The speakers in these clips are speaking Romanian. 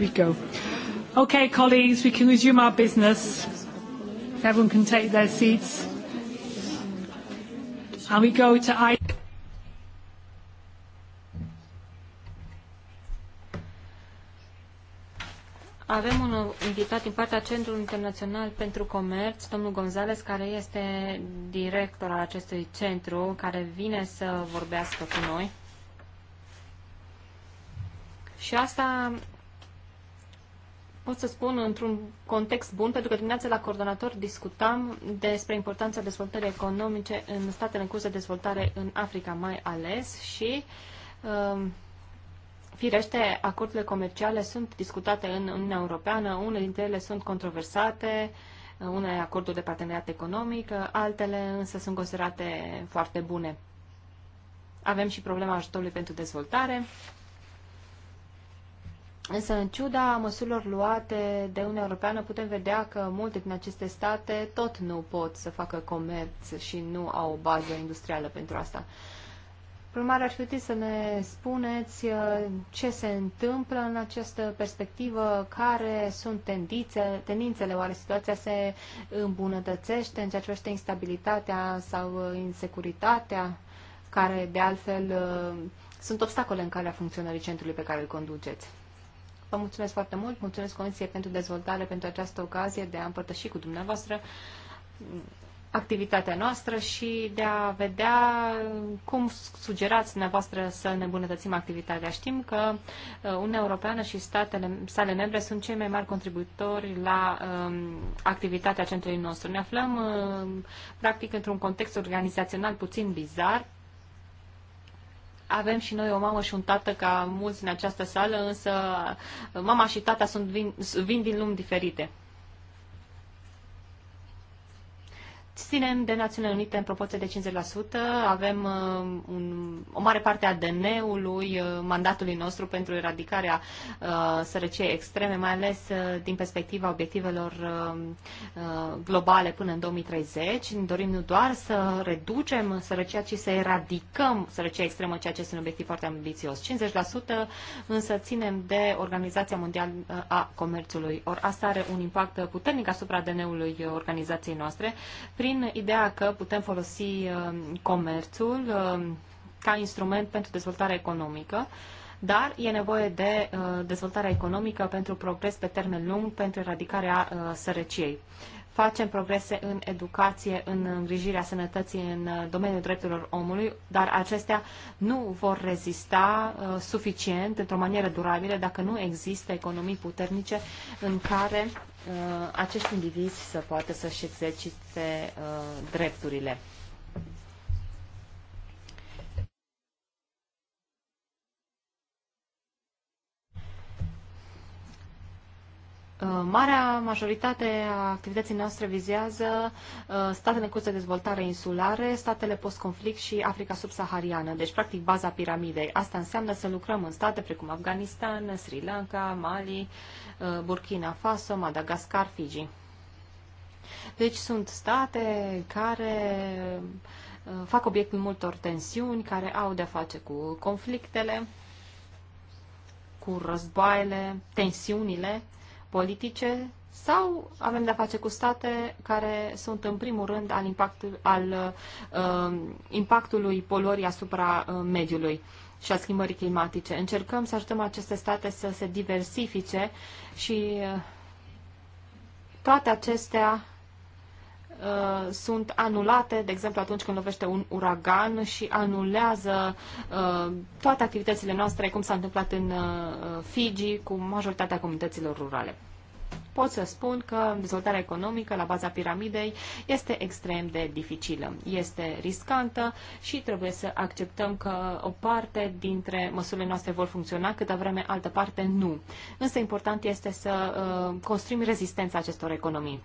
We go. Okay, colleagues, we can resume our business. Everyone can take their seats. And we go to I Avem un invitat din partea Centrului Internațional pentru Comerț, domnul Gonzales, care este director al acestui centru, care vine să vorbească cu noi. Și asta pot să spun într-un context bun, pentru că dimineața la coordonator discutam despre importanța dezvoltării economice în statele în curs de dezvoltare în Africa mai ales și um, Firește, acordurile comerciale sunt discutate în Uniunea Europeană, unele dintre ele sunt controversate, unele acorduri de parteneriat economic, altele însă sunt considerate foarte bune. Avem și problema ajutorului pentru dezvoltare Însă, în ciuda măsurilor luate de Uniunea Europeană, putem vedea că multe din aceste state tot nu pot să facă comerț și nu au o bază industrială pentru asta. Primar, aș putea să ne spuneți uh, ce se întâmplă în această perspectivă, care sunt tendințe, tendințele, oare situația se îmbunătățește în ceea ce privește instabilitatea sau uh, insecuritatea, care de altfel uh, sunt obstacole în calea funcționării centrului pe care îl conduceți. Vă mulțumesc foarte mult, mulțumesc Comisie pentru dezvoltare, pentru această ocazie de a împărtăși cu dumneavoastră activitatea noastră și de a vedea cum sugerați dumneavoastră să ne îmbunătățim activitatea. Știm că uh, Uniunea Europeană și statele sale membre sunt cei mai mari contributori la um, activitatea centrului nostru. Ne aflăm um, practic într-un context organizațional puțin bizar, avem și noi o mamă și un tată ca mulți în această sală, însă mama și tata sunt, vin, vin din lumi diferite. Deci, ținem de Națiunile Unite în proporție de 50%, avem uh, un, o mare parte a DN-ului, uh, mandatului nostru pentru eradicarea uh, sărăciei extreme, mai ales uh, din perspectiva obiectivelor uh, uh, globale până în 2030. Dorim nu doar să reducem sărăcia, ci să eradicăm sărăcia extremă, ceea ce este un obiectiv foarte ambițios. 50% însă ținem de Organizația Mondială uh, a Comerțului. Or, asta are un impact puternic asupra DN-ului uh, organizației noastre. Prin prin ideea că putem folosi uh, comerțul uh, ca instrument pentru dezvoltarea economică, dar e nevoie de uh, dezvoltarea economică pentru progres pe termen lung, pentru eradicarea sărăciei facem progrese în educație, în îngrijirea sănătății, în uh, domeniul drepturilor omului, dar acestea nu vor rezista uh, suficient, într-o manieră durabilă, dacă nu există economii puternice în care uh, acești indivizi să poată să-și exercite uh, drepturile. Uh, marea majoritate a activității noastre vizează uh, statele în curs de dezvoltare insulare, statele post-conflict și Africa subsahariană, deci practic baza piramidei. Asta înseamnă să lucrăm în state precum Afganistan, Sri Lanka, Mali, uh, Burkina Faso, Madagascar, Fiji. Deci sunt state care fac obiectul multor tensiuni, care au de-a face cu conflictele, cu războaiele, tensiunile politice sau avem de-a face cu state care sunt în primul rând al, impact, al uh, impactului poluării asupra uh, mediului și a schimbării climatice. Încercăm să ajutăm aceste state să se diversifice și uh, toate acestea Uh, sunt anulate, de exemplu atunci când lovește un uragan și anulează uh, toate activitățile noastre, cum s-a întâmplat în uh, Fiji cu majoritatea comunităților rurale. Pot să spun că dezvoltarea economică la baza piramidei este extrem de dificilă, este riscantă și trebuie să acceptăm că o parte dintre măsurile noastre vor funcționa, câtă vreme altă parte nu. Însă important este să uh, construim rezistența acestor economii.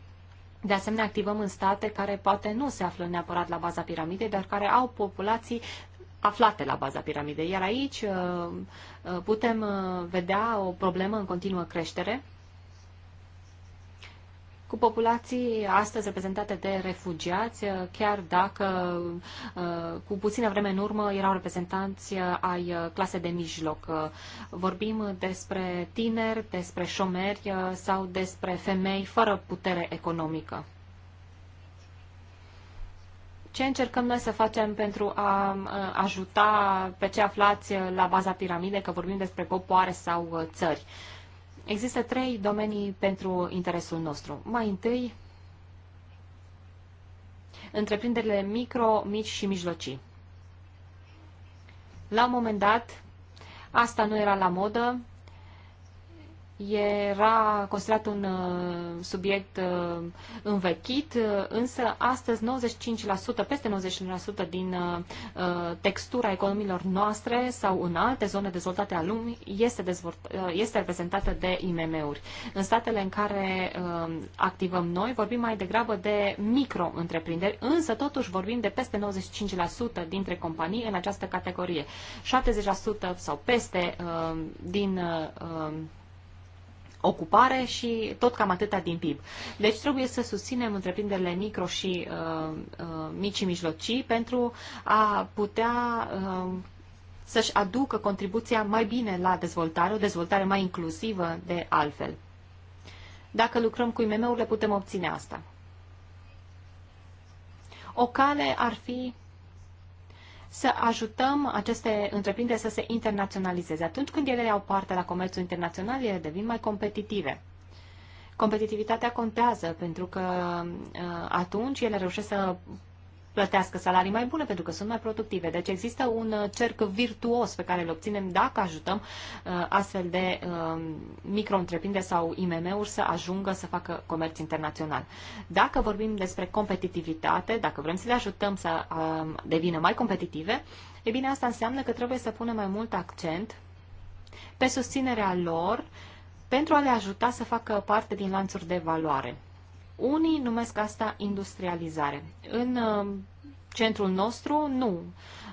De asemenea, activăm în state care poate nu se află neapărat la baza piramidei, dar care au populații aflate la baza piramidei. Iar aici uh, uh, putem uh, vedea o problemă în continuă creștere cu populații astăzi reprezentate de refugiați, chiar dacă uh, cu puțină vreme în urmă erau reprezentanți uh, ai uh, clasei de mijloc. Vorbim despre tineri, despre șomeri sau despre femei fără putere economică. Ce încercăm noi să facem pentru a ajuta pe cei aflați la baza piramide, că vorbim despre popoare sau țări? Există trei domenii pentru interesul nostru. Mai întâi, întreprinderile micro, mici și mijlocii. La un moment dat, asta nu era la modă, era considerat un uh, subiect uh, învechit, uh, însă astăzi 95%, peste 95% din textura economiilor noastre sau în alte zone dezvoltate a lumii este, dezvolt- este reprezentată de IMM-uri. În statele în care activăm noi vorbim mai degrabă de micro-întreprinderi, însă totuși vorbim de peste 95% dintre companii în această categorie. 70% sau peste din ocupare și tot cam atâta din PIB. Deci trebuie să susținem întreprinderile micro și uh, uh, mici și mijlocii pentru a putea uh, să-și aducă contribuția mai bine la dezvoltare, o dezvoltare mai inclusivă de altfel. Dacă lucrăm cu IMM-urile, putem obține asta. O cale ar fi să ajutăm aceste întreprinderi să se internaționalizeze. Atunci când ele au parte la comerțul internațional, ele devin mai competitive. Competitivitatea contează pentru că uh, atunci ele reușesc să plătească salarii mai bune pentru că sunt mai productive. Deci există un uh, cerc virtuos pe care îl obținem dacă ajutăm uh, astfel de uh, micro sau IMM-uri să ajungă să facă comerț internațional. Dacă vorbim despre competitivitate, dacă vrem să le ajutăm să devină mai competitive, e bine, asta înseamnă că trebuie să punem mai mult accent pe susținerea lor pentru a le ajuta să facă parte din lanțuri de valoare. Unii numesc asta industrializare. În uh, centrul nostru nu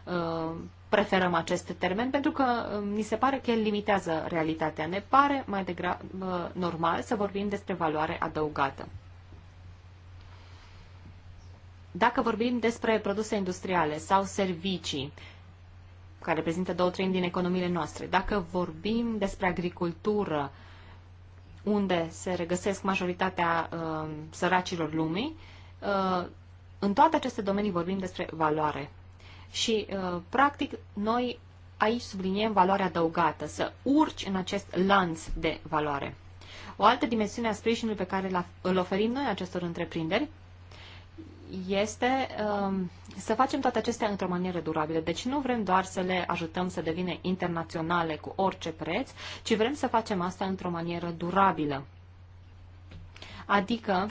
uh, preferăm acest termen pentru că uh, ni se pare că el limitează realitatea. Ne pare mai degrabă normal să vorbim despre valoare adăugată. Dacă vorbim despre produse industriale sau servicii, care reprezintă două treimi din economiile noastre, dacă vorbim despre agricultură, uh, unde se regăsesc majoritatea uh, săracilor lumii, uh, în toate aceste domenii vorbim despre valoare. Și, uh, practic, noi aici subliniem valoarea adăugată, să urci în acest lanț de valoare. O altă dimensiune a sprijinului pe care îl oferim noi acestor întreprinderi este um, să facem toate acestea într-o manieră durabilă. Deci nu vrem doar să le ajutăm să devină internaționale cu orice preț, ci vrem să facem asta într-o manieră durabilă. Adică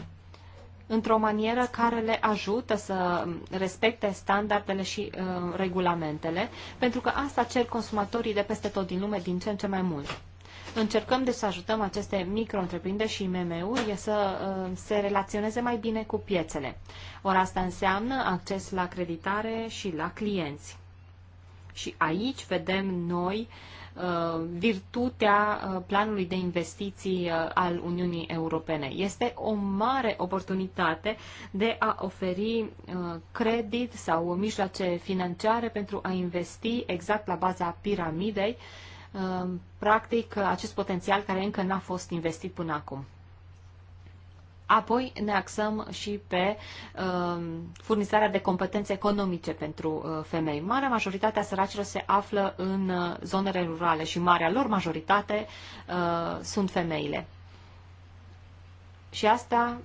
într-o manieră care le ajută să respecte standardele și uh, regulamentele, pentru că asta cer consumatorii de peste tot din lume din ce în ce mai mult. Încercăm de să ajutăm aceste micro-întreprinderi și IMM-uri să uh, se relaționeze mai bine cu piețele. Ori asta înseamnă acces la creditare și la clienți. Și aici vedem noi uh, virtutea uh, planului de investiții al Uniunii Europene. Este o mare oportunitate de a oferi credit sau mijloace financiare pentru a investi exact la baza piramidei Ehm, practic, acest potențial care încă n-a fost investit până acum. Apoi ne axăm și pe uh, furnizarea de competențe economice pentru uh, femei. Marea majoritate a săracilor se află în uh, zonele rurale și marea lor majoritate uh, sunt femeile. Și asta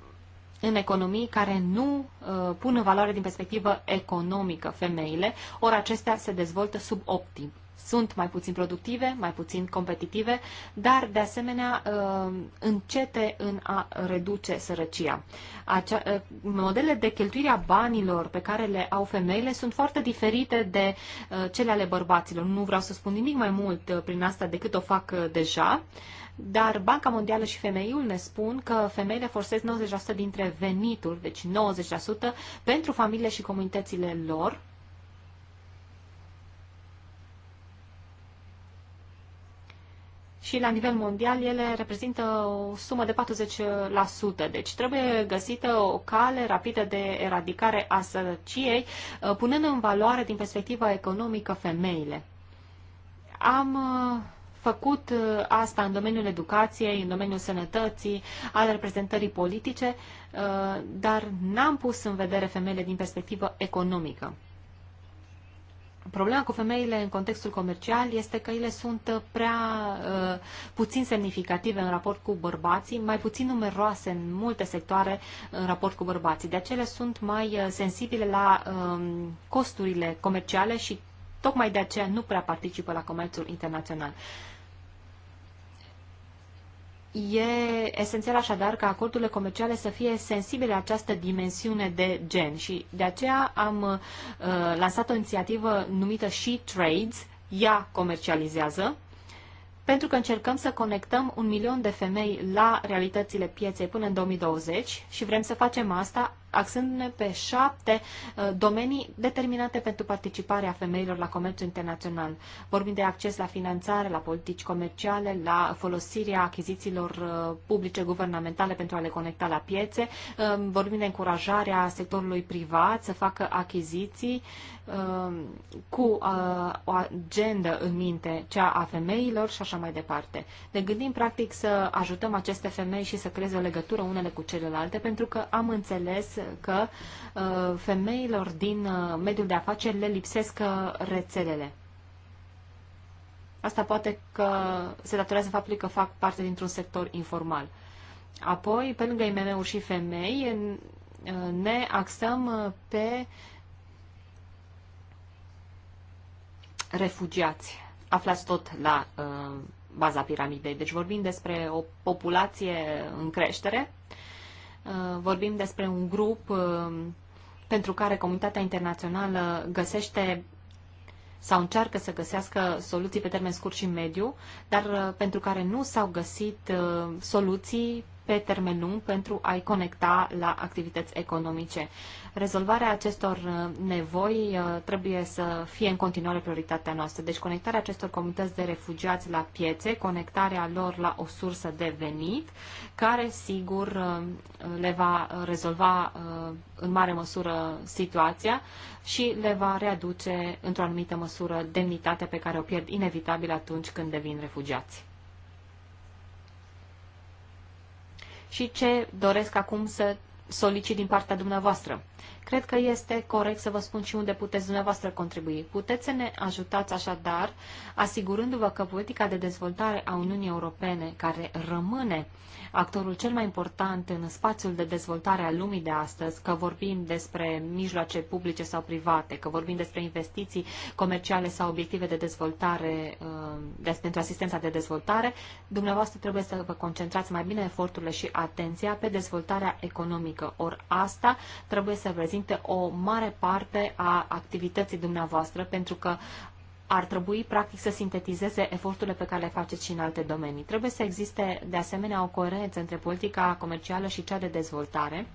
în economii care nu uh, pun în valoare din perspectivă economică femeile, ori acestea se dezvoltă suboptim sunt mai puțin productive, mai puțin competitive, dar de asemenea uh, încete în a reduce sărăcia. Acea, uh, modele de cheltuire a banilor pe care le au femeile sunt foarte diferite de uh, cele ale bărbaților. Nu vreau să spun nimic mai mult prin asta decât o fac deja, dar Banca Mondială și Femeiul ne spun că femeile forsesc 90% dintre venituri, deci 90% pentru familie și comunitățile lor, și la nivel mondial ele reprezintă o sumă de 40%. Deci trebuie găsită o cale rapidă de eradicare a sărăciei, uh, punând în valoare din perspectiva economică femeile. Am uh, făcut uh, asta în domeniul educației, în domeniul sănătății, al reprezentării politice, dar n-am pus în vedere femeile din perspectivă economică. Problema cu femeile în contextul comercial este că ele sunt prea uh, puțin semnificative în raport cu bărbații, mai puțin numeroase în multe sectoare în raport cu bărbații. De aceea sunt mai uh, sensibile la uh, costurile comerciale și tocmai de aceea nu prea participă la comerțul internațional. Uh, E esențial așadar ca acordurile comerciale să fie sensibile această dimensiune de gen și de aceea am uh, lansat o inițiativă numită She Trades, ea comercializează, pentru că încercăm să conectăm un milion de femei la realitățile pieței până în 2020 și vrem să facem asta axându-ne pe șapte uh, domenii determinate pentru participarea femeilor la comerțul internațional. Vorbim de acces la finanțare, la politici comerciale, la folosirea achizițiilor uh, publice guvernamentale pentru a le conecta la piețe, um, vorbim de încurajarea sectorului privat să facă achiziții um, cu uh, o agendă în minte, cea a femeilor și așa mai departe. Ne gândim practic să ajutăm aceste femei și să creeze o legătură unele cu celelalte, pentru că am înțeles că uh, femeilor din uh, mediul de afaceri le lipsesc uh, rețelele. Asta poate că se datorează faptului că fac parte dintr-un sector informal. Apoi, pe lângă IMM-uri și femei, ne axăm pe refugiați, aflați tot la uh, baza piramidei. Deci vorbim despre o populație în creștere Uh, vorbim despre un grup uh, pentru care comunitatea internațională găsește sau încearcă să găsească soluții pe termen scurt și mediu, dar uh, pentru care nu s-au găsit soluții pe termen lung pentru a-i conecta la activități economice. Rezolvarea acestor uh, nevoi uh, trebuie să fie în continuare prioritatea noastră. Deci conectarea acestor comunități de refugiați la piețe, conectarea lor la o sursă de venit, care sigur uh, le va rezolva în mare măsură situația și le va readuce într-o anumită măsură demnitatea pe care o pierd inevitabil atunci când devin refugiați. și ce doresc acum să solicit din partea dumneavoastră. Cred că este corect să vă spun și unde puteți dumneavoastră contribui. Puteți să ne ajutați așadar, asigurându-vă că politica de dezvoltare a Uniunii Europene, care rămâne actorul cel mai important în spațiul de dezvoltare a lumii de astăzi, că vorbim despre mijloace publice sau private, că vorbim despre investiții comerciale sau obiective de dezvoltare, uh, de, pentru asistența de dezvoltare, dumneavoastră trebuie să vă concentrați mai bine eforturile și atenția pe dezvoltarea economică. Ori asta trebuie să vă reprezinte o mare parte a activității dumneavoastră, pentru că ar trebui, practic, să sintetizeze eforturile pe care le faceți și în alte domenii. Trebuie să existe, de asemenea, o coerență între politica comercială și cea de dezvoltare,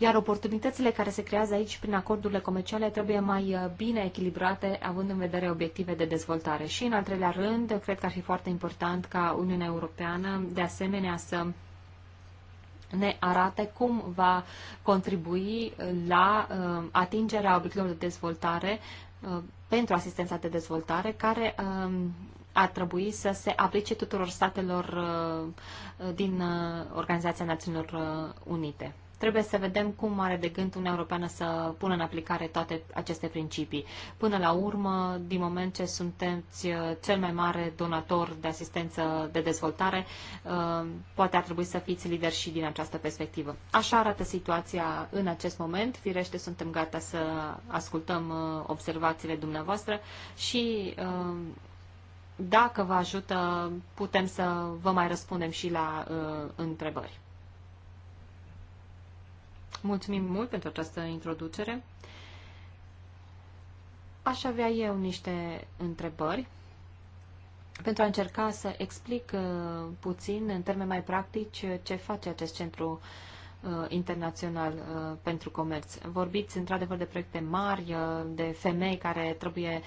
iar oportunitățile care se creează aici prin acordurile comerciale trebuie mai uh, bine echilibrate, având în vedere obiective de dezvoltare. Și, în al treilea rând, cred că ar fi foarte important ca Uniunea Europeană, de asemenea, să ne arate cum va contribui la uh, atingerea obiectivelor de dezvoltare uh, pentru asistența de dezvoltare, care um, ar trebui să se aplice tuturor statelor uh, din Organizația Națiunilor Unite. Trebuie să vedem cum are de gând Uniunea Europeană să pună în aplicare toate aceste principii. Până la urmă, din moment ce sunteți uh, cel mai mare donator de asistență de dezvoltare, uh, poate ar trebui să fiți lideri și din această perspectivă. Așa arată situația în acest moment. Firește, suntem gata să ascultăm uh, observațiile dumneavoastră și dacă vă ajută, putem să vă mai răspundem și la uh, întrebări. Mulțumim mult pentru această introducere. Aș avea eu niște întrebări pentru a încerca să explic uh, puțin, în termeni mai practici, uh, ce face acest centru uh, internațional pentru comerț. Vorbiți într-adevăr de proiecte mari, de femei care trebuie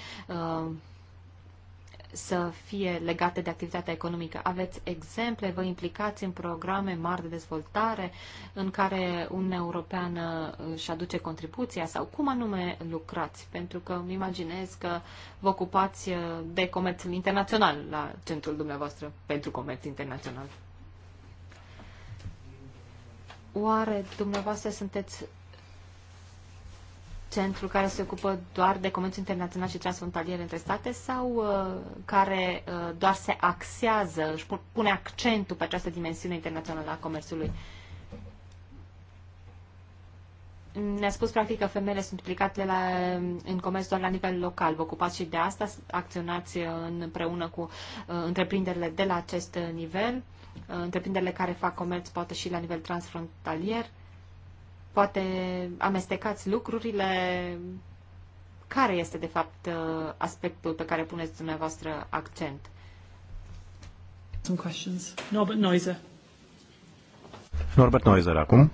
să fie legate de activitatea economică. Aveți exemple, vă implicați în programe mari de dezvoltare în care Uniunea Europeană își aduce contribuția sau cum anume lucrați? Pentru că îmi imaginez că vă ocupați de comerț internațional la centrul dumneavoastră pentru comerț internațional. Oare dumneavoastră sunteți centru care se ocupă doar de comerț internațional și transfrontalier între state sau uh, care uh, doar se axează, își pune accentul pe această dimensiune internațională a comerțului? Ne-a spus practic că femeile sunt implicate la, în comerț doar la nivel local. Vă ocupați și de asta, acționați uh, împreună cu uh, întreprinderile de la acest nivel, uh, întreprinderile care fac comerț poate și la nivel transfrontalier. Uh, poate amestecați lucrurile. Care este, de fapt, uh, aspectul pe care puneți dumneavoastră accent? Some questions. Norbert Neuser. Norbert Neuser acum.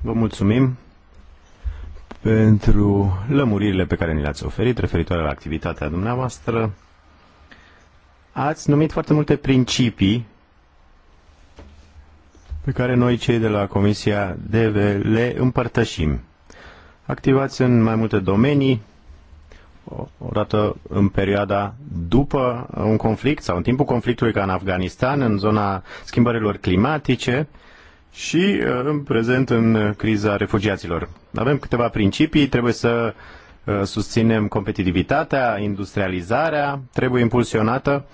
Vă mulțumim pentru lămuririle pe care ni le-ați oferit referitoare la activitatea dumneavoastră. Ați numit foarte multe principii pe care noi cei de la Comisia DV le împărtășim. Activați în mai multe domenii, odată în perioada după un conflict sau în timpul conflictului ca în Afganistan, în zona schimbărilor climatice și uh, în prezent în criza refugiaților. Avem câteva principii, trebuie să uh, susținem competitivitatea, industrializarea, trebuie impulsionată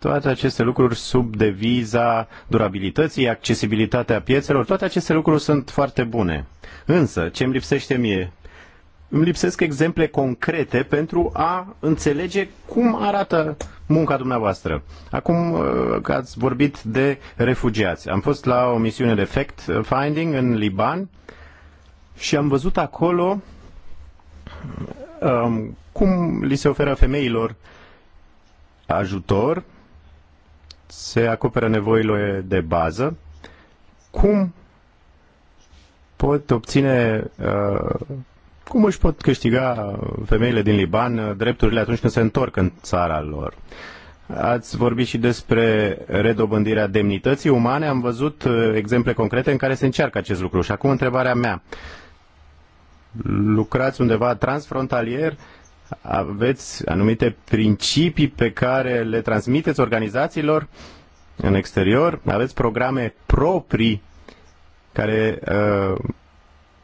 toate aceste lucruri sub deviza durabilității, accesibilitatea piețelor, toate aceste lucruri sunt foarte bune. Însă, ce îmi lipsește mie? Îmi lipsesc exemple concrete pentru a înțelege cum arată munca dumneavoastră. Acum uh, că ați vorbit de refugiați. Am fost la o misiune de fact-finding în Liban și am văzut acolo um, cum li se oferă femeilor ajutor se acoperă nevoile de bază, cum pot obține, uh, cum își pot câștiga femeile din Liban uh, drepturile atunci când se întorc în țara lor. Ați vorbit și despre redobândirea demnității umane. Am văzut uh, exemple concrete în care se încearcă acest lucru. Și acum întrebarea mea. Lucrați undeva transfrontalier aveți anumite principii pe care le transmiteți organizațiilor în exterior, aveți programe proprii care uh,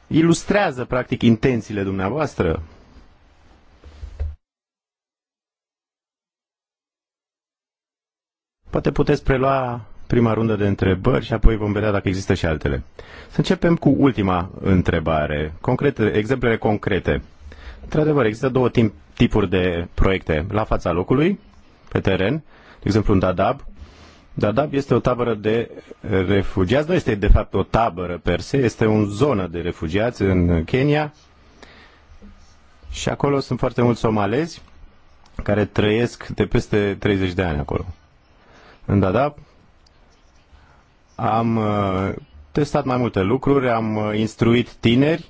ilustrează practic intențiile dumneavoastră. Poate puteți prelua prima rundă de întrebări și apoi vom vedea dacă există și altele. Să începem cu ultima întrebare, concrete, exemplele concrete. Într-adevăr, există două timp, tipuri de proiecte. La fața locului, pe teren, de exemplu în Dadab. Dadab este o tabără de refugiați, nu este de fapt o tabără per se, este o zonă de refugiați în Kenya. Și acolo sunt foarte mulți somalezi care trăiesc de peste 30 de ani acolo. În Dadab am uh, testat mai multe lucruri, am uh, instruit tineri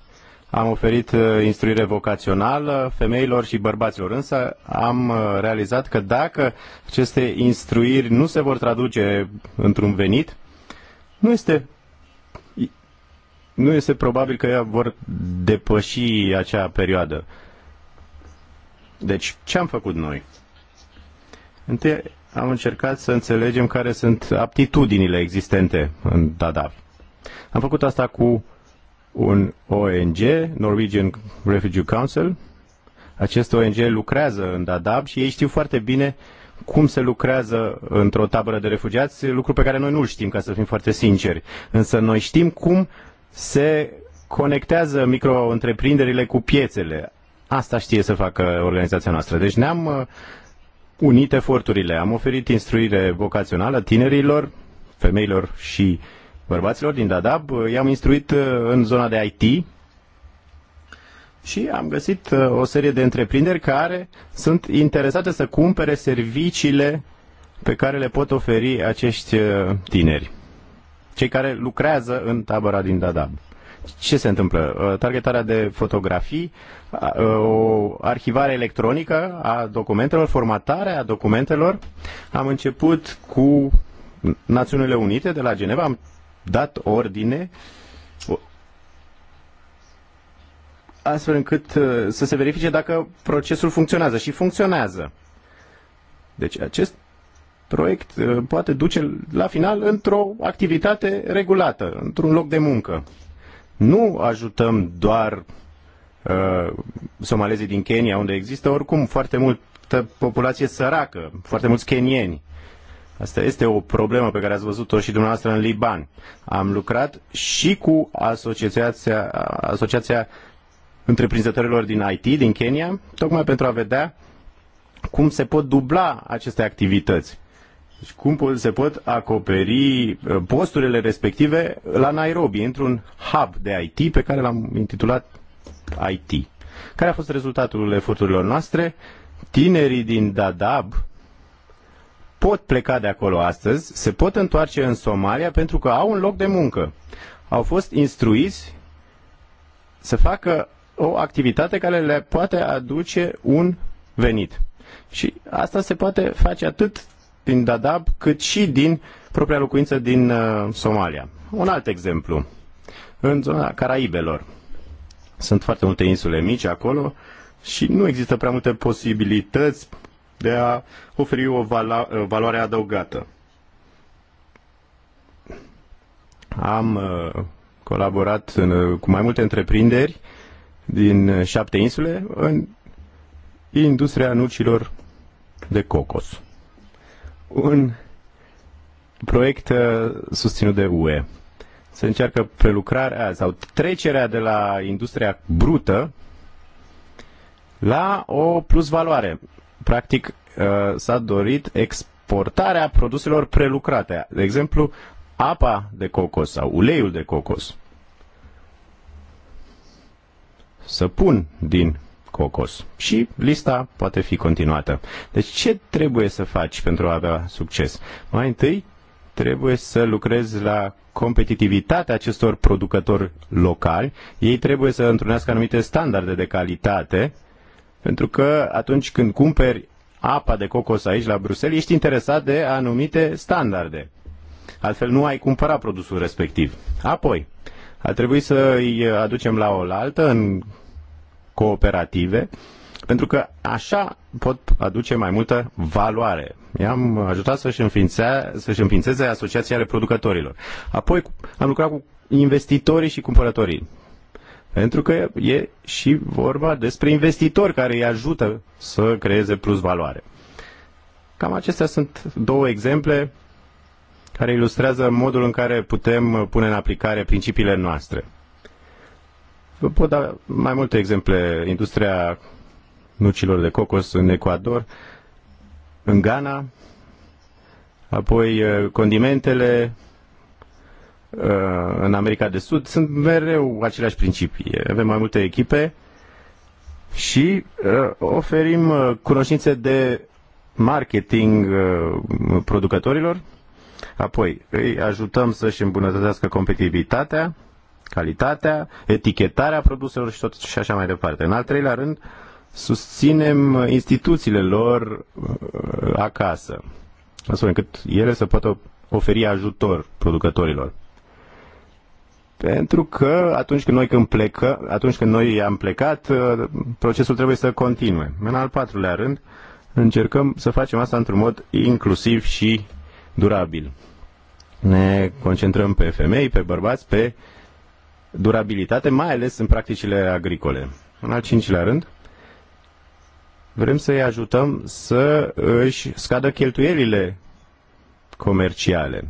am oferit uh, instruire vocațională femeilor și bărbaților, însă am uh, realizat că dacă aceste instruiri nu se vor traduce într-un venit, nu este, nu este probabil că vor depăși acea perioadă. Deci, ce am făcut noi? Întâi am încercat să înțelegem care sunt aptitudinile existente în Dadav. Am făcut asta cu un ONG, Norwegian Refugee Council. Acest ONG lucrează în Dadaab și ei știu foarte bine cum se lucrează într-o tabără de refugiați, lucru pe care noi nu-l știm, ca să fim foarte sinceri. Însă noi știm cum se conectează micro-întreprinderile cu piețele. Asta știe să facă organizația noastră. Deci ne-am uh, unit eforturile. Am oferit instruire vocațională tinerilor, femeilor și bărbaților din Dadab, i-am instruit uh, în zona de IT și am găsit uh, o serie de întreprinderi care sunt interesate să cumpere serviciile pe care le pot oferi acești uh, tineri, cei care lucrează în tabăra din Dadab. Ce se întâmplă? Targetarea de fotografii, o arhivare electronică a documentelor, formatarea documentelor. Am început cu Națiunile Unite de la Geneva, am dat ordine astfel încât uh, să se verifice dacă procesul funcționează și funcționează. Deci acest proiect uh, poate duce la final într-o activitate regulată, într-un loc de muncă. Nu ajutăm doar uh, somalezii din Kenya, unde există oricum foarte multă populație săracă, foarte mulți kenieni. Asta este o problemă pe care ați văzut-o și dumneavoastră în Liban. Am lucrat și cu asociația, asociația întreprinzătorilor din IT, din Kenya, tocmai pentru a vedea cum se pot dubla aceste activități. Deci cum se pot acoperi uh, posturile respective la Nairobi, într-un hub de IT pe care l-am intitulat IT. Care a fost rezultatul eforturilor noastre? Tinerii din Dadab, pot pleca de acolo astăzi, se pot întoarce în Somalia pentru că au un loc de muncă. Au fost instruiți să facă o activitate care le poate aduce un venit. Și asta se poate face atât din Dadaab cât și din propria locuință din uh, Somalia. Un alt exemplu. În zona Caraibelor. Sunt foarte multe insule mici acolo și nu există prea multe posibilități de a oferi o valo- valoare adăugată. Am uh, colaborat în, uh, cu mai multe întreprinderi din uh, șapte insule în industria nucilor de cocos. Un proiect susținut de UE. Se încearcă prelucrarea sau trecerea de la industria brută la o plusvaloare practic, uh, s-a dorit exportarea produselor prelucrate. De exemplu, apa de cocos sau uleiul de cocos. Săpun din cocos. Și lista poate fi continuată. Deci ce trebuie să faci pentru a avea succes? Mai întâi, trebuie să lucrezi la competitivitatea acestor producători locali. Ei trebuie să întrunească anumite standarde de calitate pentru că atunci când cumperi apa de cocos aici la Bruxelles, ești interesat de anumite standarde. Altfel nu ai cumpăra produsul respectiv. Apoi, ar trebui să îi aducem la oaltă în cooperative, pentru că așa pot aduce mai multă valoare. I-am ajutat să-și, să-și înființeze Asociația Reproducătorilor. Apoi am lucrat cu investitorii și cumpărătorii. Pentru că e și vorba despre investitori care îi ajută să creeze plus valoare. Cam acestea sunt două exemple care ilustrează modul în care putem pune în aplicare principiile noastre. Vă pot da mai multe exemple. Industria nucilor de cocos în Ecuador, în Ghana, apoi eh, condimentele, Uh, în America de Sud, sunt mereu aceleași principii. Avem mai multe echipe și uh, oferim uh, cunoștințe de marketing producătorilor, apoi îi ajutăm să-și îmbunătățească competitivitatea, calitatea, etichetarea produselor și tot și așa mai departe. În al treilea rând, susținem instituțiile lor acasă, astfel încât ele să poată oferi ajutor producătorilor. Pentru că atunci când noi, când plecă, atunci când noi am plecat, uh, procesul trebuie să continue. În al patrulea rând, încercăm să facem asta într-un mod inclusiv și durabil. Ne concentrăm pe femei, pe bărbați, pe durabilitate, mai ales în practicile agricole. În al cincilea rând, vrem să-i ajutăm să își scadă cheltuielile comerciale.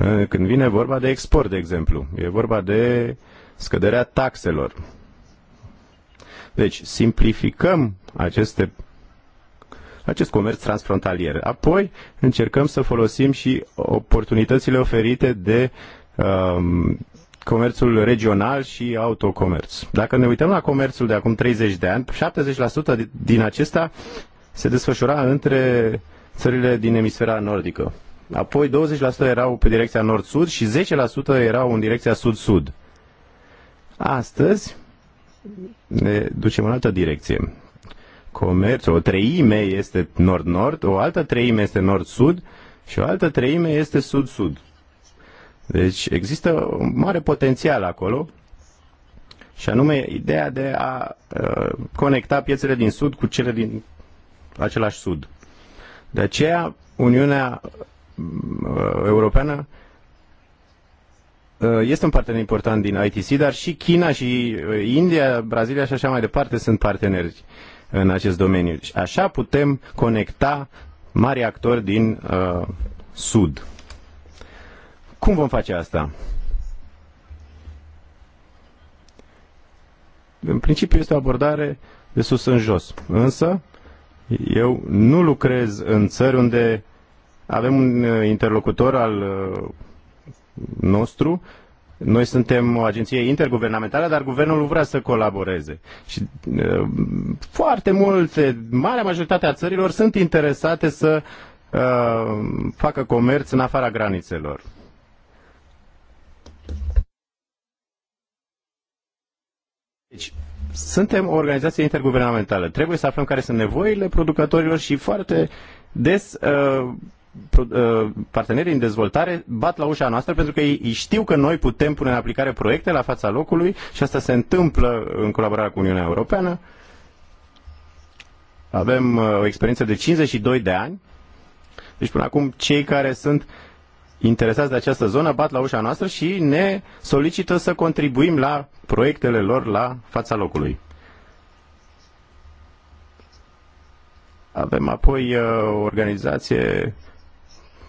Eh, când vine vorba de export, de exemplu. E vorba de scăderea taxelor. Deci, simplificăm aceste, acest comerț transfrontalier. Apoi, încercăm să folosim și oportunitățile oferite de um, comerțul regional și autocomerț. Dacă ne uităm la comerțul de acum 30 de ani, 70% din acesta se desfășura între țările din emisfera nordică apoi 20% erau pe direcția nord-sud și 10% erau în direcția sud-sud. Astăzi ne ducem în altă direcție. Comerț o treime este nord-nord, o altă treime este nord-sud și o altă treime este sud-sud. Deci există un mare potențial acolo și anume ideea de a uh, conecta piețele din sud cu cele din același sud. De aceea Uniunea Uh, europeană uh, este un partener important din ITC, dar și China și uh, India, Brazilia și așa mai departe sunt parteneri în acest domeniu. Și așa putem conecta mari actori din uh, Sud. Cum vom face asta? În principiu este o abordare de sus în jos. Însă, eu nu lucrez în țări unde avem un uh, interlocutor al uh, nostru. Noi suntem o agenție interguvernamentală, dar guvernul vrea să colaboreze. Și uh, foarte multe, marea majoritate a țărilor sunt interesate să uh, facă comerț în afara granițelor. Deci, suntem o organizație interguvernamentală. Trebuie să aflăm care sunt nevoile producătorilor și foarte des uh, Uh, partenerii în dezvoltare bat la ușa noastră pentru că ei știu că noi putem pune în aplicare proiecte la fața locului și asta se întâmplă în colaborarea cu Uniunea Europeană. Avem uh, o experiență de 52 de ani. Deci până acum cei care sunt interesați de această zonă bat la ușa noastră și ne solicită să contribuim la proiectele lor la fața locului. Avem apoi uh, o organizație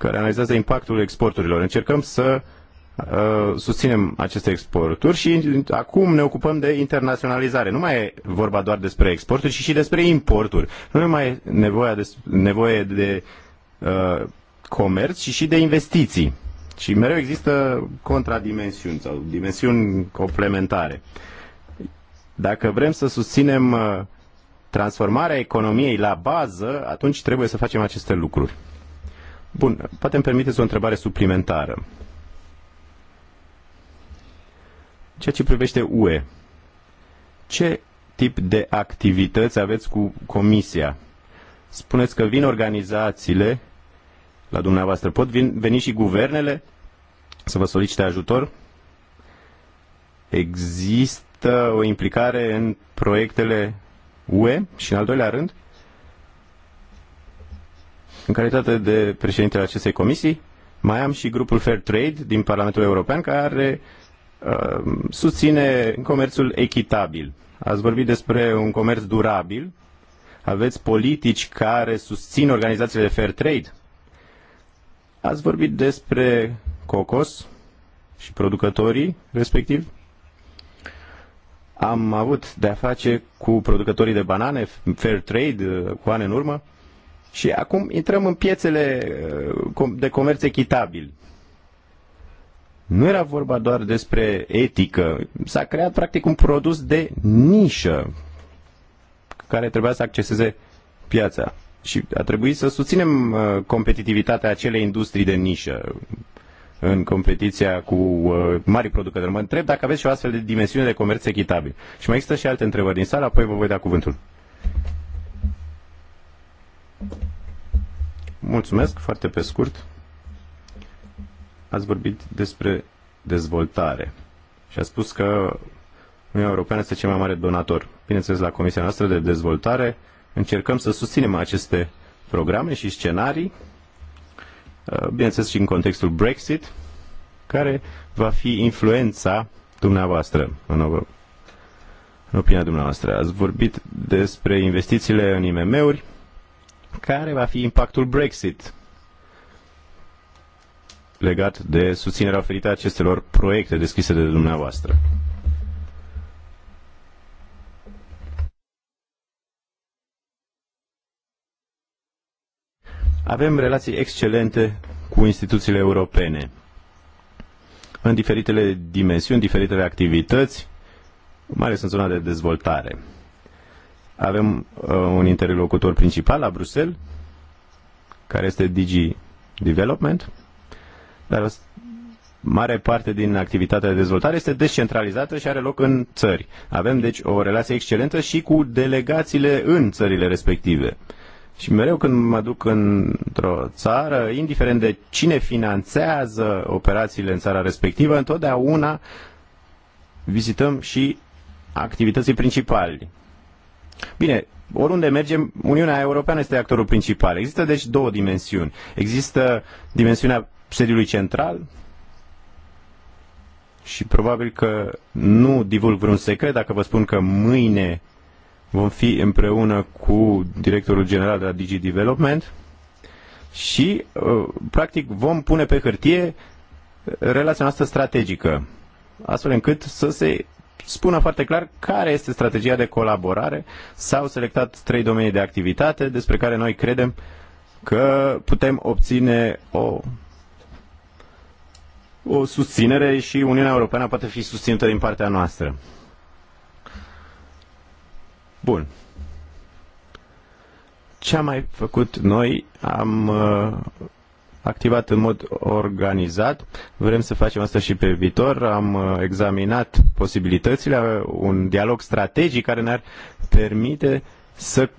care analizează impactul exporturilor. Încercăm să uh, susținem aceste exporturi și acum ne ocupăm de internaționalizare. Nu mai e vorba doar despre exporturi, ci și despre importuri. Nu e mai nevoie de, nevoie de uh, comerț, ci și de investiții. Și mereu există contradimensiuni sau dimensiuni complementare. Dacă vrem să susținem uh, transformarea economiei la bază, atunci trebuie să facem aceste lucruri. Bun, poate îmi permiteți o întrebare suplimentară. Ceea ce privește UE, ce tip de activități aveți cu Comisia? Spuneți că vin organizațiile la dumneavoastră. Pot vin, veni și guvernele să vă solicite ajutor? Există o implicare în proiectele UE? Și în al doilea rând, în calitate de președintele acestei comisii, mai am și grupul Fair Trade din Parlamentul European care uh, susține comerțul echitabil. Ați vorbit despre un comerț durabil. Aveți politici care susțin organizațiile Fair Trade. Ați vorbit despre COCOS și producătorii respectiv. Am avut de-a face cu producătorii de banane, Fair Trade, uh, cu ani în urmă. Și acum intrăm în piețele uh, de comerț echitabil. Nu era vorba doar despre etică. S-a creat practic un produs de nișă care trebuia să acceseze piața. Și a trebuit să susținem uh, competitivitatea acelei industrii de nișă în competiția cu uh, mari producători. Mă întreb dacă aveți și o astfel de dimensiune de comerț echitabil. Și mai există și alte întrebări din sală, apoi vă voi da cuvântul. Mulțumesc, foarte pe scurt. Ați vorbit despre dezvoltare și a spus că Uniunea Europeană este cel mai mare donator. Bineînțeles, la Comisia noastră de dezvoltare încercăm să susținem aceste programe și scenarii, uh, bineînțeles și în contextul Brexit, care va fi influența dumneavoastră în, o, în opinia dumneavoastră. Ați vorbit despre investițiile în IMM-uri, care va fi impactul Brexit legat de susținerea oferită acestor proiecte deschise de dumneavoastră. Avem relații excelente cu instituțiile europene în diferitele dimensiuni, diferitele activități, mai ales în zona de dezvoltare. Avem uh, un interlocutor principal la Bruxelles, care este Digi Development, dar o mare parte din activitatea de dezvoltare este descentralizată și are loc în țări. Avem deci o relație excelentă și cu delegațiile în țările respective. Și mereu când mă duc într-o țară, indiferent de cine finanțează operațiile în țara respectivă, întotdeauna vizităm și activității principali. Bine, oriunde mergem, Uniunea Europeană este actorul principal. Există deci două dimensiuni. Există dimensiunea sediului central și probabil că nu divulg vreun secret dacă vă spun că mâine vom fi împreună cu directorul general de la Digi Development și uh, practic vom pune pe hârtie relația noastră strategică astfel încât să se spună foarte clar care este strategia de colaborare. S-au selectat trei domenii de activitate despre care noi credem că putem obține o, o susținere și Uniunea Europeană poate fi susținută din partea noastră. Bun. Ce am mai făcut noi? Am uh, activat în mod organizat. Vrem să facem asta și pe viitor. Am uh, examinat posibilitățile, uh, un dialog strategic care ne-ar permite să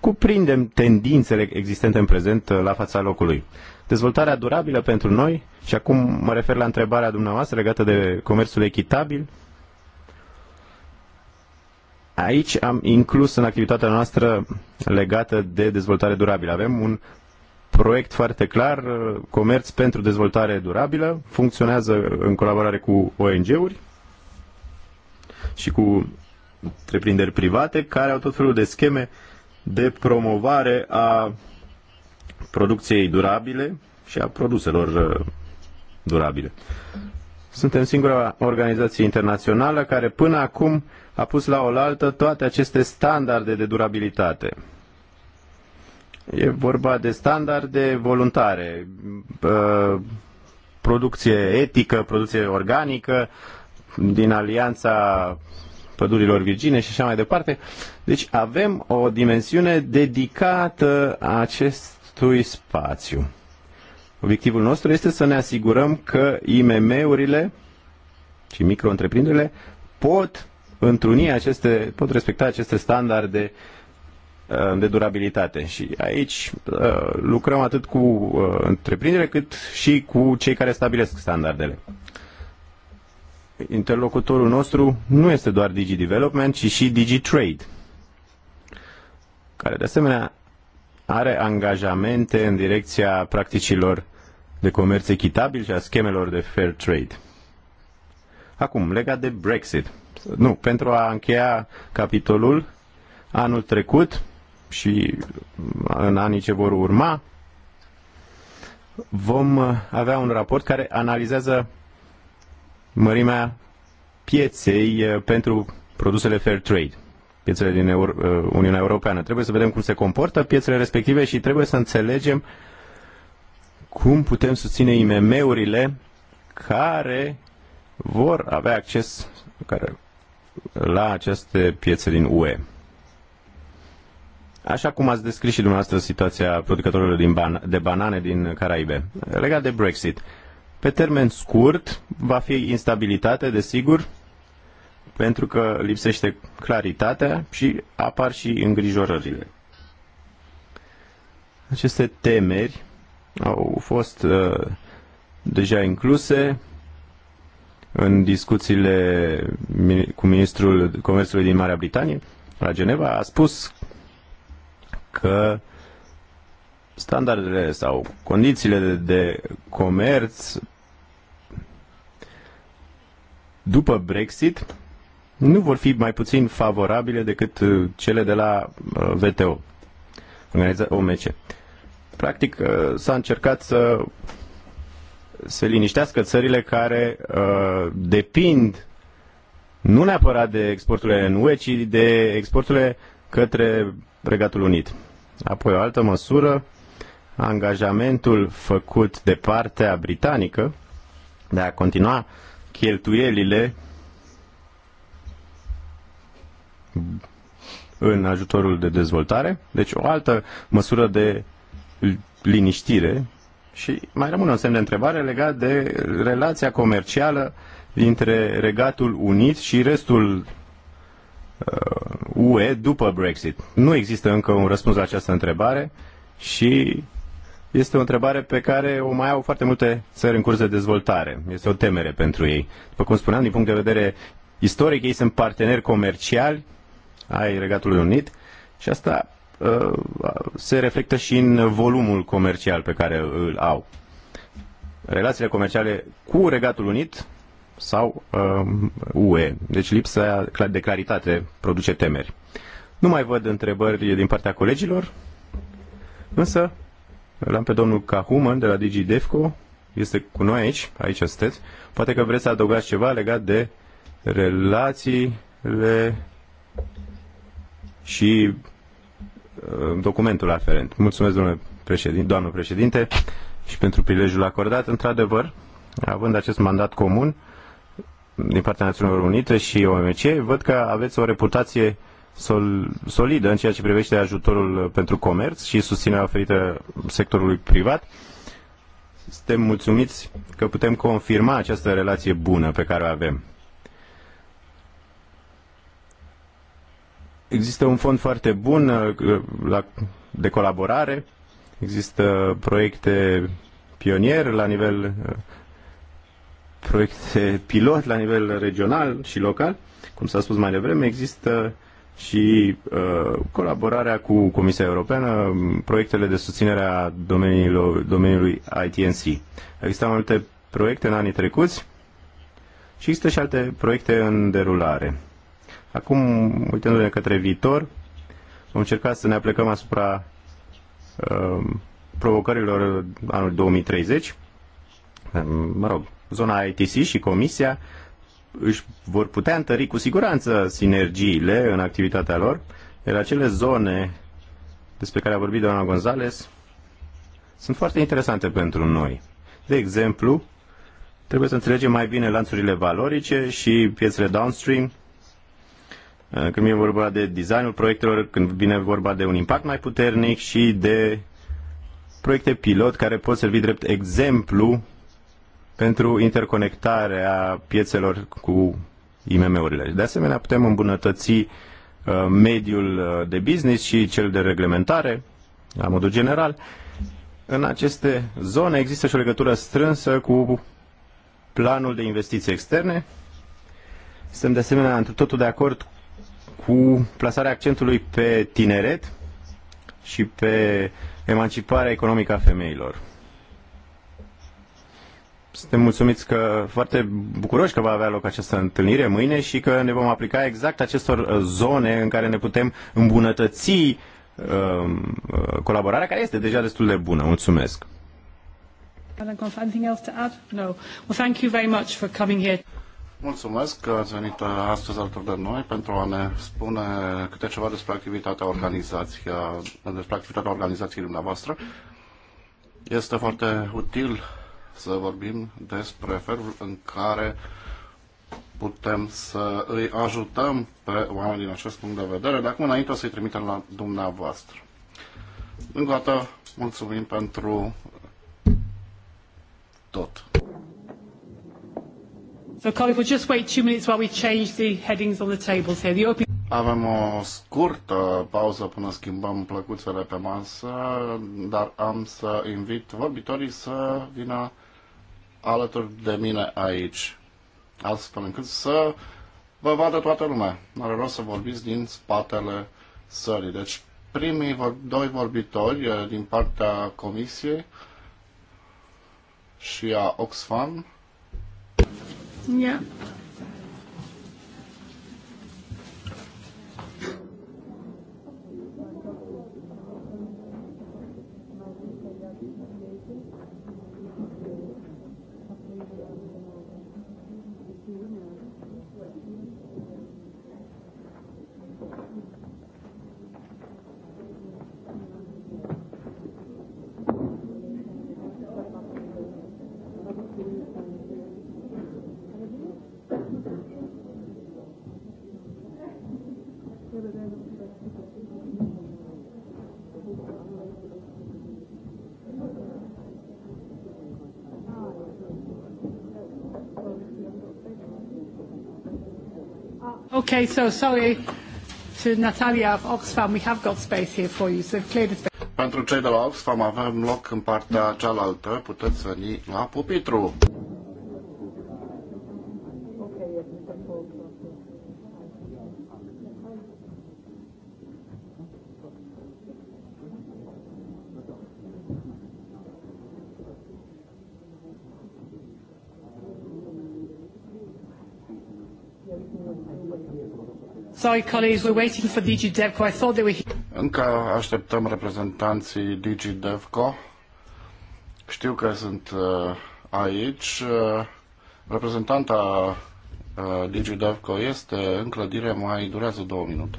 cuprindem tendințele existente în prezent uh, la fața locului. Dezvoltarea durabilă pentru noi, și acum mă refer la întrebarea dumneavoastră legată de comerțul echitabil, Aici am inclus în activitatea noastră legată de dezvoltare durabilă. Avem un proiect foarte clar, uh, comerț pentru dezvoltare durabilă, funcționează în colaborare cu ONG-uri și cu întreprinderi private care au tot felul de scheme de promovare a producției durabile și a produselor uh, durabile. Suntem singura organizație internațională care până acum a pus la oaltă toate aceste standarde de durabilitate. E vorba de standarde voluntare, uh, producție etică, producție organică, din Alianța Pădurilor Virgine și așa mai departe. Deci avem o dimensiune dedicată acestui spațiu. Obiectivul nostru este să ne asigurăm că IMM-urile și micro pot întruni aceste, pot respecta aceste standarde uh, Uh, de durabilitate. Și aici uh, lucrăm atât cu uh, întreprindere cât și cu cei care stabilesc standardele. Interlocutorul nostru nu este doar Digi Development, ci și Digi Trade, care de asemenea are angajamente în direcția practicilor de comerț echitabil și a schemelor de fair trade. Acum, legat de Brexit. Nu, pentru a încheia capitolul, anul trecut și în anii ce vor urma, vom uh, avea un raport care analizează mărimea pieței uh, pentru produsele fair trade, piețele din uh, Uniunea Europeană. Trebuie să vedem cum se comportă piețele respective și trebuie să înțelegem cum putem susține IMM-urile care vor avea acces care, la aceste piețe din UE. Așa cum ați descris și dumneavoastră situația producătorilor din ban- de banane din Caraibe. Legat de Brexit, pe termen scurt va fi instabilitate, desigur, pentru că lipsește claritatea și apar și îngrijorările. Aceste temeri au fost uh, deja incluse în discuțiile cu ministrul comerțului din Marea Britanie la Geneva. A spus că standardele sau condițiile de comerț după Brexit nu vor fi mai puțin favorabile decât uh, cele de la uh, VTO, OMC. Practic, uh, s-a încercat să se liniștească țările care uh, depind nu neapărat de exporturile în UE, ci de exporturile către Regatul Unit. Apoi o altă măsură, angajamentul făcut de partea britanică de a continua cheltuielile în ajutorul de dezvoltare. Deci o altă măsură de liniștire și mai rămâne un semn de întrebare legat de relația comercială dintre Regatul Unit și restul UE uh, după Brexit? Nu există încă un răspuns la această întrebare și este o întrebare pe care o mai au foarte multe țări în curs de dezvoltare. Este o temere pentru ei. După cum spuneam, din punct de vedere istoric, ei sunt parteneri comerciali ai Regatului Unit și asta uh, se reflectă și în volumul comercial pe care îl au. Relațiile comerciale cu Regatul Unit sau uh, um, UE. Deci lipsa de claritate produce temeri. Nu mai văd întrebări din partea colegilor, însă l-am pe domnul Cahuman de la DigiDefco, este cu noi aici, aici sunteți. Poate că vreți să adăugați ceva legat de relațiile și uh, documentul aferent. Mulțumesc, domnule președinte, doamnă președinte, și pentru prilejul acordat. Într-adevăr, având acest mandat comun, din partea Națiunilor Unite și OMC, văd că aveți o reputație sol, solidă în ceea ce privește ajutorul uh, pentru comerț și susținerea oferită sectorului privat. Suntem mulțumiți că putem confirma această relație bună pe care o avem. Există un fond foarte bun uh, uh, de colaborare, există proiecte pionier la nivel proiecte pilot la nivel regional și local, cum s-a spus mai devreme, există și uh, colaborarea cu Comisia Europeană, proiectele de susținere a domeniului ITNC. Există mai multe proiecte în anii trecuți și există și alte proiecte în derulare. Acum, uitându-ne către viitor, vom încerca să ne aplicăm asupra uh, provocărilor anului 2030. Mă rog, zona ITC și Comisia își vor putea întări cu siguranță sinergiile în activitatea lor, iar acele zone despre care a vorbit doamna Gonzales sunt foarte interesante pentru noi. De exemplu, trebuie să înțelegem mai bine lanțurile valorice și piețele downstream, când vine vorba de designul proiectelor, când vine vorba de un impact mai puternic și de proiecte pilot care pot servi drept exemplu pentru interconectarea piețelor cu IMM-urile. De asemenea, putem îmbunătăți uh, mediul uh, de business și cel de reglementare, la modul general. În aceste zone există și o legătură strânsă cu planul de investiții externe. Suntem de asemenea într totul de acord cu plasarea accentului pe tineret și pe emanciparea economică a femeilor. Suntem mulțumiți că foarte bucuroși că va avea loc această întâlnire mâine și că ne vom aplica exact acestor uh, zone în care ne putem îmbunătăți um, uh, colaborarea care este deja destul de bună. Mulțumesc. Mulțumesc că ați venit uh, astăzi alături de noi pentru a ne spune câte ceva despre activitatea organizației, despre activitatea organizației dumneavoastră. Este foarte util să vorbim despre felul în care putem să îi ajutăm pe oameni din acest punct de vedere. De acum înainte o să-i trimitem la dumneavoastră. Încă o dată, mulțumim pentru tot. So, Colin, we'll just wait two minutes while we change the headings on the tables here. The open... Avem o scurtă pauză până schimbăm plăcuțele pe masă, dar am să invit vorbitorii să vină alături de mine aici, astfel încât să vă vadă toată lumea. Nu are rost să vorbiți din spatele sării. Deci primii vor, doi vorbitori eh, din partea comisiei și a Oxfam. Yeah. Okay, so sorry to Natalia of Oxfam, we have got space here for you, so clear the space. Pentru cei de la Oxfam avem loc în partea cealaltă, puteți veni la pupitru. sorry, colleagues, we're waiting for DG DevCo. I thought they were here. Încă așteptăm reprezentanții DG DevCo. Știu că sunt uh, aici. Uh, reprezentanta uh, DG DevCo este în clădire, mai durează două minute.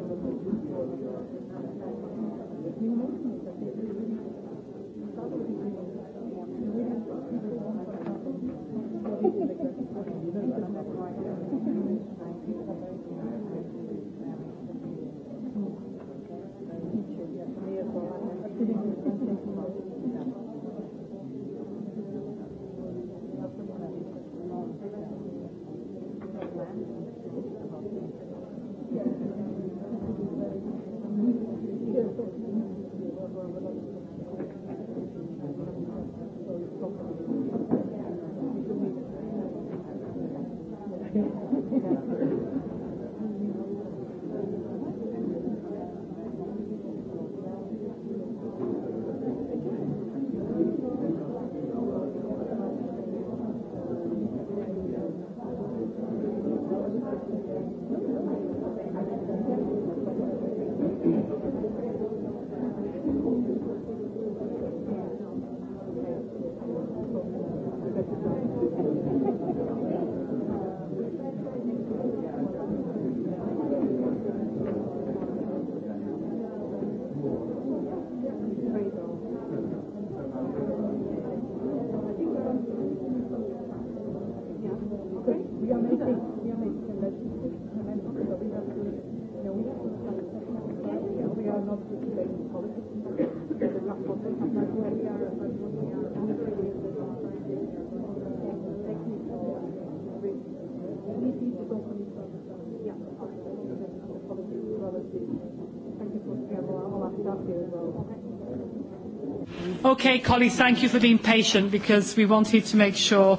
Okay, colleagues, thank you for being patient because we wanted to make sure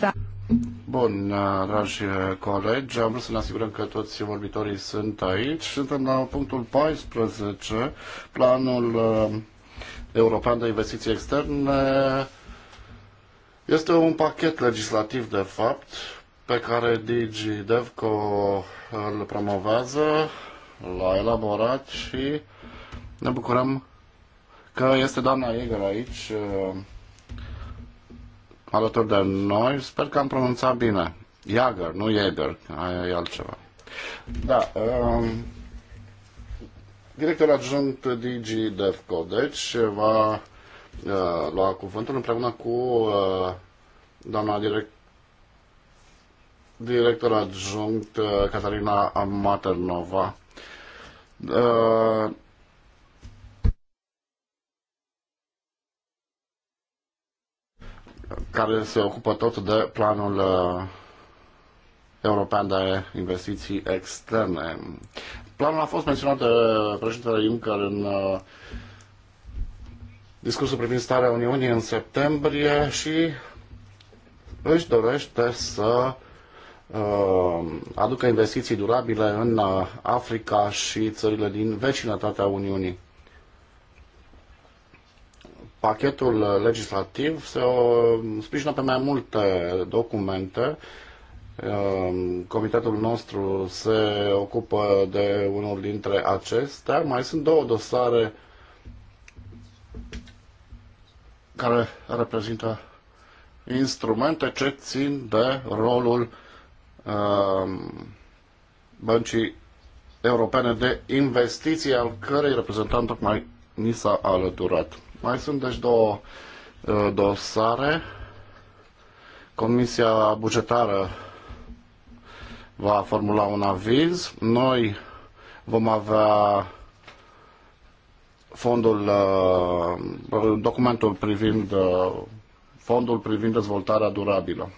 that... Bun, dragi uh, colegi, am vrut să ne asigurăm că toți vorbitorii sunt aici. Suntem la punctul 14, planul uh, european de investiții externe. Este un pachet legislativ, de fapt, pe care Digi Devco îl promovează, l-a elaborat și ne bucurăm că este doamna Jäger aici, uh, alături de noi. Sper că am pronunțat bine. Jäger, nu Jäger, aia e altceva. Da, um, directorul adjunct DG DEFCO, deci va uh, lua cuvântul împreună cu uh, doamna direct, director adjunct uh, Catarina Maternova. Uh, care se ocupă tot de planul uh, european de investiții externe. Planul a fost menționat de președintele Juncker în uh, discursul privind starea Uniunii în septembrie și își dorește să uh, aducă investiții durabile în Africa și țările din vecinătatea Uniunii pachetul legislativ se uh, sprijină pe mai multe documente. Uh, comitetul nostru se ocupă de unul dintre acestea. Mai sunt două dosare care reprezintă instrumente ce țin de rolul uh, băncii europene de investiții, al cărei reprezentant tocmai ni s-a alăturat. Mai sunt deci două uh, dosare. Comisia bugetară va formula un aviz. Noi vom avea fondul, uh, documentul privind uh, fondul privind dezvoltarea durabilă.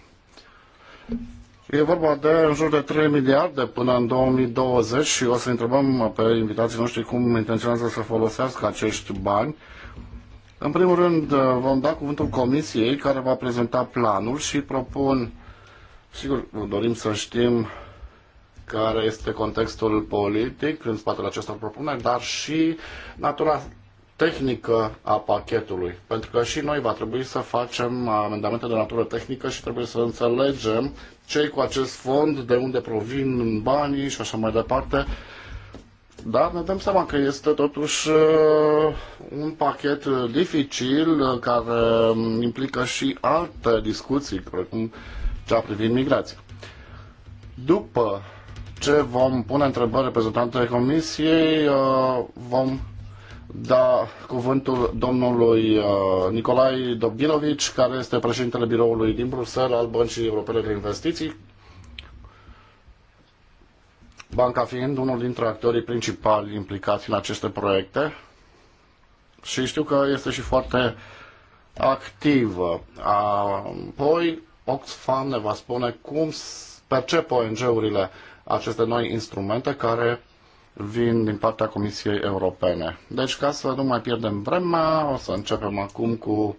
E vorba de în jur de 3 miliarde până în 2020 și o să întrebăm pe invitații noștri cum intenționează să folosească acești bani. În primul rând, uh, vom da cuvântul comisiei care va prezenta planul și propun, sigur, dorim să știm care este contextul politic în spatele acestor propuneri, dar și natura tehnică a pachetului. Pentru că și noi va trebui să facem amendamente de natură tehnică și trebuie să înțelegem cei cu acest fond, de unde provin banii și așa mai departe. Da, ne dăm seama că este totuși uh, un pachet dificil uh, care um, implică și alte discuții, precum cea privind migrația. După ce vom pune întrebări reprezentantului Comisiei, uh, vom da cuvântul domnului Nicolai Dobghilovici, care este președintele biroului din Bruxelles al Băncii Europene de Investiții, banca fiind unul dintre actorii principali implicați în aceste proiecte și știu că este și foarte activă. Apoi Oxfam ne va spune cum percep ONG-urile aceste noi instrumente care vin din partea Comisiei Europene. Deci, ca să nu mai pierdem vremea, o să începem acum cu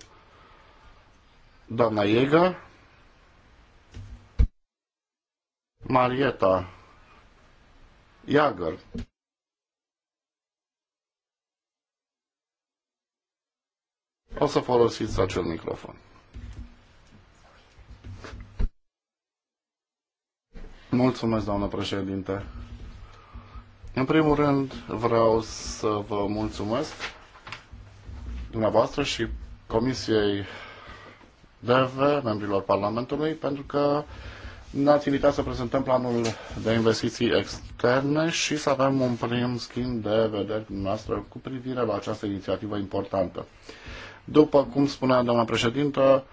doamna Iegă. Marieta Iagăr. O să folosiți acel microfon. Mulțumesc, doamnă președinte. În primul rând, vreau să vă mulțumesc dumneavoastră și Comisiei DV, membrilor Parlamentului, pentru că ne-ați invitat să prezentăm planul de investiții externe și să avem un prim schimb de vedere noastră cu privire la această inițiativă importantă. După cum spunea doamna președintă,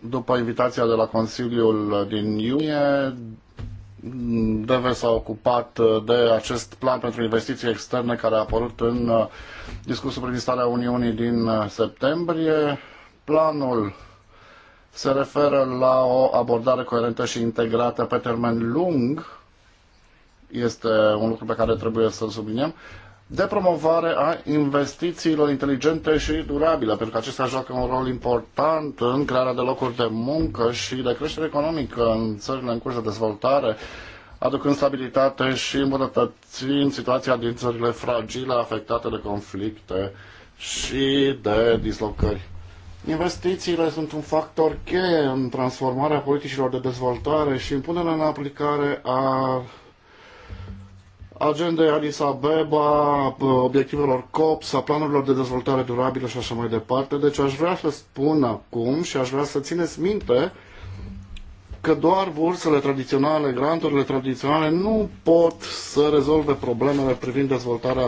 după invitația de la Consiliul din iunie, DV s-a ocupat de acest plan pentru investiții externe care a apărut în discursul privind starea Uniunii din septembrie. Planul se referă la o abordare coerentă și integrată pe termen lung, este un lucru pe care trebuie să-l subliniem, de promovare a investițiilor inteligente și durabile, pentru că acestea joacă un rol important în crearea de locuri de muncă și de creștere economică în țările în curs de dezvoltare, aducând stabilitate și îmbunătățind situația din țările fragile afectate de conflicte și de dislocări. Investițiile sunt un factor cheie în transformarea politicilor de dezvoltare și în punerea în aplicare a agendei Addis Abeba, obiectivelor COPS, a planurilor de dezvoltare durabilă și așa mai departe. Deci aș vrea să spun acum și aș vrea să țineți minte că doar bursele tradiționale, granturile tradiționale nu pot să rezolve problemele privind dezvoltarea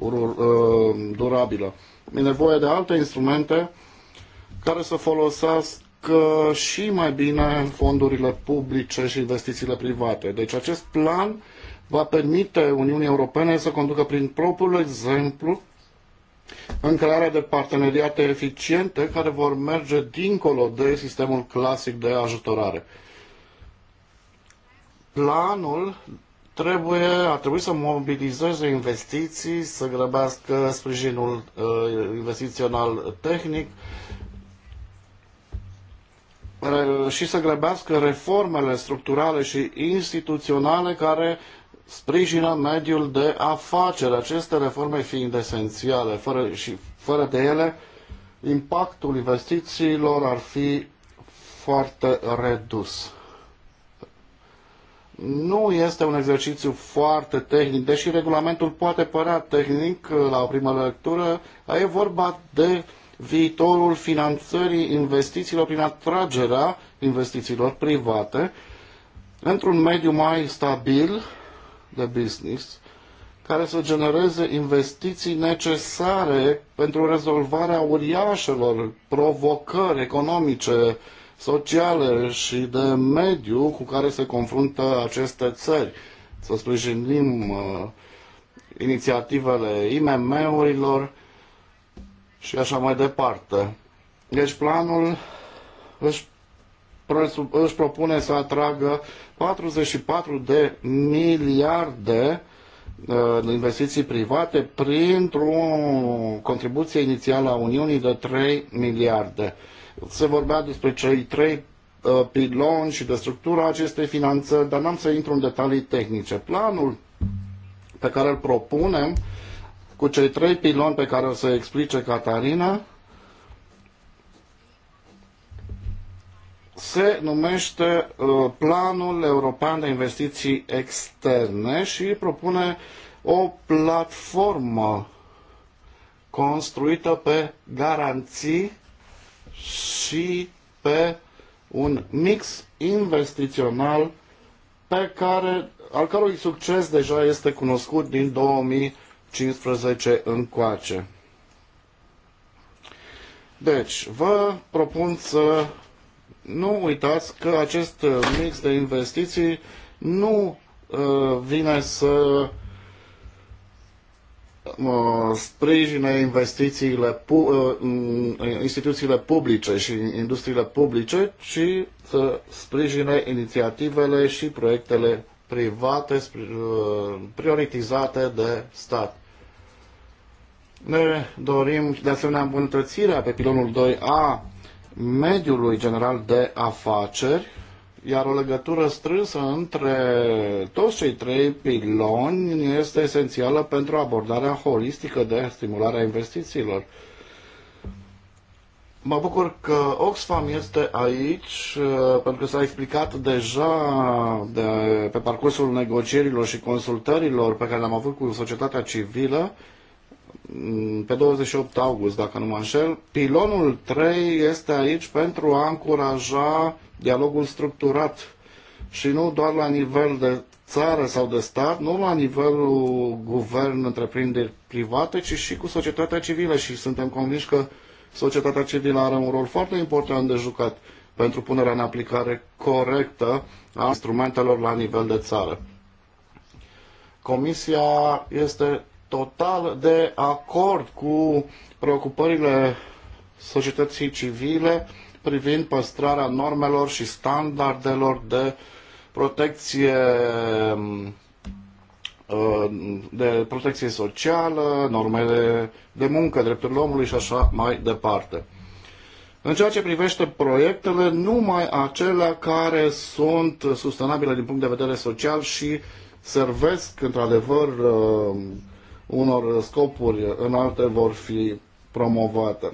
rur, rur, uh, durabilă. E nevoie de alte instrumente care să folosească și mai bine fondurile publice și investițiile private. Deci acest plan va permite Uniunii Europene să conducă prin propriul exemplu în crearea de parteneriate eficiente care vor merge dincolo de sistemul clasic de ajutorare. Planul trebuie, ar trebui să mobilizeze investiții, să grăbească sprijinul uh, investițional tehnic, și să grăbească reformele structurale și instituționale care sprijină mediul de afaceri, aceste reforme fiind esențiale. Fără, și fără de ele, impactul investițiilor ar fi foarte redus. Nu este un exercițiu foarte tehnic, deși regulamentul poate părea tehnic la o primă lectură, e vorba de uh, viitorul finanțării investițiilor prin atragerea investițiilor private într-un mediu mai stabil de business care să genereze investiții necesare pentru rezolvarea uriașelor provocări economice, sociale și de mediu cu care se confruntă aceste țări. Să sprijinim uh, inițiativele IMM-urilor, și așa mai departe. Deci planul își, își propune să atragă 44 de miliarde uh, de investiții private printr-o contribuție inițială a Uniunii de 3 miliarde. Se vorbea despre cei 3 uh, piloni și de structura acestei finanțări, dar n-am să intru în detalii tehnice. Planul pe care îl propunem cu cei trei piloni pe care o să explice Catarina, se numește uh, Planul European de Investiții Externe și propune o platformă construită pe garanții și pe un mix investițional pe care, al cărui succes deja este cunoscut din 2000 15 încoace. Deci, vă propun să nu uitați că acest mix de investiții nu uh, vine să uh, sprijine investițiile pu- uh, instituțiile publice și industriile publice, ci să sprijine inițiativele și proiectele private uh, prioritizate de stat. Ne dorim de asemenea îmbunătățirea pe pilonul 2A mediului general de afaceri, iar o legătură strânsă între toți cei trei piloni este esențială pentru abordarea holistică de stimularea investițiilor. Mă bucur că Oxfam este aici, uh, pentru că s-a explicat deja de, pe parcursul negocierilor și consultărilor pe care le-am avut cu societatea civilă, mm, pe 28 august, dacă nu mă înșel, pilonul 3 este aici pentru a încuraja dialogul structurat și nu doar la nivel de țară sau de stat, nu la nivelul guvern, întreprinderi private, ci și cu societatea civilă și suntem convinși că Societatea civilă are un rol foarte important de jucat pentru punerea în aplicare corectă a instrumentelor la nivel de țară. Comisia este total de acord cu preocupările societății civile privind păstrarea normelor și standardelor de protecție de protecție socială, normele de muncă, drepturile omului și așa mai departe. În ceea ce privește proiectele, numai acelea care sunt sustenabile din punct de vedere social și servesc într-adevăr uh, unor scopuri înalte vor fi promovate.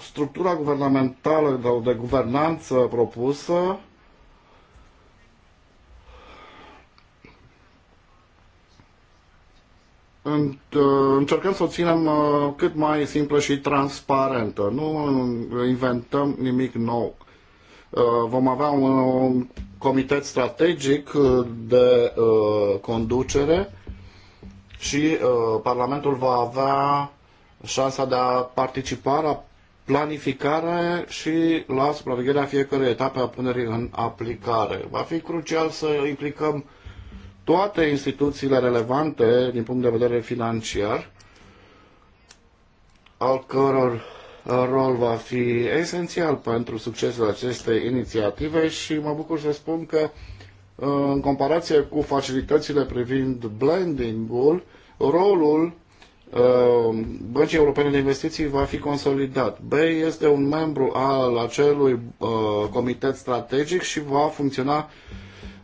Structura guvernamentală sau de guvernanță propusă Uh, încercăm să o ținem uh, cât mai simplă și transparentă. Nu inventăm nimic nou. Uh, vom avea un comitet strategic de conducere și Parlamentul va avea șansa de a participa la planificare și la supravegherea fiecărei etape a punerii în aplicare. Va fi crucial să implicăm toate instituțiile relevante din punct de vedere financiar, al căror uh, rol va fi esențial pentru succesul acestei inițiative și mă bucur să spun că uh, în comparație cu facilitățile privind blending-ul, rolul uh, Băncii Europene de Investiții va fi consolidat. BEI este un membru al acelui comitet strategic și va funcționa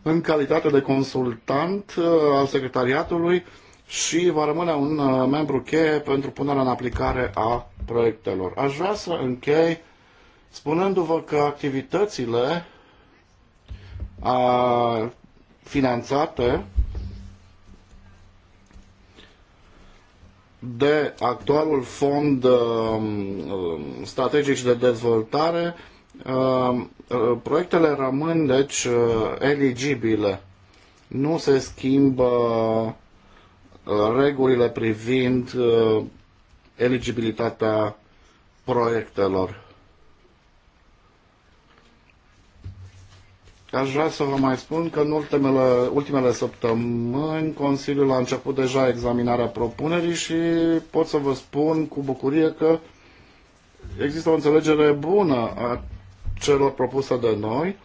în calitate de consultant uh, al secretariatului și va rămâne un uh, membru cheie pentru punerea în aplicare a proiectelor. Aș vrea să închei spunându-vă că activitățile a, finanțate de actualul fond uh, um, strategic de dezvoltare Uh, proiectele rămân, deci, uh, eligibile. Nu se schimbă uh, regulile privind eligibilitatea proiectelor. Aș vrea să vă mai spun că în ultimele, ultimele săptămâni Consiliul a început deja examinarea propunerii și pot să vă spun cu bucurie că există o înțelegere bună a celor propuse de noi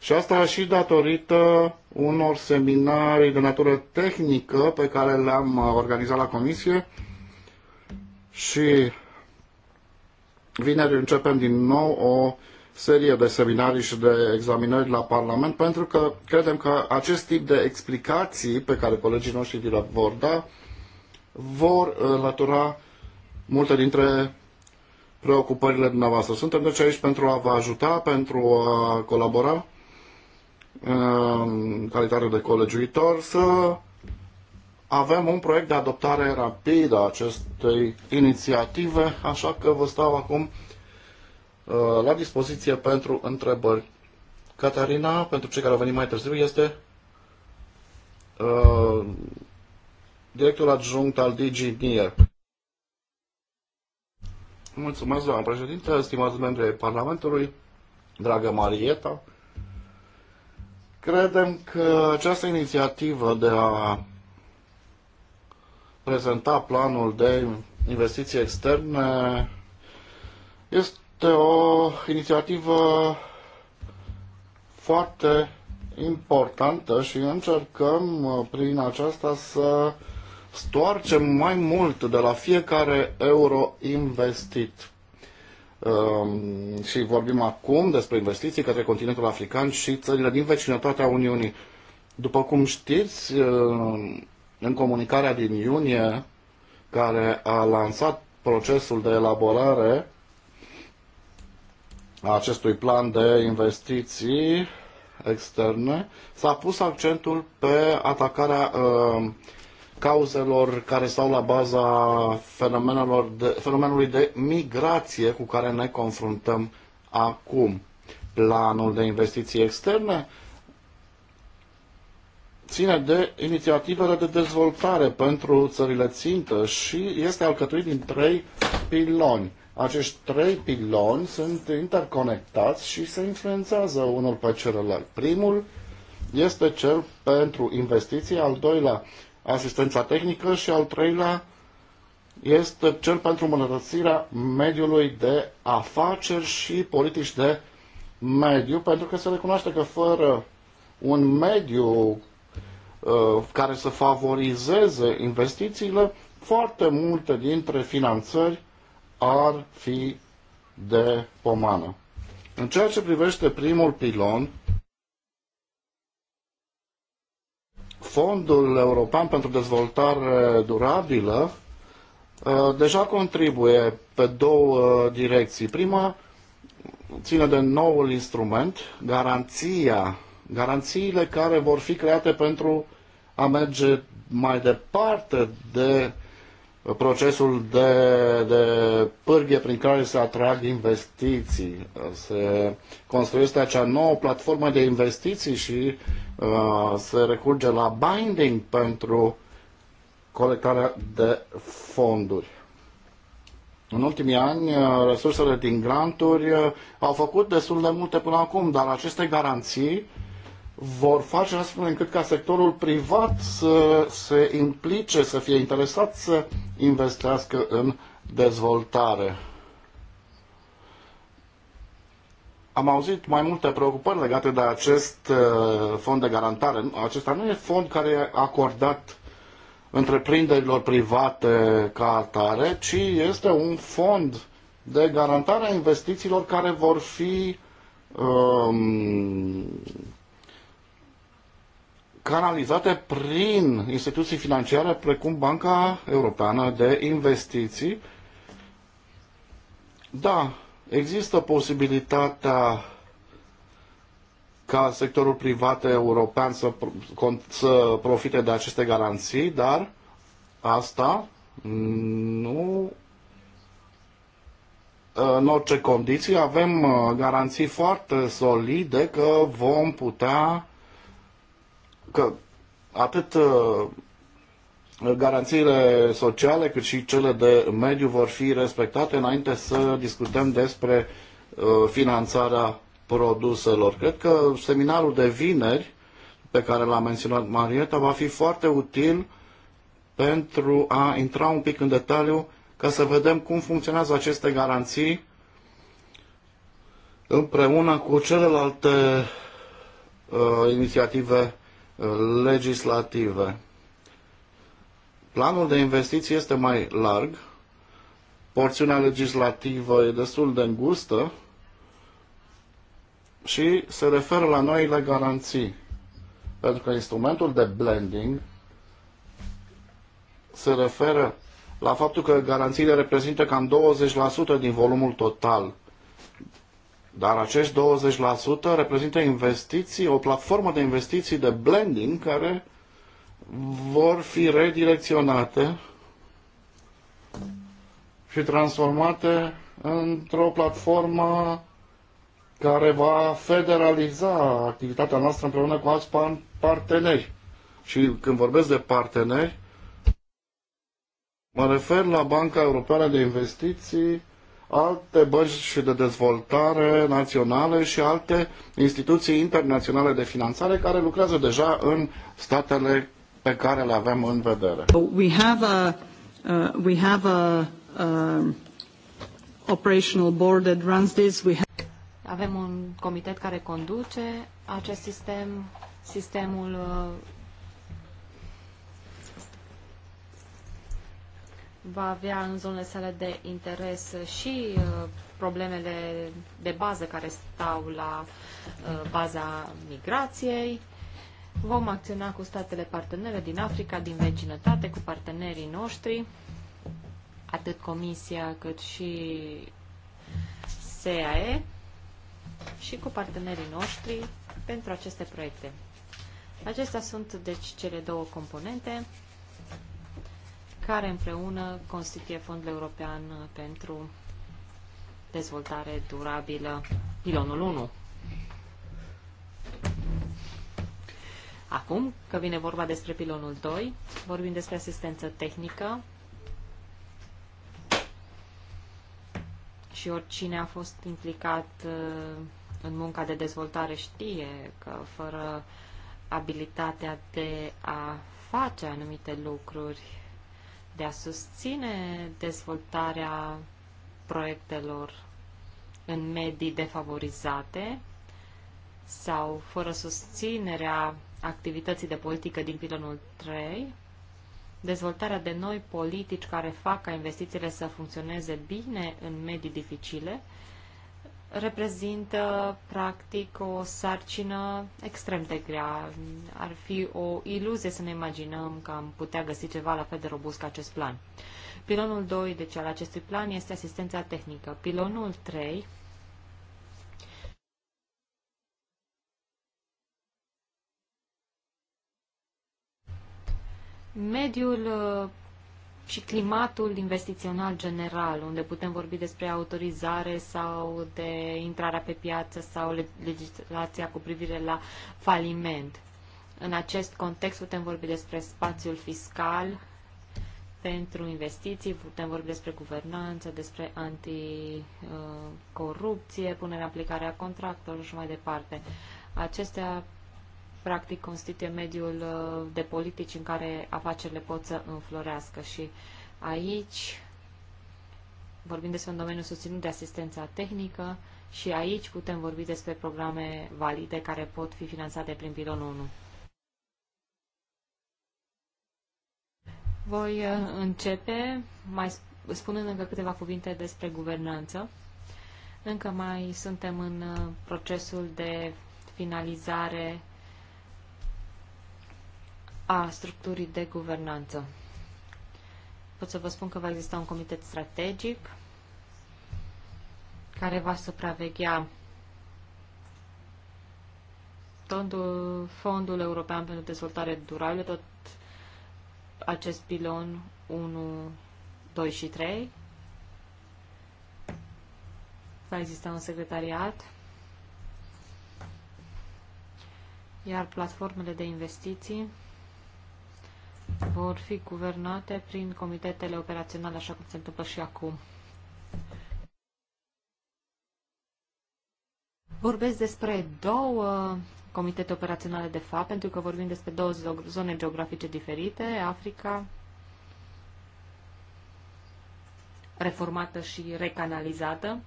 și asta și datorită unor seminarii de natură tehnică pe care le-am uh, organizat la comisie și vineri începem din nou o serie de seminarii și de examinări la Parlament pentru că credem că acest tip de explicații pe care colegii noștri le vor da vor uh, înlătura multe dintre preocupările dumneavoastră. Suntem deci aici pentru a vă ajuta, pentru a colabora în calitate de colegiuitor să avem un proiect de adoptare rapidă a acestei inițiative, așa că vă stau acum uh, la dispoziție pentru întrebări. Catarina, pentru cei care au venit mai târziu, este uh, directorul adjunct al DG Mulțumesc, doamnă președinte, stimați membri ai Parlamentului, dragă Marieta. Credem că această inițiativă de a prezenta planul de investiții externe este o inițiativă foarte importantă și încercăm prin aceasta să stoarcem mai mult de la fiecare euro investit. Um, și vorbim acum despre investiții către continentul african și țările din vecinătatea Uniunii. După cum știți, um, în comunicarea din iunie, care a lansat procesul de elaborare a acestui plan de investiții externe, s-a pus accentul pe atacarea uh, cauzelor care stau la baza fenomenelor de, fenomenului de migrație cu care ne confruntăm acum. Planul de investiții externe ține de inițiativele de dezvoltare pentru țările țintă și este alcătuit din trei piloni. Acești trei piloni sunt interconectați și se influențează unul pe celălalt. Primul este cel pentru investiții, al doilea asistența tehnică și al treilea este cel pentru îmbunătățirea mediului de afaceri și politici de mediu, pentru că se recunoaște că fără un mediu uh, care să favorizeze investițiile, foarte multe dintre finanțări ar fi de pomană. În ceea ce privește primul pilon, Fondul European pentru Dezvoltare Durabilă uh, deja contribuie pe două direcții. Prima ține de noul instrument, garanția, garanțiile care vor fi create pentru a merge mai departe de procesul de, de pârghie prin care se atrag investiții. Se construiește acea nouă platformă de investiții și uh, se recurge la binding pentru colectarea de fonduri. În ultimii ani, uh, resursele din granturi uh, au făcut destul de multe până acum, dar aceste garanții uh, vor face astfel încât ca sectorul privat să se implice, să fie interesat să investească în dezvoltare. Am auzit mai multe preocupări legate de acest uh, fond de garantare. Acesta nu e fond care e acordat întreprinderilor private ca atare, ci este un fond de garantare a investițiilor care vor fi um, canalizate prin instituții financiare precum Banca Europeană de Investiții. Da, există posibilitatea ca sectorul privat european să, să profite de aceste garanții, dar asta nu în orice condiții avem uh, garanții foarte solide că vom putea că atât uh, garanțiile sociale cât și cele de mediu vor fi respectate înainte să discutăm despre uh, finanțarea produselor. Cred că seminarul de vineri pe care l-a menționat Marieta va fi foarte util pentru a intra un pic în detaliu ca să vedem cum funcționează aceste garanții împreună cu celelalte uh, inițiative legislative. Planul de investiții este mai larg, porțiunea legislativă e destul de îngustă și se referă la noile garanții. Pentru că instrumentul de blending se referă la faptul că garanțiile reprezintă cam 20% din volumul total dar acești 20% reprezintă investiții, o platformă de investiții de blending care vor fi redirecționate și transformate într-o platformă care va federaliza activitatea noastră împreună cu alți parteneri. Și când vorbesc de parteneri, mă refer la Banca Europeană de Investiții, alte bănci de dezvoltare naționale și alte instituții internaționale de finanțare care lucrează deja în statele pe care le avem în vedere. We have a, uh, we have a uh, operational board that runs this. We have... Avem un comitet care conduce acest sistem. Sistemul uh, va avea în zonele sale de interes și uh, problemele de bază care stau la uh, baza migrației. Vom acționa cu statele partenere din Africa, din vecinătate, cu partenerii noștri, atât Comisia cât și SAE și cu partenerii noștri pentru aceste proiecte. Acestea sunt, deci, cele două componente care împreună constituie Fondul European pentru Dezvoltare Durabilă, pilonul 1. Acum, că vine vorba despre pilonul 2, vorbim despre asistență tehnică și oricine a fost implicat uh, în munca de dezvoltare știe că fără abilitatea de a face anumite lucruri de a susține dezvoltarea proiectelor în medii defavorizate sau fără susținerea activității de politică din pilonul 3, dezvoltarea de noi politici care fac ca investițiile să funcționeze bine în medii dificile reprezintă practic o sarcină extrem de grea. Ar fi o iluzie să ne imaginăm că am putea găsi ceva la fel de robust ca acest plan. Pilonul 2, deci al acestui plan, este asistența tehnică. Pilonul 3 mediul uh, și climatul investițional general, unde putem vorbi despre autorizare sau de intrarea pe piață sau legislația cu privire la faliment. În acest context putem vorbi despre spațiul fiscal pentru investiții, putem vorbi despre guvernanță, despre anticorupție, punerea aplicarea contractelor și mai departe. Acestea practic constituie mediul uh, de politici în care afacerile pot să înflorească și aici vorbim despre un domeniu susținut de asistența tehnică și aici putem vorbi despre programe valide care pot fi finanțate prin pilonul 1. Voi uh, începe mai spunând încă câteva cuvinte despre guvernanță. Încă mai suntem în uh, procesul de finalizare a structurii de guvernanță. Pot să vă spun că va exista un comitet strategic care va supraveghea fondul, fondul European pentru Dezvoltare Durabilă, tot acest pilon 1, 2 și 3. Va exista un secretariat, iar platformele de investiții vor fi guvernate prin comitetele operaționale, așa cum se întâmplă și acum. Vorbesc despre două comitete operaționale de fapt, pentru că vorbim despre două zone geografice diferite, Africa reformată și recanalizată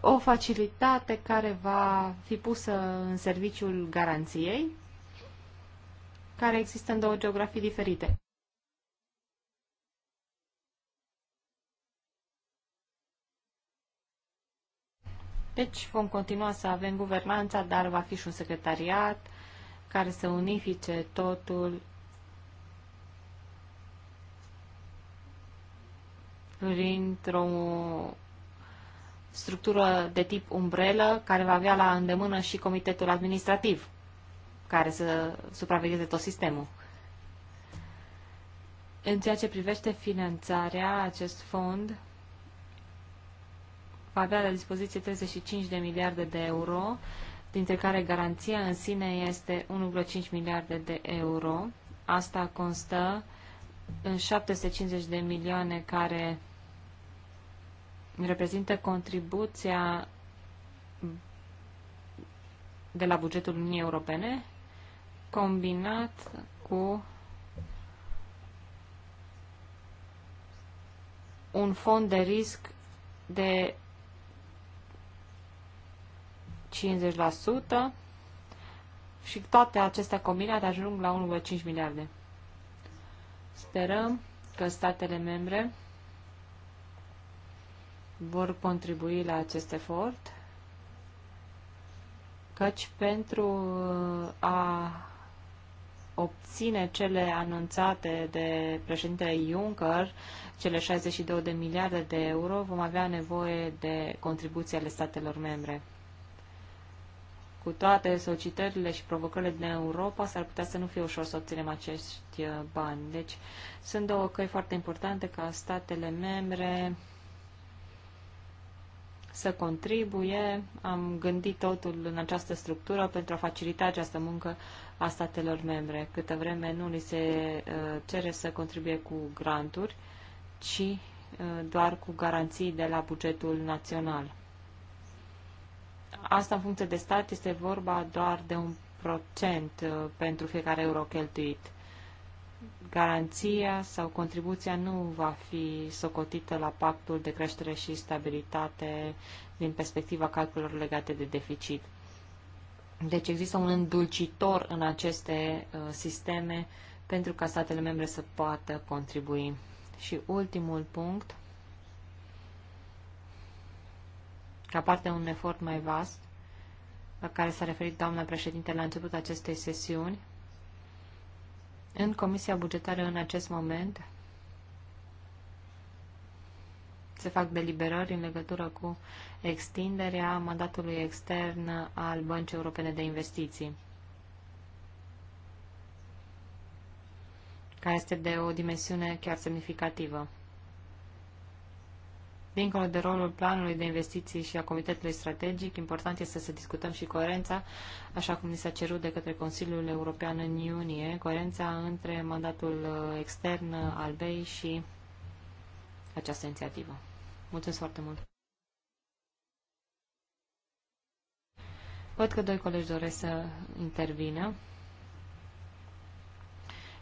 o facilitate care va fi pusă în serviciul garanției, care există în două geografii diferite. Deci vom continua să avem guvernanța, dar va fi și un secretariat care să unifice totul printr-o structură de tip umbrelă care va avea la îndemână și comitetul administrativ care să supravegheze tot sistemul. În ceea ce privește finanțarea, acest fond va avea la dispoziție 35 de miliarde de euro, dintre care garanția în sine este 1,5 miliarde de euro. Asta constă în 750 de milioane care reprezintă contribuția de la bugetul Uniunii Europene combinat cu un fond de risc de 50% și toate acestea combinate ajung la 1,5 miliarde. Sperăm că statele membre vor contribui la acest efort, căci pentru uh, a obține cele anunțate de președintele Juncker, cele 62 de miliarde de euro, vom avea nevoie de contribuții ale statelor membre. Cu toate solicitările și provocările din Europa, s-ar putea să nu fie ușor să obținem acești uh, bani. Deci, sunt două căi foarte importante ca statele membre să contribuie. Am gândit totul în această structură pentru a facilita această muncă a statelor membre. Câtă vreme nu li se uh, cere să contribuie cu granturi, ci uh, doar cu garanții de la bugetul național. Asta în funcție de stat este vorba doar de un procent uh, pentru fiecare euro cheltuit garanția sau contribuția nu va fi socotită la pactul de creștere și stabilitate din perspectiva calculelor legate de deficit. Deci există un îndulcitor în aceste uh, sisteme pentru ca statele membre să poată contribui. Și ultimul punct, ca parte un efort mai vast, la care s-a referit doamna președinte la începutul acestei sesiuni, în Comisia Bugetară în acest moment se fac deliberări în legătură cu extinderea mandatului extern al Băncii Europene de Investiții, care este de o dimensiune chiar semnificativă. Dincolo de rolul planului de investiții și a comitetului strategic, important este să discutăm și coerența, așa cum ni s-a cerut de către Consiliul European în iunie, coerența între mandatul uh, extern uh, al BEI și această inițiativă. Mulțumesc foarte mult! Văd că doi colegi doresc să intervină.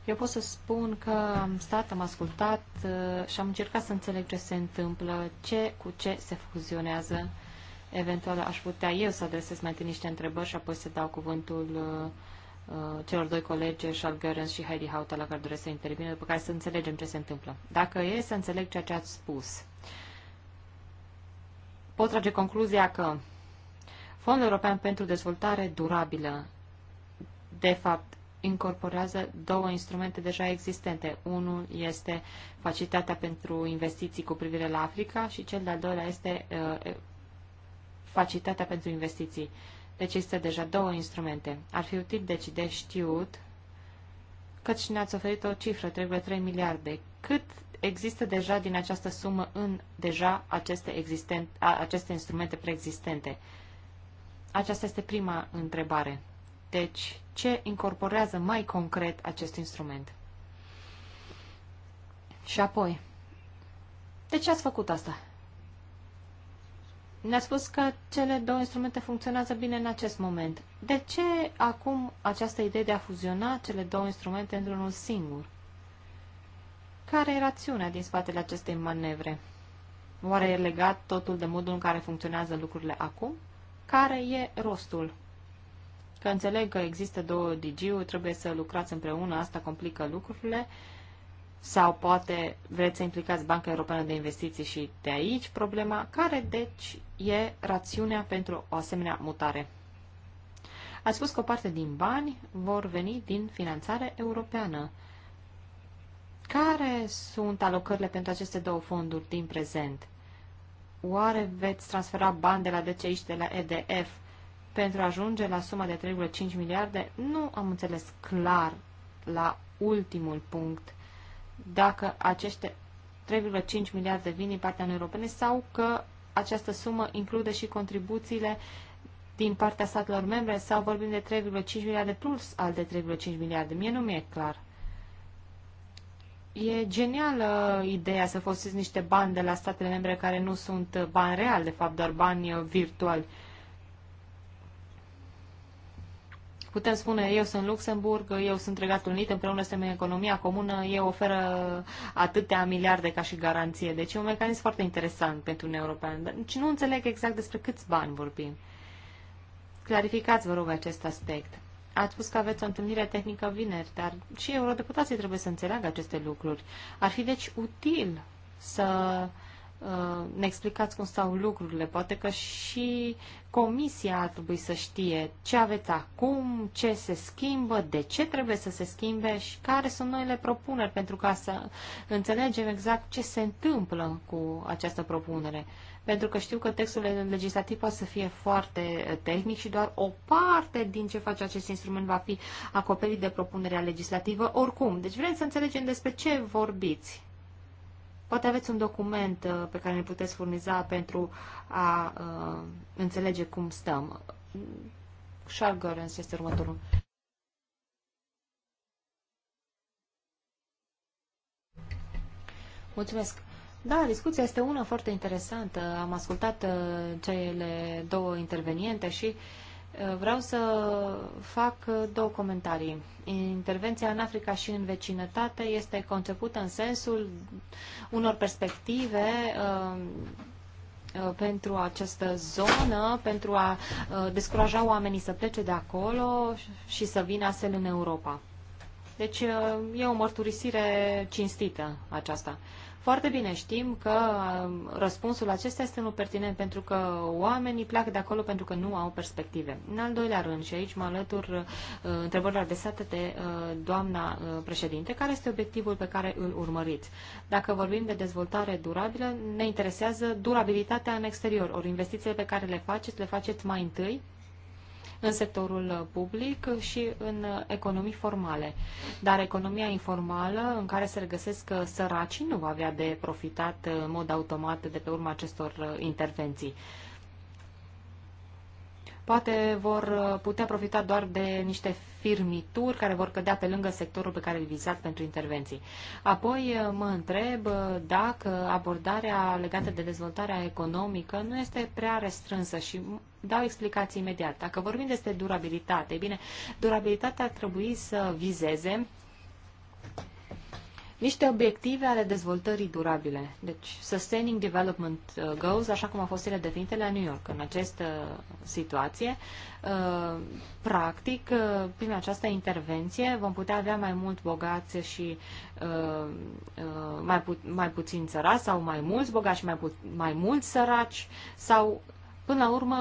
Eu pot să spun că am stat, am ascultat uh, și am încercat să înțeleg ce se întâmplă, ce cu ce se fuzionează. Eventual aș putea eu să adresez mai întâi niște întrebări și apoi să dau cuvântul uh, uh, celor doi colegi, Charles Gerens și Heidi Hauta, la care doresc să intervină, după care să înțelegem ce se întâmplă. Dacă e să înțeleg ceea ce ați spus, pot trage concluzia că Fondul European pentru Dezvoltare Durabilă, de fapt, incorporează două instrumente deja existente. Unul este facilitatea pentru investiții cu privire la Africa și cel de-al doilea este uh, facilitatea pentru investiții. Deci există deja două instrumente. Ar fi util deci de știut, și ne-ați oferit o cifră, trebuie 3 miliarde. Cât există deja din această sumă în deja aceste, existent, aceste instrumente preexistente? Aceasta este prima întrebare. Deci, ce incorporează mai concret acest instrument. Și apoi, de ce ați făcut asta? Ne-a spus că cele două instrumente funcționează bine în acest moment. De ce acum această idee de a fuziona cele două instrumente într-unul singur? Care e rațiunea din spatele acestei manevre? Oare e legat totul de modul în care funcționează lucrurile acum? Care e rostul că înțeleg că există două DG-uri, trebuie să lucrați împreună, asta complică lucrurile, sau poate vreți să implicați Banca Europeană de Investiții și de aici problema, care deci e rațiunea pentru o asemenea mutare? A spus că o parte din bani vor veni din finanțare europeană. Care sunt alocările pentru aceste două fonduri din prezent? Oare veți transfera bani de la DCI și de la EDF? pentru a ajunge la suma de 3,5 miliarde, nu am înțeles clar la ultimul punct dacă aceste 3,5 miliarde vin din partea Uniunii Europene sau că această sumă include și contribuțiile din partea statelor membre sau vorbim de 3,5 miliarde plus al de 3,5 miliarde. Mie nu mi-e clar. E genială ideea să folosesc niște bani de la statele membre care nu sunt bani reali, de fapt, doar bani uh, virtuali. Uh, Putem spune, eu sunt Luxemburg, eu sunt Regatul Unit, împreună suntem economia comună, eu oferă atâtea miliarde ca și garanție. Deci e un mecanism foarte interesant pentru Uniunea Dar Deci nu înțeleg exact despre câți bani vorbim. Clarificați, vă rog, acest aspect. Ați spus că aveți o întâlnire tehnică vineri, dar și eurodeputații trebuie să înțeleagă aceste lucruri. Ar fi deci util să Uh, ne explicați cum stau lucrurile. Poate că și comisia ar trebui să știe ce aveți acum, ce se schimbă, de ce trebuie să se schimbe și care sunt noile propuneri pentru ca să înțelegem exact ce se întâmplă cu această propunere. Pentru că știu că textul legislativ poate să fie foarte tehnic și doar o parte din ce face acest instrument va fi acoperit de propunerea legislativă oricum. Deci vrem să înțelegem despre ce vorbiți Poate aveți un document uh, pe care ne puteți furniza pentru a uh, înțelege cum stăm. Charles este următorul. Mulțumesc. Da, discuția este una foarte interesantă. Am ascultat uh, cele două interveniente și uh, Vreau să fac două comentarii. Intervenția în Africa și în vecinătate este concepută în sensul unor perspective um, uh, pentru această zonă, pentru a uh, descuraja oamenii să plece de acolo și să vină astfel în Europa. Deci uh, e o mărturisire cinstită aceasta. Foarte bine știm că um, răspunsul acesta este unul pertinent pentru că oamenii pleacă de acolo pentru că nu au perspective. În al doilea rând, și aici mă alătur uh, întrebările adresate de uh, doamna uh, președinte, care este obiectivul pe care îl urmăriți? Dacă vorbim de dezvoltare durabilă, ne interesează durabilitatea în exterior, ori investițiile pe care le faceți, le faceți mai întâi în sectorul uh, public și în uh, economii formale. Dar economia informală, în care se regăsesc uh, săracii, nu va avea de profitat în mod automat de pe urma acestor intervenții. Poate vor putea profita doar de niște firmituri care vor cădea pe lângă sectorul pe care îl vizați pentru intervenții. Apoi mă întreb dacă abordarea legată de dezvoltarea economică nu este prea restrânsă și dau explicații imediat. Dacă vorbim despre durabilitate, bine, durabilitatea ar trebui să vizeze niște obiective ale dezvoltării durabile. Deci, Sustaining Development uh, Goals, așa cum au fost ele definite la New York. În această uh, situație, uh, practic, prin această intervenție, vom putea avea mai mult bogați și mai, pu- mai puțin săraci sau mai mulți bogați și mai, pu- mai mulți săraci sau până la urmă,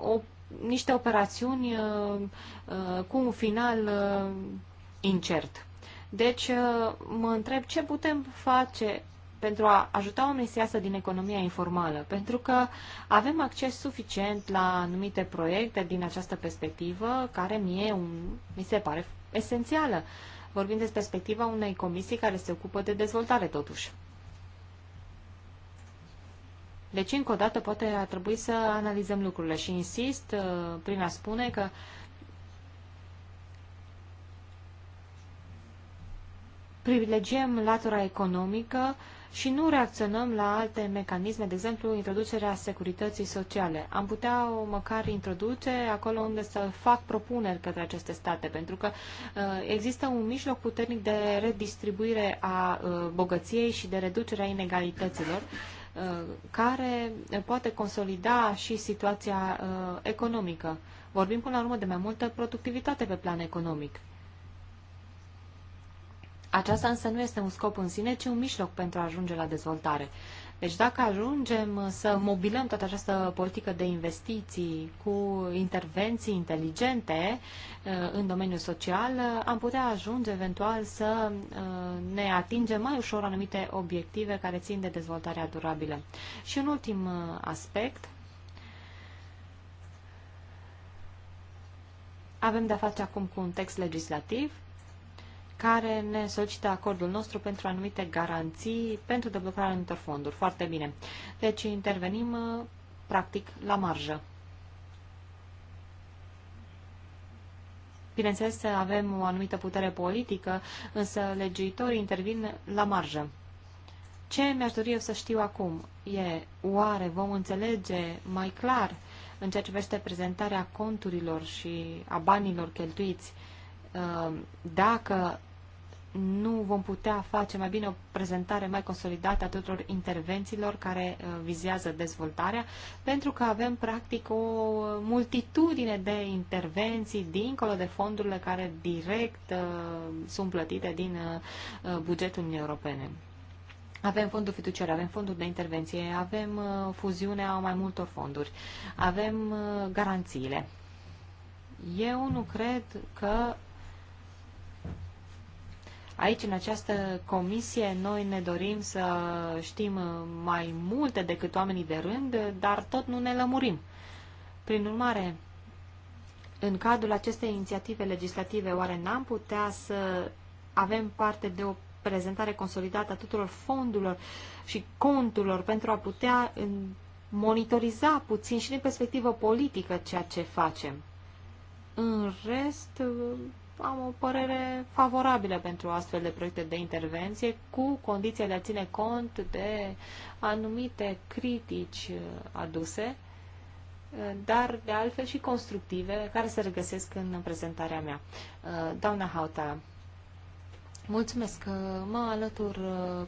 o, niște operațiuni uh, uh, cu un final uh, incert. Deci, mă întreb ce putem face pentru a ajuta oamenii să iasă din economia informală, pentru că avem acces suficient la anumite proiecte din această perspectivă, care mie un, mi se pare esențială. Vorbim despre perspectiva unei comisii care se ocupă de dezvoltare, totuși. Deci, încă o dată, poate ar trebui să analizăm lucrurile și insist uh, prin a spune că privilegiem latura economică și nu reacționăm la alte mecanisme, de exemplu, introducerea securității sociale. Am putea o măcar introduce acolo unde să fac propuneri către aceste state, pentru că uh, există un mijloc puternic de redistribuire a uh, bogăției și de reducerea inegalităților Uh, care poate consolida și situația uh, economică. Vorbim până la urmă de mai multă productivitate pe plan economic. Aceasta însă nu este un scop în sine, ci un mijloc pentru a ajunge la dezvoltare. Deci dacă ajungem să mobilăm toată această politică de investiții cu intervenții inteligente uh, în domeniul social, uh, am putea ajunge eventual să uh, ne atingem mai ușor anumite obiective care țin de dezvoltarea durabilă. Și un ultim aspect, avem de-a face acum cu un text legislativ care ne solicită acordul nostru pentru anumite garanții pentru deblocarea anumitor fonduri. Foarte bine. Deci intervenim uh, practic la marjă. Bineînțeles, avem o anumită putere politică, însă legiuitorii intervin la marjă. Ce mi-aș dori eu să știu acum e, oare vom înțelege mai clar în ceea ce privește prezentarea conturilor și a banilor cheltuiți, uh, dacă nu vom putea face mai bine o prezentare mai consolidată a tuturor intervențiilor care uh, vizează dezvoltarea, pentru că avem practic o multitudine de intervenții dincolo de fondurile care direct uh, sunt plătite din uh, bugetul Uniunii Europene. Avem fondul fiduciar, avem fondul de intervenție, avem fuziunea mai multor fonduri, avem garanțiile. Eu nu cred că Aici, în această comisie, noi ne dorim să știm mai multe decât oamenii de rând, dar tot nu ne lămurim. Prin urmare, în cadrul acestei inițiative legislative, oare n-am putea să avem parte de o prezentare consolidată a tuturor fondurilor și conturilor pentru a putea monitoriza puțin și din perspectivă politică ceea ce facem? În rest, am o părere favorabilă pentru astfel de proiecte de intervenție, cu condiția de a ține cont de anumite critici uh, aduse, uh, dar de altfel și constructive, care se regăsesc în prezentarea mea. Uh, doamna Hauta, mulțumesc că mă alătur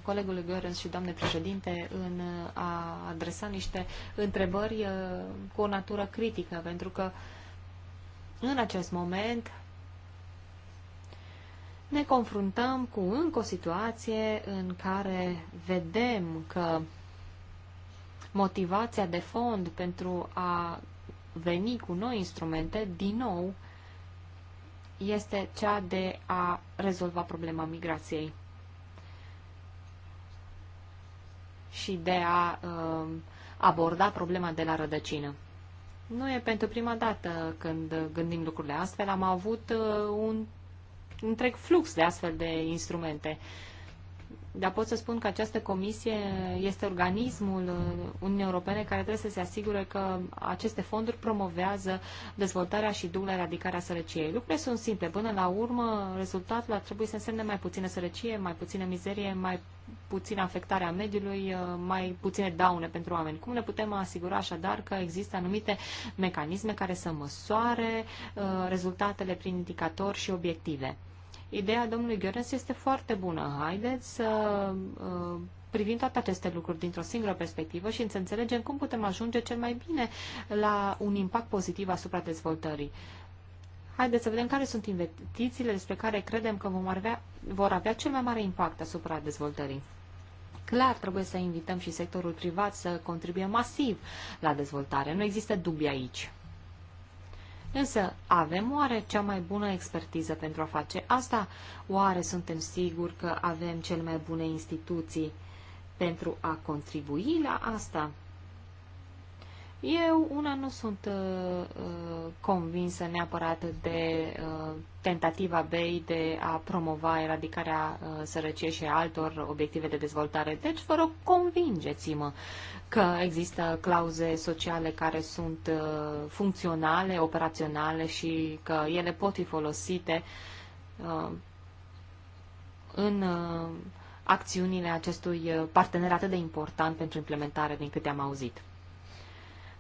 colegului Görens și doamne președinte în a adresa niște întrebări cu o natură critică, pentru că în acest moment ne confruntăm cu încă o situație în care vedem că motivația de fond pentru a veni cu noi instrumente, din nou, este cea de a rezolva problema migrației și de a uh, aborda problema de la rădăcină. Nu e pentru prima dată când gândim lucrurile astfel. Am avut uh, un întreg flux de astfel de instrumente. Dar pot să spun că această comisie este organismul Uniunii Europene care trebuie să se asigure că aceste fonduri promovează dezvoltarea și duc la eradicarea sărăciei. Lucrurile sunt simple. Până la urmă, rezultatul ar trebui să însemne mai puțină sărăcie, mai puțină mizerie, mai puțină afectare a mediului, mai puține daune pentru oameni. Cum ne putem asigura așadar că există anumite mecanisme care să măsoare uh, rezultatele prin indicatori și obiective? Ideea domnului Gheorens este foarte bună. Haideți să uh, privim toate aceste lucruri dintr-o singură perspectivă și să înțelegem cum putem ajunge cel mai bine la un impact pozitiv asupra dezvoltării. Haideți să vedem care sunt investițiile despre care credem că vom avea, vor avea cel mai mare impact asupra dezvoltării. Clar, trebuie să invităm și sectorul privat să contribuie masiv la dezvoltare. Nu există dubii aici. Însă, avem oare cea mai bună expertiză pentru a face asta? Oare suntem siguri că avem cele mai bune instituții pentru a contribui la asta? Eu, una, nu sunt uh, uh, convinsă neapărat de uh, tentativa BEI de a promova eradicarea uh, sărăciei și altor obiective de dezvoltare. Deci, vă rog, convingeți-mă că există clauze sociale care sunt uh, funcționale, operaționale și că ele pot fi folosite uh, în uh, acțiunile acestui uh, partener atât de important pentru implementare, din câte am auzit.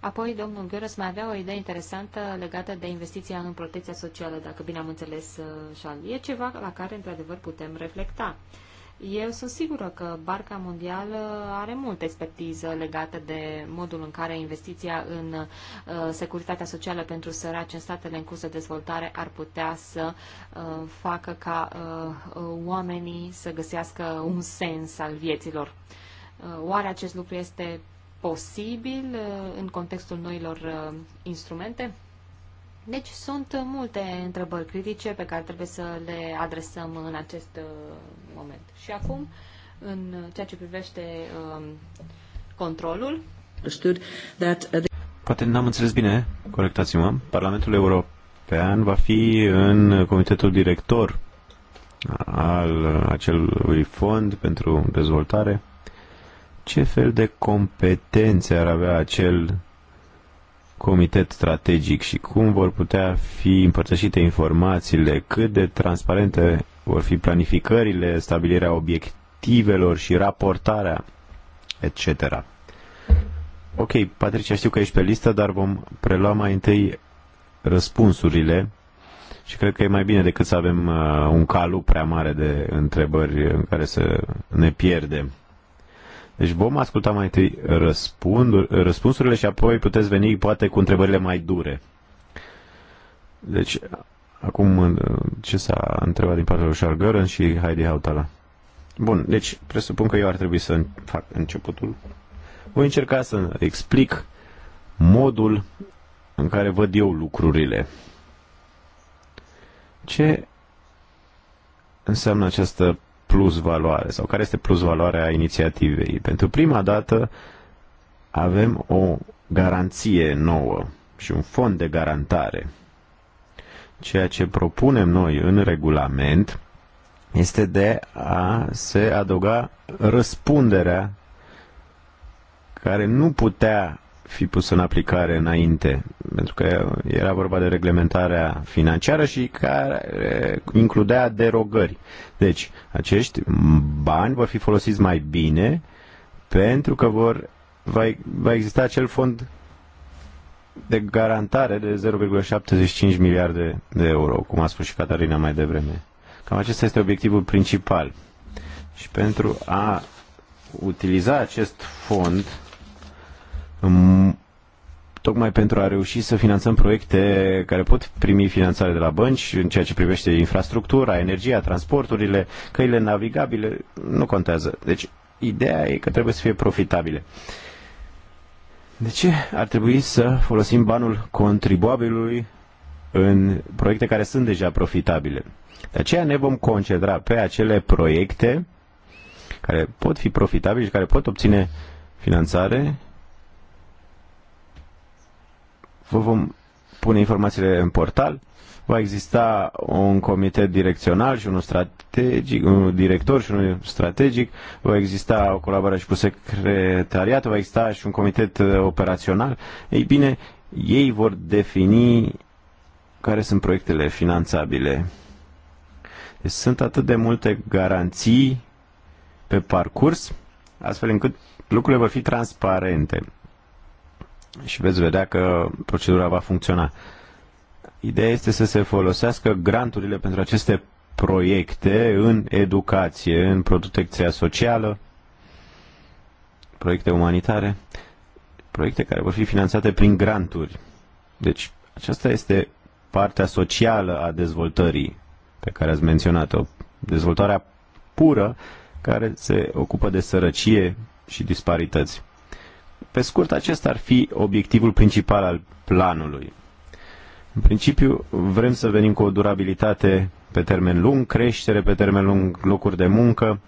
Apoi, domnul Gheorăs mai avea o idee interesantă legată de investiția în protecția socială, dacă bine am înțeles, Șal. Uh, e ceva la care, într-adevăr, putem reflecta. Eu sunt sigură că Barca Mondială are multă expertiză legată de modul în care investiția în uh, securitatea socială pentru săraci în statele în curs de dezvoltare ar putea să uh, facă ca uh, oamenii să găsească un sens al vieților. Uh, oare acest lucru este posibil uh, în contextul noilor uh, instrumente? Deci sunt multe întrebări critice pe care trebuie să le adresăm în acest uh, moment. Și acum, în ceea ce privește um, controlul. Poate n-am înțeles bine, corectați-mă. Parlamentul European va fi în comitetul director al acelui fond pentru dezvoltare ce fel de competențe ar avea acel comitet strategic și cum vor putea fi împărtășite informațiile, cât de transparente vor fi planificările, stabilirea obiectivelor și raportarea, etc. Ok, Patricia, știu că ești pe listă, dar vom prelua mai întâi răspunsurile și cred că e mai bine decât să avem uh, un calu prea mare de întrebări în care să ne pierdem. Deci vom asculta mai întâi răspunsurile și apoi puteți veni poate cu întrebările mai dure. Deci, acum ce s-a întrebat din partea lui Charles Gurren și Heidi Hautala? Bun, deci presupun că eu ar trebui să fac începutul. Voi încerca să explic modul în care văd eu lucrurile. Ce înseamnă această plus valoare sau care este plus valoarea inițiativei. Pentru prima dată avem o garanție nouă și un fond de garantare. Ceea ce propunem noi în regulament este de a se adăuga răspunderea care nu putea fi pus în aplicare înainte, pentru că era vorba de reglementarea financiară și care includea derogări. Deci, acești bani vor fi folosiți mai bine pentru că vor, va, va exista acel fond de garantare de 0,75 miliarde de euro, cum a spus și Catarina mai devreme. Cam acesta este obiectivul principal. Și pentru a utiliza acest fond tocmai pentru a reuși să finanțăm proiecte care pot primi finanțare de la bănci în ceea ce privește infrastructura, energia, transporturile, căile navigabile, nu contează. Deci, ideea e că trebuie să fie profitabile. De ce ar trebui să folosim banul contribuabilului în proiecte care sunt deja profitabile? De aceea ne vom concentra pe acele proiecte care pot fi profitabile și care pot obține finanțare Vă vom pune informațiile în portal. Va exista un comitet direcțional și unul strategic, un director și unul strategic, va exista o colaborare și cu secretariat, va exista și un comitet uh, operațional. Ei bine, ei vor defini care sunt proiectele finanțabile. Deci sunt atât de multe garanții pe parcurs, astfel încât lucrurile vor fi transparente și veți vedea că procedura va funcționa. Ideea este să se folosească granturile pentru aceste proiecte în educație, în protecția socială, proiecte umanitare, proiecte care vor fi finanțate prin granturi. Deci aceasta este partea socială a dezvoltării pe care ați menționat-o. Dezvoltarea pură care se ocupă de sărăcie și disparități. Pe scurt, acesta ar fi obiectivul principal al planului. În principiu, vrem să venim cu o durabilitate pe termen lung, creștere pe termen lung, locuri de muncă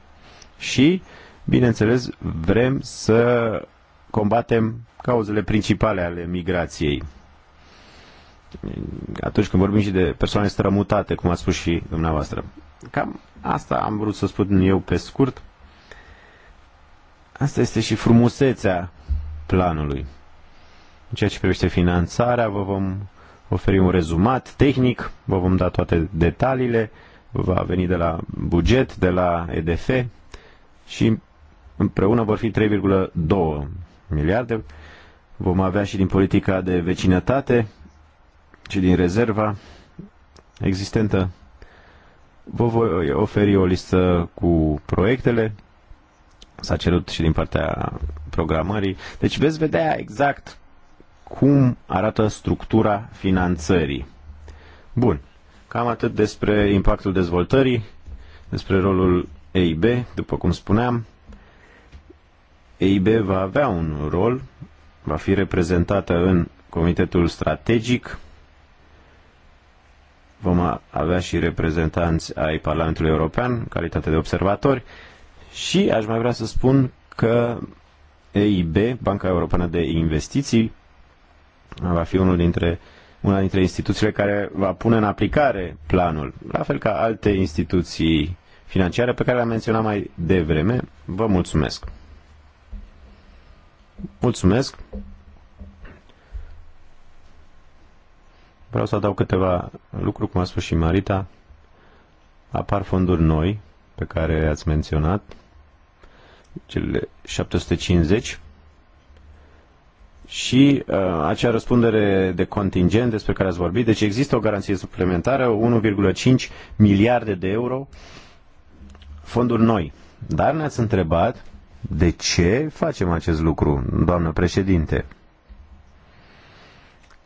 și, bineînțeles, vrem să combatem cauzele principale ale migrației. Atunci când vorbim și de persoane strămutate, cum a spus și dumneavoastră. Cam asta am vrut să spun eu pe scurt. Asta este și frumusețea planului. În ceea ce privește finanțarea, vă vom oferi un rezumat tehnic, vă vom da toate detaliile, va veni de la buget, de la EDF și împreună vor fi 3,2 miliarde. Vom avea și din politica de vecinătate și din rezerva existentă. Vă voi oferi o listă cu proiectele s-a cerut și din partea programării. Deci veți vedea exact cum arată structura finanțării. Bun. Cam atât despre impactul dezvoltării, despre rolul EIB, după cum spuneam. EIB va avea un rol, va fi reprezentată în Comitetul Strategic, vom avea și reprezentanți ai Parlamentului European, calitate de observatori, și aș mai vrea să spun că EIB, Banca Europeană de Investiții, va fi unul dintre, una dintre instituțiile care va pune în aplicare planul, la fel ca alte instituții financiare pe care le-am menționat mai devreme. Vă mulțumesc! Mulțumesc! Vreau să adaug câteva lucruri, cum a spus și Marita. Apar fonduri noi pe care ați menționat, cele 750 și uh, acea răspundere de contingent despre care ați vorbit. Deci există o garanție suplimentară, 1,5 miliarde de euro, fonduri noi. Dar ne-ați întrebat de ce facem acest lucru, doamnă președinte.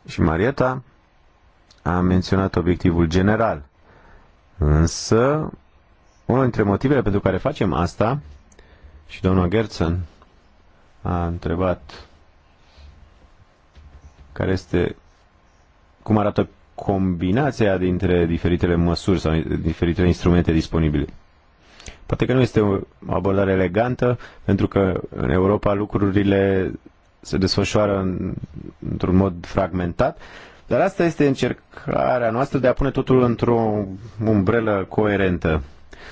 Și Marieta a menționat obiectivul general. Însă, unul dintre motivele pentru care facem asta și doamna Gerțen a întrebat care este, cum arată combinația dintre diferitele măsuri sau diferitele instrumente disponibile. Poate că nu este o abordare elegantă, pentru că în Europa lucrurile se desfășoară în, într-un mod fragmentat, dar asta este încercarea noastră de a pune totul într-o umbrelă coerentă.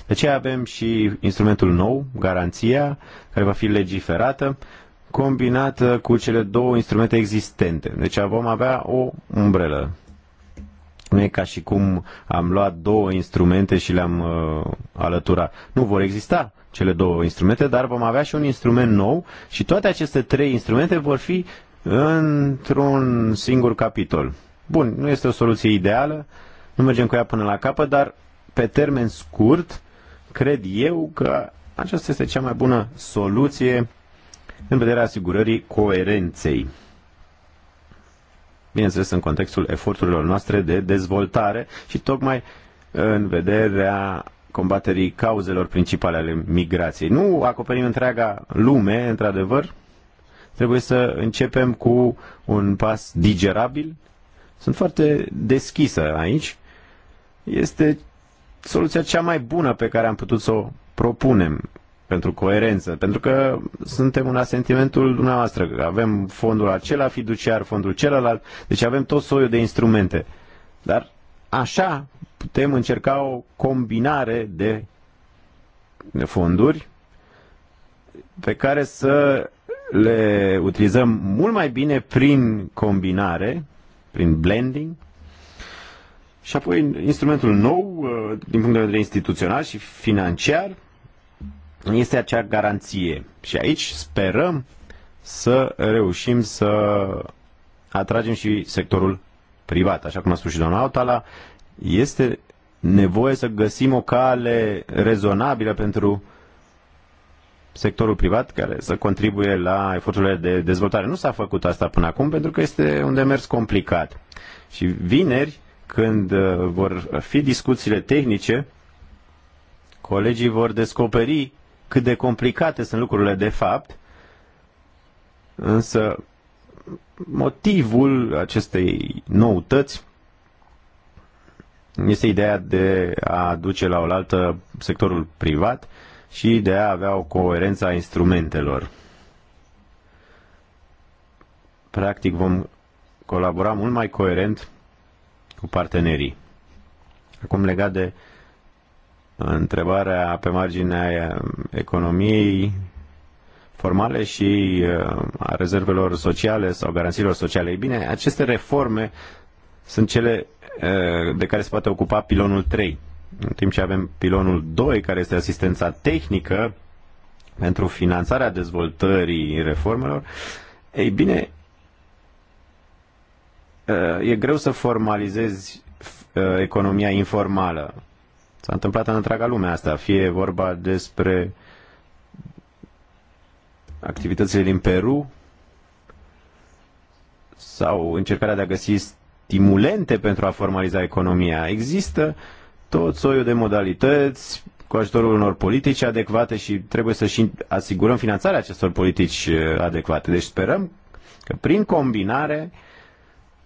De aceea avem și instrumentul nou, garanția, care va fi legiferată, combinată uh, cu cele două instrumente existente. Deci vom avea o umbrelă. Nu e ca și cum am luat două instrumente și le-am uh, alăturat. Nu vor exista cele două instrumente, dar vom avea și un instrument nou și toate aceste trei instrumente vor fi într-un singur capitol. Bun, nu este o soluție ideală, nu mergem cu ea până la capăt, dar pe termen scurt cred eu că aceasta este cea mai bună soluție în vederea asigurării coerenței. Bineînțeles, în contextul eforturilor noastre de dezvoltare și tocmai în vederea combaterii cauzelor principale ale migrației. Nu acoperim întreaga lume, într-adevăr. Trebuie să începem cu un pas digerabil. Sunt foarte deschisă aici. Este soluția cea mai bună pe care am putut să o propunem pentru coerență, pentru că suntem în asentimentul dumneavoastră, că avem fondul acela fiduciar, fondul celălalt, deci avem tot soiul de instrumente. Dar așa putem încerca o combinare de, fonduri pe care să le utilizăm mult mai bine prin combinare, prin blending, și apoi instrumentul nou, uh, din punct de vedere instituțional și financiar, este acea garanție. Și aici sperăm să reușim să atragem și sectorul privat. Așa cum a spus și doamna Autala, este nevoie să găsim o cale rezonabilă pentru sectorul privat care să contribuie la eforturile de dezvoltare. Nu s-a făcut asta până acum pentru că este un demers complicat. Și vineri când uh, vor fi discuțiile tehnice, colegii vor descoperi cât de complicate sunt lucrurile de fapt, însă motivul acestei noutăți este ideea de a duce la oaltă sectorul privat și de a avea o coerență a instrumentelor. Practic vom colabora mult mai coerent cu partenerii. Acum legat de întrebarea pe marginea economiei formale și uh, a rezervelor sociale sau garanțiilor sociale. Ei bine, aceste reforme sunt cele uh, de care se poate ocupa pilonul 3. În timp ce avem pilonul 2, care este asistența tehnică pentru finanțarea dezvoltării reformelor, ei bine, Uh, e greu să formalizezi uh, economia informală. S-a întâmplat în întreaga lume asta, fie vorba despre activitățile din Peru sau încercarea de a găsi stimulente pentru a formaliza economia. Există tot soiul de modalități cu ajutorul unor politici adecvate și trebuie să și asigurăm finanțarea acestor politici uh, adecvate. Deci sperăm că prin combinare uh,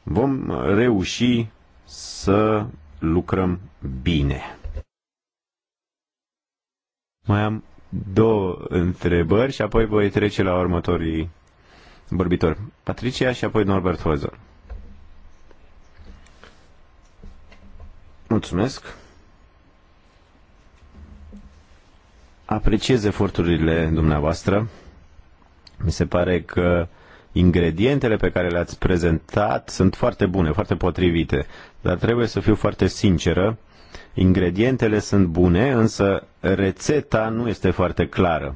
vom reuși să lucrăm bine. Mai am două întrebări și apoi voi trece la următorii vorbitori. Patricia și apoi Norbert Hozer. Mulțumesc. Apreciez eforturile dumneavoastră. Mi se pare că ingredientele pe care le-ați prezentat sunt foarte bune, foarte potrivite, dar trebuie să fiu foarte sinceră, ingredientele sunt bune, însă rețeta nu este foarte clară.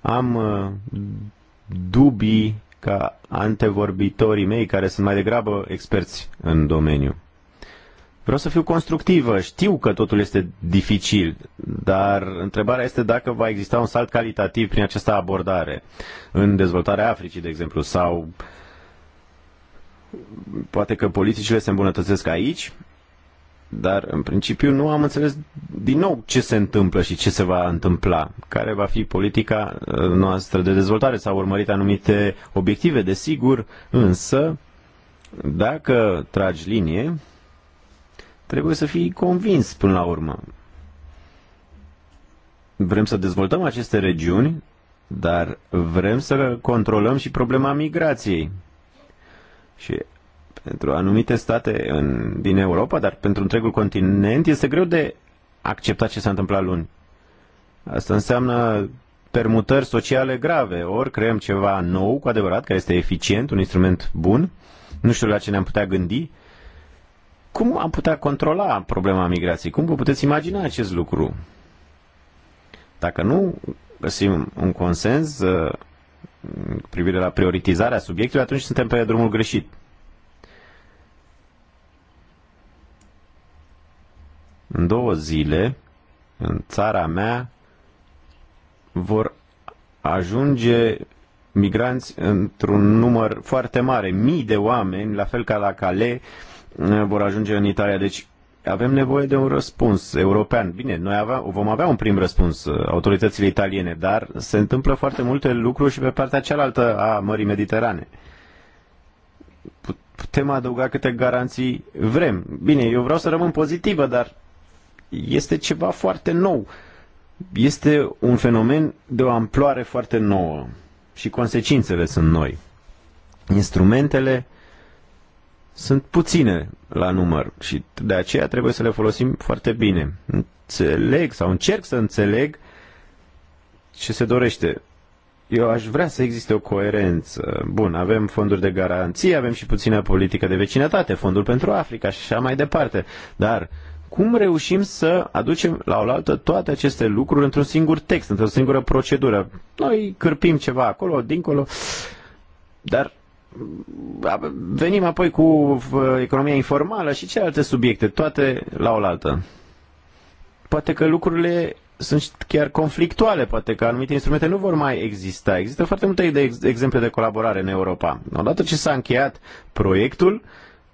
Am uh, dubii ca antevorbitorii mei, care sunt mai degrabă experți în domeniu. Vreau să fiu constructivă. Știu că totul este dificil, dar întrebarea este dacă va exista un salt calitativ prin această abordare în dezvoltarea Africii, de exemplu, sau poate că politicile se îmbunătățesc aici, dar în principiu nu am înțeles din nou ce se întâmplă și ce se va întâmpla, care va fi politica uh, noastră de dezvoltare. S-au urmărit anumite obiective, desigur, însă dacă tragi linie, Trebuie să fii convins până la urmă. Vrem să dezvoltăm aceste regiuni, dar vrem să controlăm și problema migrației. Și pentru anumite state în, din Europa, dar pentru întregul continent, este greu de acceptat ce s-a întâmplat luni. Asta înseamnă permutări sociale grave. Ori creăm ceva nou, cu adevărat, care este eficient, un instrument bun, nu știu la ce ne-am putea gândi, cum am putea controla problema migrației? Cum vă puteți imagina acest lucru? Dacă nu găsim un consens uh, cu privire la prioritizarea subiectului, atunci suntem pe drumul greșit. În două zile, în țara mea, vor ajunge migranți într-un număr foarte mare, mii de oameni, la fel ca la Calais, vor ajunge în Italia. Deci avem nevoie de un răspuns european. Bine, noi avea, vom avea un prim răspuns, uh, autoritățile italiene, dar se întâmplă foarte multe lucruri și pe partea cealaltă a Mării Mediterane. Putem adăuga câte garanții vrem. Bine, eu vreau să rămân pozitivă, dar este ceva foarte nou. Este un fenomen de o amploare foarte nouă și consecințele sunt noi. Instrumentele sunt puține la număr și de aceea trebuie să le folosim foarte bine. Înțeleg sau încerc să înțeleg ce se dorește. Eu aș vrea să existe o coerență. Bun, avem fonduri de garanție, avem și puțină politică de vecinătate, fondul pentru Africa și așa mai departe. Dar cum reușim să aducem la oaltă toate aceste lucruri într-un singur text, într-o singură procedură? Noi cârpim ceva acolo, dincolo, dar venim apoi cu uh, economia informală și celelalte subiecte, toate la oaltă. Poate că lucrurile sunt chiar conflictuale, poate că anumite instrumente nu vor mai exista. Există foarte multe de ex- exemple de colaborare în Europa. Odată ce s-a încheiat proiectul,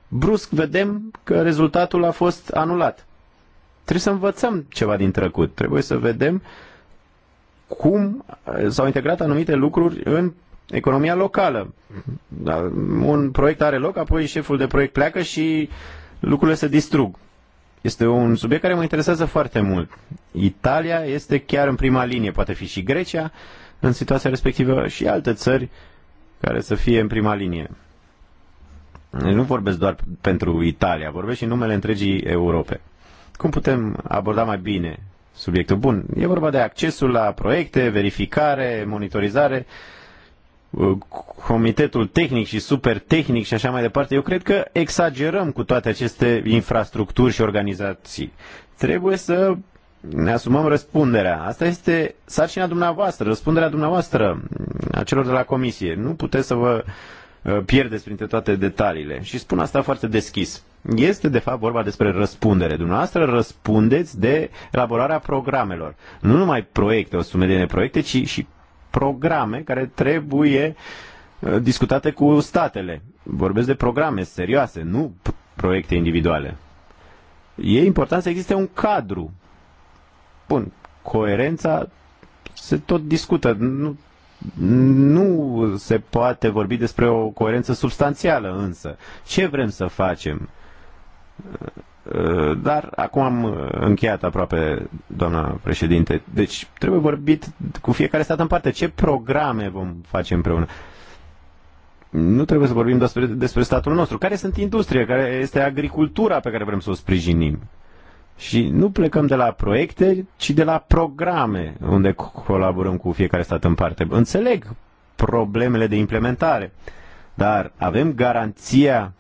brusc vedem că rezultatul a fost anulat. Trebuie să învățăm ceva din trecut. Trebuie să vedem cum uh, s-au integrat anumite lucruri în economia locală. Un proiect are loc, apoi șeful de proiect pleacă și lucrurile se distrug. Este un subiect care mă interesează foarte mult. Italia este chiar în prima linie, poate fi și Grecia în situația respectivă și alte țări care să fie în prima linie. Nu vorbesc doar pentru Italia, vorbesc și în numele întregii Europe. Cum putem aborda mai bine subiectul? Bun, e vorba de accesul la proiecte, verificare, monitorizare, Uh, comitetul tehnic și super tehnic și așa mai departe, eu cred că exagerăm cu toate aceste infrastructuri și organizații. Trebuie să ne asumăm răspunderea. Asta este sarcina dumneavoastră, răspunderea dumneavoastră mm, a celor de la comisie. Nu puteți să vă uh, pierdeți printre toate detaliile. Și spun asta foarte deschis. Este, de fapt, vorba despre răspundere. Dumneavoastră răspundeți de elaborarea programelor. Nu numai proiecte, o sumedenie de proiecte, ci și programe care trebuie uh, discutate cu statele. Vorbesc de programe serioase, nu proiecte individuale. E important să existe un cadru. Bun, coerența se tot discută. Nu, nu se poate vorbi despre o coerență substanțială însă. Ce vrem să facem? Uh, dar acum am uh, încheiat aproape, doamna președinte. Deci trebuie vorbit cu fiecare stat în parte. Ce programe vom face împreună? Nu trebuie să vorbim despre, despre statul nostru. Care sunt industrie? Care este agricultura pe care vrem să o sprijinim? Și nu plecăm de la proiecte, ci de la programe unde colaborăm cu fiecare stat în parte. Înțeleg problemele de implementare, dar avem garanția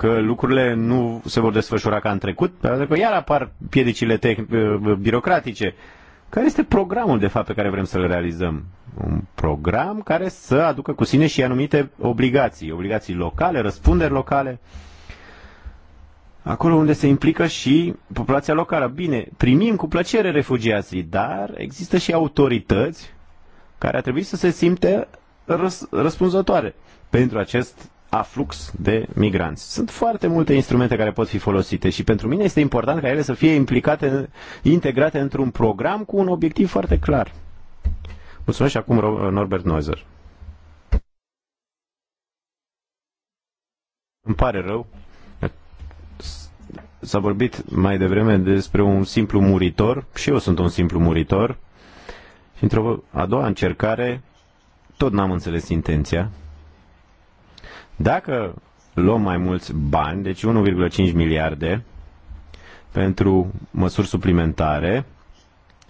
că lucrurile nu se vor desfășura ca în trecut, pentru că iar apar piedicile birocratice. Care este programul, de fapt, pe care vrem să-l realizăm? Un program care să aducă cu sine și anumite obligații, obligații locale, răspunderi locale, acolo unde se implică și populația locală. Bine, primim cu plăcere refugiații, dar există și autorități care ar trebui să se simte răs- răspunzătoare pentru acest aflux de migranți. Sunt foarte multe instrumente care pot fi folosite și pentru mine este important ca ele să fie implicate, integrate într-un program cu un obiectiv foarte clar. Mulțumesc și acum Norbert Neuser. Îmi pare rău. S-a vorbit mai devreme despre un simplu muritor și eu sunt un simplu muritor. Și într-o a doua încercare tot n-am înțeles intenția. Dacă luăm mai mulți bani, deci 1,5 miliarde pentru măsuri suplimentare,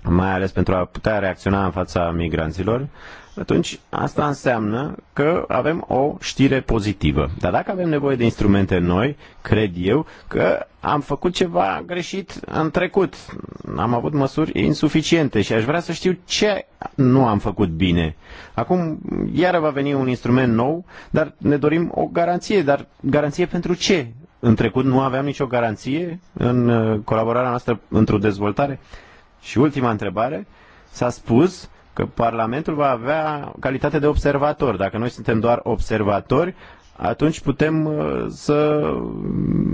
mai ales pentru a putea reacționa în fața migranților, atunci asta înseamnă că avem o știre pozitivă. Dar dacă avem nevoie de instrumente noi, cred eu că am făcut ceva greșit în trecut. Am avut măsuri insuficiente și aș vrea să știu ce nu am făcut bine. Acum iară va veni un instrument nou, dar ne dorim o garanție. Dar garanție pentru ce? În trecut nu aveam nicio garanție în uh, colaborarea noastră într-o dezvoltare? Și ultima întrebare, s-a spus că Parlamentul va avea calitate de observator. Dacă noi suntem doar observatori, atunci putem uh, să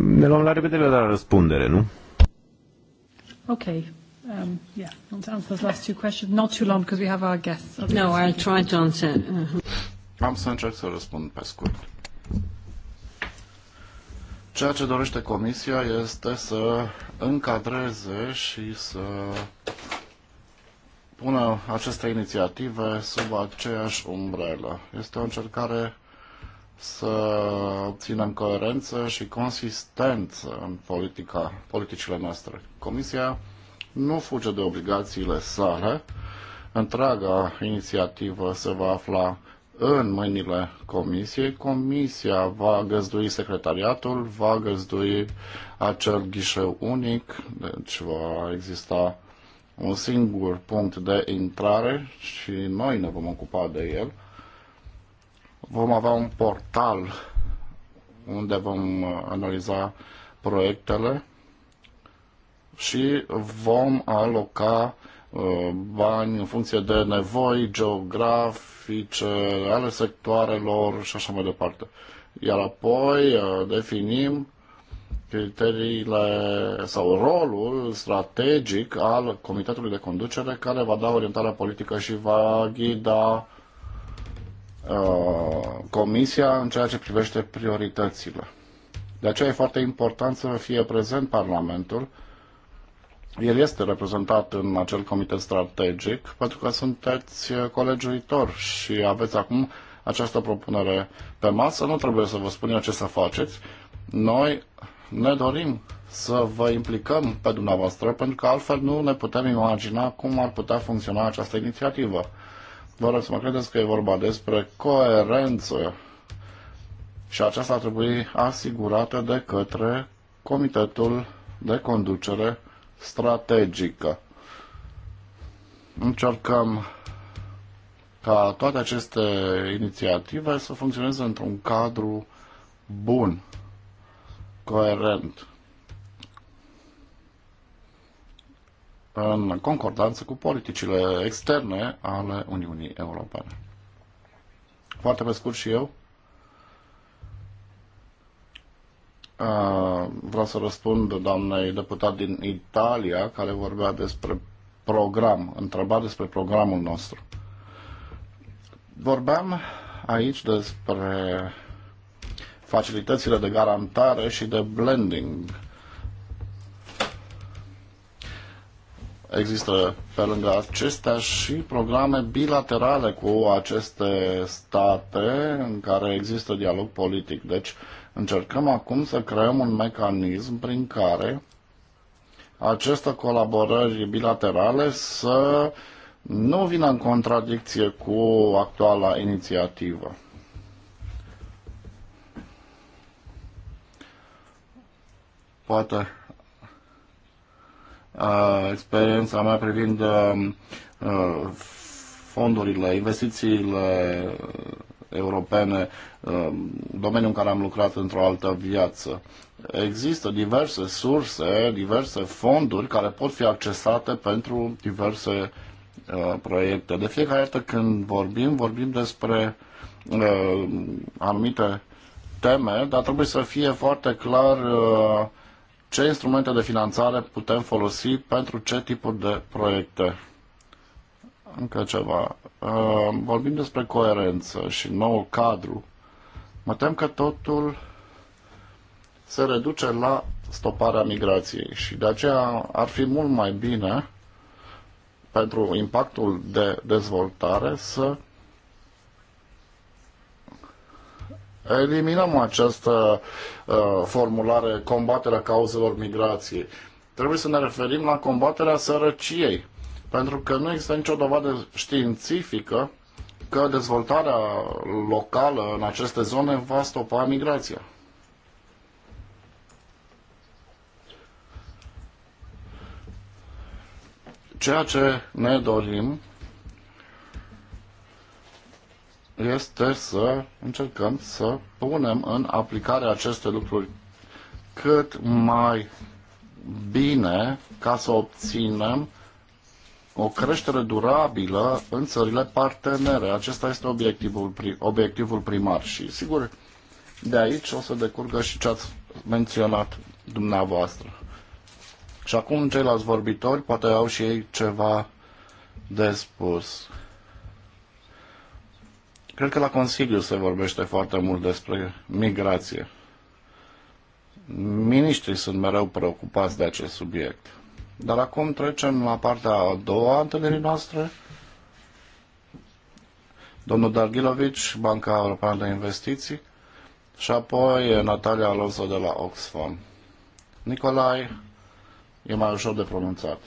ne luăm la revedere la răspundere, nu? Ok. Um, yeah, want to answer those last two questions. Not too long because we have our guests. No, I'll try to answer. Am să încerc să răspund pe scurt. Ceea ce dorește Comisia este să încadreze și să pună aceste inițiative sub aceeași umbrelă. Este o încercare să obținem coerență și consistență în politica, politicile noastre. Comisia nu fuge de obligațiile sale. Întreaga inițiativă se va afla în mâinile comisiei. Comisia va găzdui secretariatul, va găzdui acel ghișeu unic, deci va exista un singur punct de intrare și noi ne vom ocupa de el. Vom avea un portal unde vom analiza proiectele și vom aloca Uh, bani în funcție de nevoi geografice ale sectoarelor și așa mai departe. Iar apoi uh, definim criteriile sau rolul strategic al Comitetului de Conducere care va da orientarea politică și va ghida uh, Comisia în ceea ce privește prioritățile. De aceea e foarte important să fie prezent Parlamentul el este reprezentat în acel comitet strategic pentru că sunteți uh, colegiuitor și aveți acum această propunere pe masă. Nu trebuie să vă spun eu ce să faceți. Noi ne dorim să vă implicăm pe dumneavoastră pentru că altfel nu ne putem imagina cum ar putea funcționa această inițiativă. Vă rog să mă credeți că e vorba despre coerență și aceasta ar trebui asigurată de către Comitetul de Conducere strategică. Încercăm ca toate aceste inițiative să funcționeze într-un cadru bun, coerent, în concordanță cu politicile externe ale Uniunii Europene. Foarte pe scurt și eu Uh, vreau să răspund doamnei deputat din Italia care vorbea despre program, întreba despre programul nostru. Vorbeam aici despre facilitățile de garantare și de blending. Există pe lângă acestea și programe bilaterale cu aceste state în care există dialog politic. Deci Încercăm acum să creăm un mecanism prin care aceste colaborări bilaterale să nu vină în contradicție cu actuala inițiativă. Poate experiența mea privind fondurile, investițiile europene, uh, domeniul în care am lucrat într-o altă viață. Există diverse surse, diverse fonduri care pot fi accesate pentru diverse uh, proiecte. De fiecare dată când vorbim, vorbim despre uh, anumite teme, dar trebuie să fie foarte clar ce instrumente de finanțare putem folosi pentru ce tipuri de proiecte încă ceva. Uh, vorbim despre coerență și nou cadru. Mă tem că totul se reduce la stoparea migrației și de aceea ar fi mult mai bine pentru impactul de dezvoltare să eliminăm această uh, formulare combaterea cauzelor migrației. Trebuie să ne referim la combaterea sărăciei pentru că nu există nicio dovadă științifică că dezvoltarea locală în aceste zone va stopa migrația. Ceea ce ne dorim este să încercăm să punem în aplicare aceste lucruri cât mai bine ca să obținem o creștere durabilă în țările partenere. Acesta este obiectivul, obiectivul primar și, sigur, de aici o să decurgă și ce ați menționat dumneavoastră. Și acum ceilalți vorbitori poate au și ei ceva de spus. Cred că la Consiliu se vorbește foarte mult despre migrație. Ministrii sunt mereu preocupați de acest subiect. Dar acum trecem la partea a doua a întâlnirii noastre. Domnul Darghilovici, Banca Europeană de Investiții și apoi Natalia Alonso de la Oxfam. Nicolai e mai ușor de pronunțat.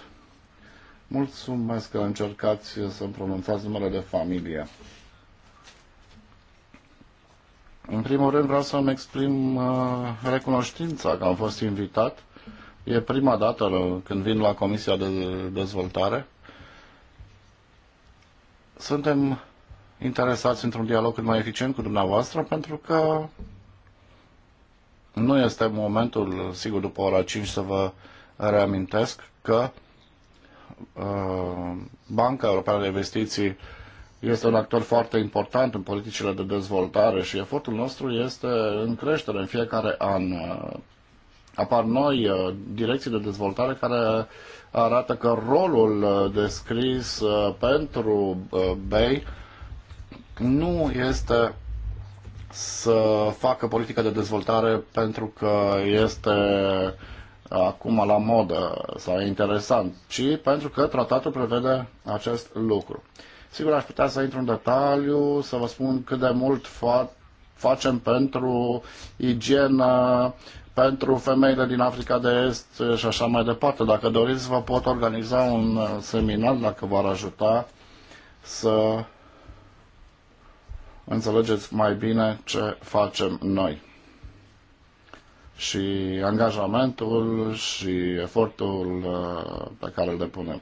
Mulțumesc că încercați să-mi pronunțați numele de familie. În primul rând vreau să-mi exprim uh, recunoștința că am fost invitat E prima dată când vin la Comisia de Dezvoltare. Suntem interesați într-un dialog cât mai eficient cu dumneavoastră pentru că nu este momentul, sigur, după ora 5 să vă reamintesc că uh, Banca Europeană de Investiții este un actor foarte important în politicile de dezvoltare și efortul nostru este în creștere în fiecare an apar noi uh, direcții de dezvoltare care arată că rolul uh, descris uh, pentru BEI nu este să facă politică de dezvoltare pentru că este acum la modă sau interesant, ci pentru că tratatul prevede acest lucru. Sigur, aș putea să intru în detaliu, să vă spun cât de mult fa- facem pentru igienă, pentru femeile din Africa de Est și așa mai departe. Dacă doriți, vă pot organiza un uh, seminar dacă v-ar ajuta să înțelegeți mai bine ce facem noi. Și angajamentul și efortul uh, pe care îl depunem.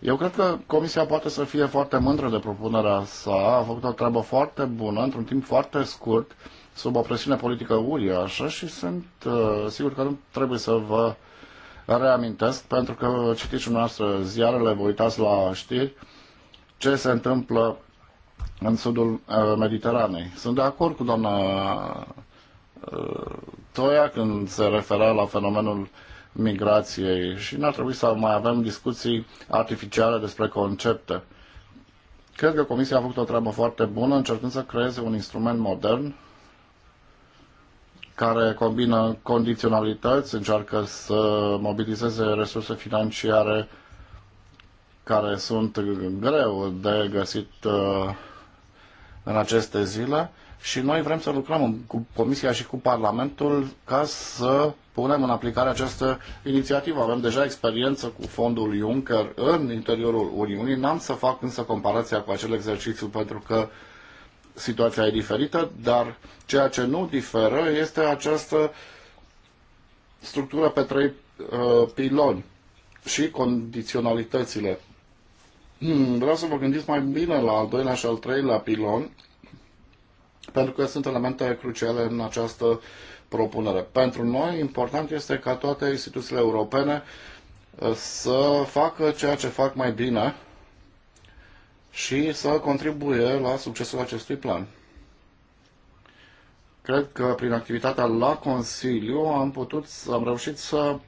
Eu cred că Comisia poate să fie foarte mândră de propunerea sa, a făcut o treabă foarte bună, într-un timp foarte scurt, sub o presiune politică uriașă și sunt uh, sigur că nu trebuie să vă reamintesc, pentru că citiți dumneavoastră ziarele, vă uitați la știri, ce se întâmplă în sudul uh, Mediteranei. Sunt de acord cu doamna uh, Toia când se referea la fenomenul migrației și n-ar trebui să mai avem discuții artificiale despre concepte. Cred că Comisia a făcut o treabă foarte bună încercând să creeze un instrument modern care combină condiționalități, încearcă să mobilizeze resurse financiare care sunt greu de găsit uh, în aceste zile și noi vrem să lucrăm cu Comisia și cu Parlamentul ca să punem în aplicare această inițiativă. Avem deja experiență cu fondul Juncker în interiorul Uniunii. N-am să fac însă comparația cu acel exercițiu pentru că uh, situația e diferită, dar ceea ce nu diferă este această structură pe trei uh, piloni și condiționalitățile. Hmm, vreau să vă gândiți mai bine la al doilea și al treilea pilon, pentru că sunt elemente cruciale în această propunere. Pentru noi, important este ca toate instituțiile europene uh, să facă ceea ce fac mai bine și să contribuie la succesul acestui plan. Cred că prin activitatea la Consiliu am putut, am reușit să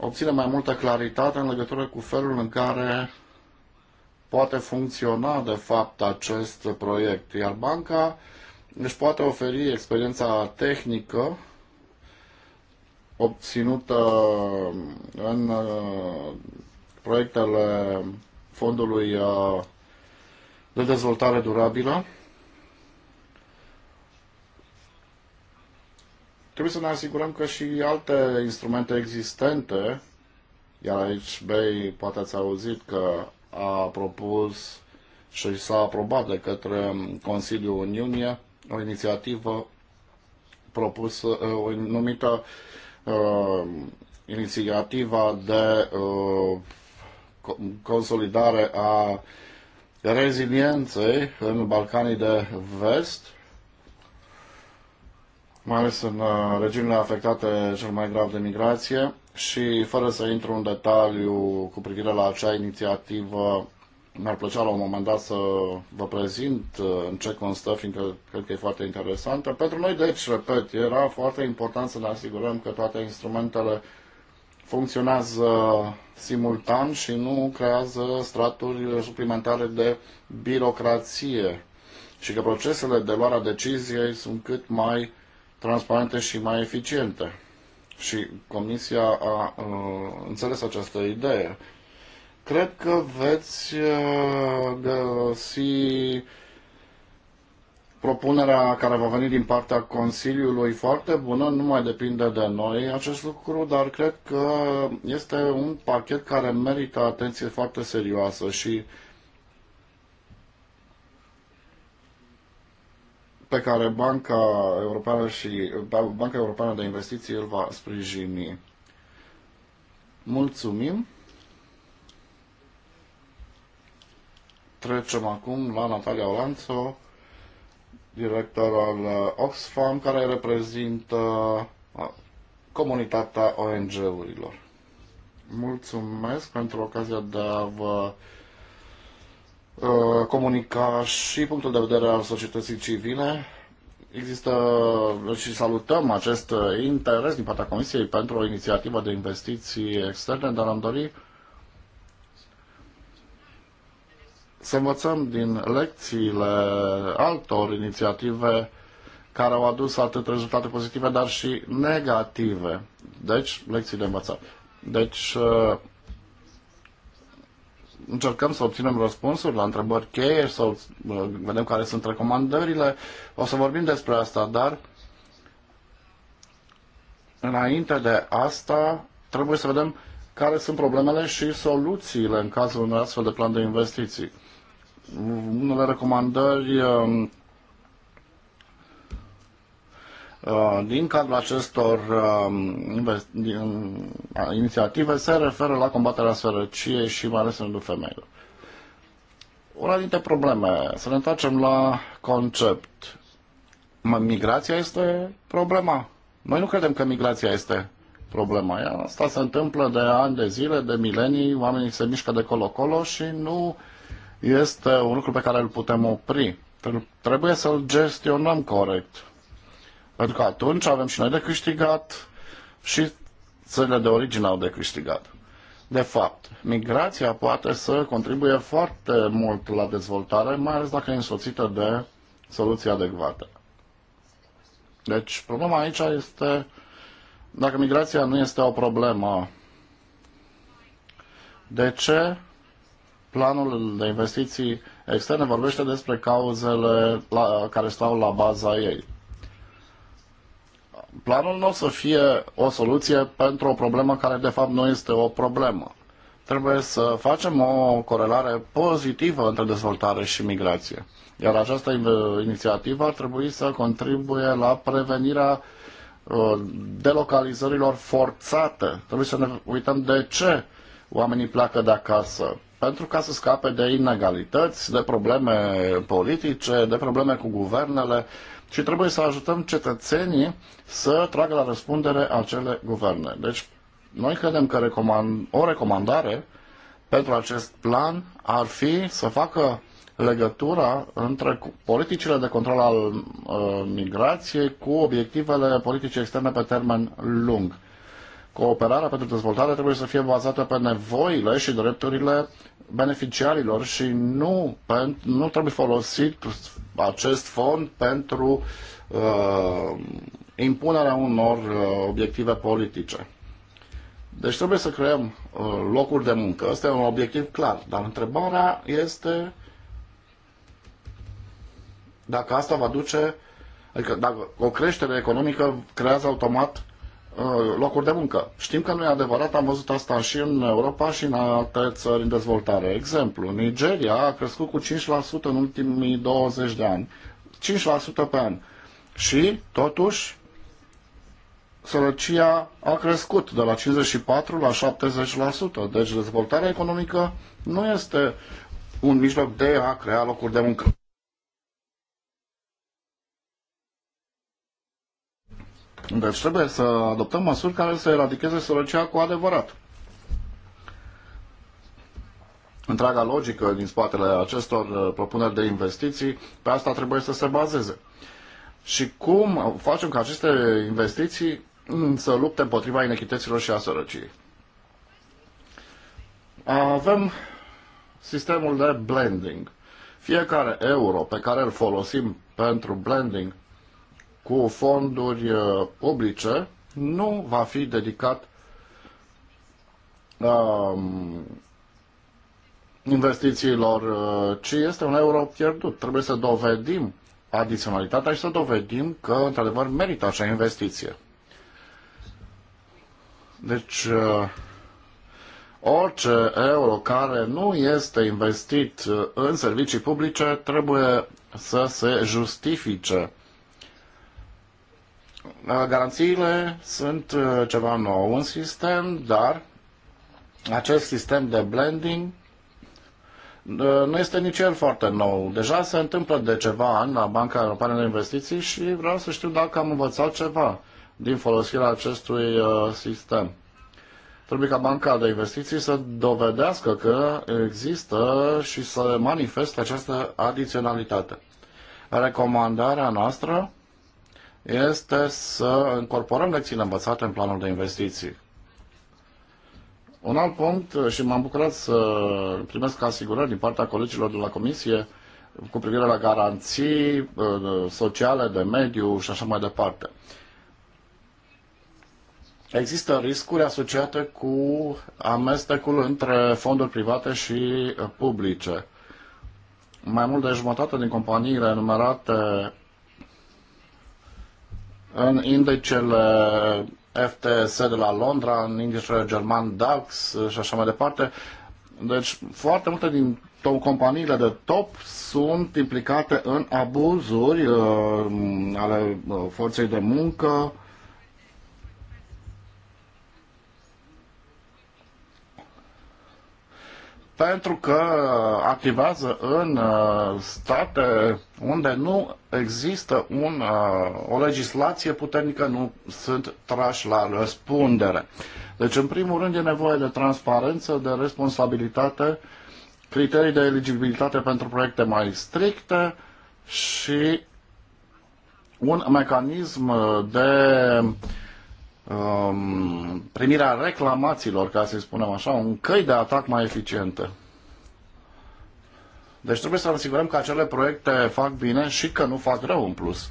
obținem mai multă claritate în legătură cu felul în care poate funcționa de fapt acest proiect, iar banca își poate oferi experiența tehnică obținută în uh, proiectele fondului uh, de dezvoltare durabilă. Trebuie să ne asigurăm că și alte instrumente existente, iar aici Bay poate ați auzit că a propus și s-a aprobat de către Consiliul Uniunii o inițiativă propusă, o numită uh, inițiativa de uh, consolidare a rezilienței în Balcanii de Vest, mai ales în uh, regiunile afectate cel mai grav de migrație și fără să intru în detaliu cu privire la acea inițiativă, mi-ar plăcea la un moment dat să vă prezint uh, în ce constă, fiindcă cred că e foarte interesantă. Pentru noi, deci, repet, era foarte important să ne asigurăm că toate instrumentele funcționează simultan și nu creează straturi suplimentare de birocrație și că procesele de luare a deciziei sunt cât mai transparente și mai eficiente. Și Comisia a uh, înțeles această idee. Cred că veți uh, găsi propunerea care va veni din partea Consiliului foarte bună, nu mai depinde de noi acest lucru, dar cred că este un pachet care merită atenție foarte serioasă și pe care Banca Europeană, și, Banca Europeană de Investiții îl va sprijini. Mulțumim! Trecem acum la Natalia Olanțo, director al uh, Oxfam, care reprezintă uh, comunitatea ONG-urilor. Mulțumesc pentru ocazia de a vă uh, comunica și punctul de vedere al societății civile. Există și salutăm acest interes din partea Comisiei pentru o inițiativă de investiții externe, dar am dorit să învățăm din lecțiile altor inițiative care au adus atât rezultate pozitive, dar și negative. Deci, lecții de învățat. Deci, uh, încercăm să obținem răspunsuri la întrebări cheie, să uh, vedem care sunt recomandările. O să vorbim despre asta, dar înainte de asta trebuie să vedem care sunt problemele și soluțiile în cazul unui astfel de plan de investiții unele recomandări um, uh, din cadrul acestor um, um, inițiative se referă la combaterea sărăciei și mai ales în rândul femeilor. Una dintre probleme, să ne întoarcem la concept. Migrația este problema. Noi nu credem că migrația este problema. Asta se întâmplă de ani de zile, de milenii, oamenii se mișcă de colo-colo și nu uh, este un lucru pe care îl putem opri. Trebuie să-l gestionăm corect. Pentru că atunci avem și noi de câștigat și țările de origine au de câștigat. De fapt, migrația poate să contribuie foarte mult la dezvoltare, mai ales dacă e însoțită de soluții adecvate. Deci, problema aici este dacă migrația nu este o problemă, de ce planul de investiții externe vorbește despre cauzele la, care stau la baza ei. Planul nu o să fie o soluție pentru o problemă care de fapt nu este o problemă. Trebuie să facem o corelare pozitivă între dezvoltare și migrație. Iar această inițiativă ar trebui să contribuie la prevenirea uh, delocalizărilor forțate. Trebuie să ne uităm de ce oamenii pleacă de acasă pentru ca să scape de inegalități, de probleme politice, de probleme cu guvernele și trebuie să ajutăm cetățenii să tragă la răspundere acele guverne. Deci, noi credem că recomand, o recomandare pentru acest plan ar fi să facă legătura între politicile de control al uh, migrației cu obiectivele politicii externe pe termen lung. Cooperarea pentru dezvoltare trebuie să fie bazată pe nevoile și drepturile beneficiarilor și nu, nu trebuie folosit acest fond pentru uh, impunerea unor uh, obiective politice. Deci trebuie să creăm uh, locuri de muncă. Asta e un obiectiv clar. Dar întrebarea este dacă asta va duce, adică dacă o creștere economică creează automat Uh, locuri de muncă. Știm că nu e adevărat, am văzut asta și în Europa și în alte țări în dezvoltare. Exemplu, Nigeria a crescut cu 5% în ultimii 20 de ani. 5% pe an. Și, totuși, sărăcia a crescut de la 54 la 70%. Deci dezvoltarea economică nu este un mijloc de a crea locuri de muncă. Deci trebuie să adoptăm măsuri care să eradicheze sărăcia cu adevărat. Întreaga logică din spatele acestor uh, propuneri de investiții, pe asta trebuie să se bazeze. Și cum facem ca aceste investiții mm, să lupte împotriva inechităților și a sărăciei? Avem sistemul de blending. Fiecare euro pe care îl folosim pentru blending cu fonduri uh, publice nu va fi dedicat um, investițiilor, uh, ci este un euro pierdut. Trebuie să dovedim adiționalitatea și să dovedim că, într-adevăr, merită așa investiție. Deci, uh, orice euro care nu este investit în servicii publice trebuie să se justifice da, garanțiile sunt uh, ceva nou în sistem, dar acest sistem de blending uh, nu este nici el foarte nou. Deja se întâmplă de ceva ani la Banca Europeană de Investiții și vreau să știu dacă am învățat ceva din folosirea acestui uh, sistem. Trebuie ca Banca de Investiții să dovedească că există și să manifeste această adiționalitate. Recomandarea noastră este să incorporăm lecțiile învățate în planul de investiții. Un alt punct, uh, și m-am bucurat să primesc asigurări din partea colegilor de la Comisie cu privire la garanții uh, sociale, de mediu și așa mai departe. Există riscuri asociate cu amestecul între fonduri private și uh, publice. Mai mult de jumătate din companiile enumerate în indicele FTS de la Londra, în indicele german DAX și așa mai departe. Deci foarte multe din companiile de top sunt implicate în abuzuri uh, ale uh, forței de muncă pentru că activează în uh, state unde nu există un, uh, o legislație puternică, nu sunt trași la răspundere. Deci, în primul rând, e nevoie de transparență, de responsabilitate, criterii de eligibilitate pentru proiecte mai stricte și un mecanism de uh, um, primirea reclamațiilor, ca să spunem așa, un căi de atac mai eficientă. Deci trebuie să asigurăm că acele proiecte fac bine și că nu fac rău în plus.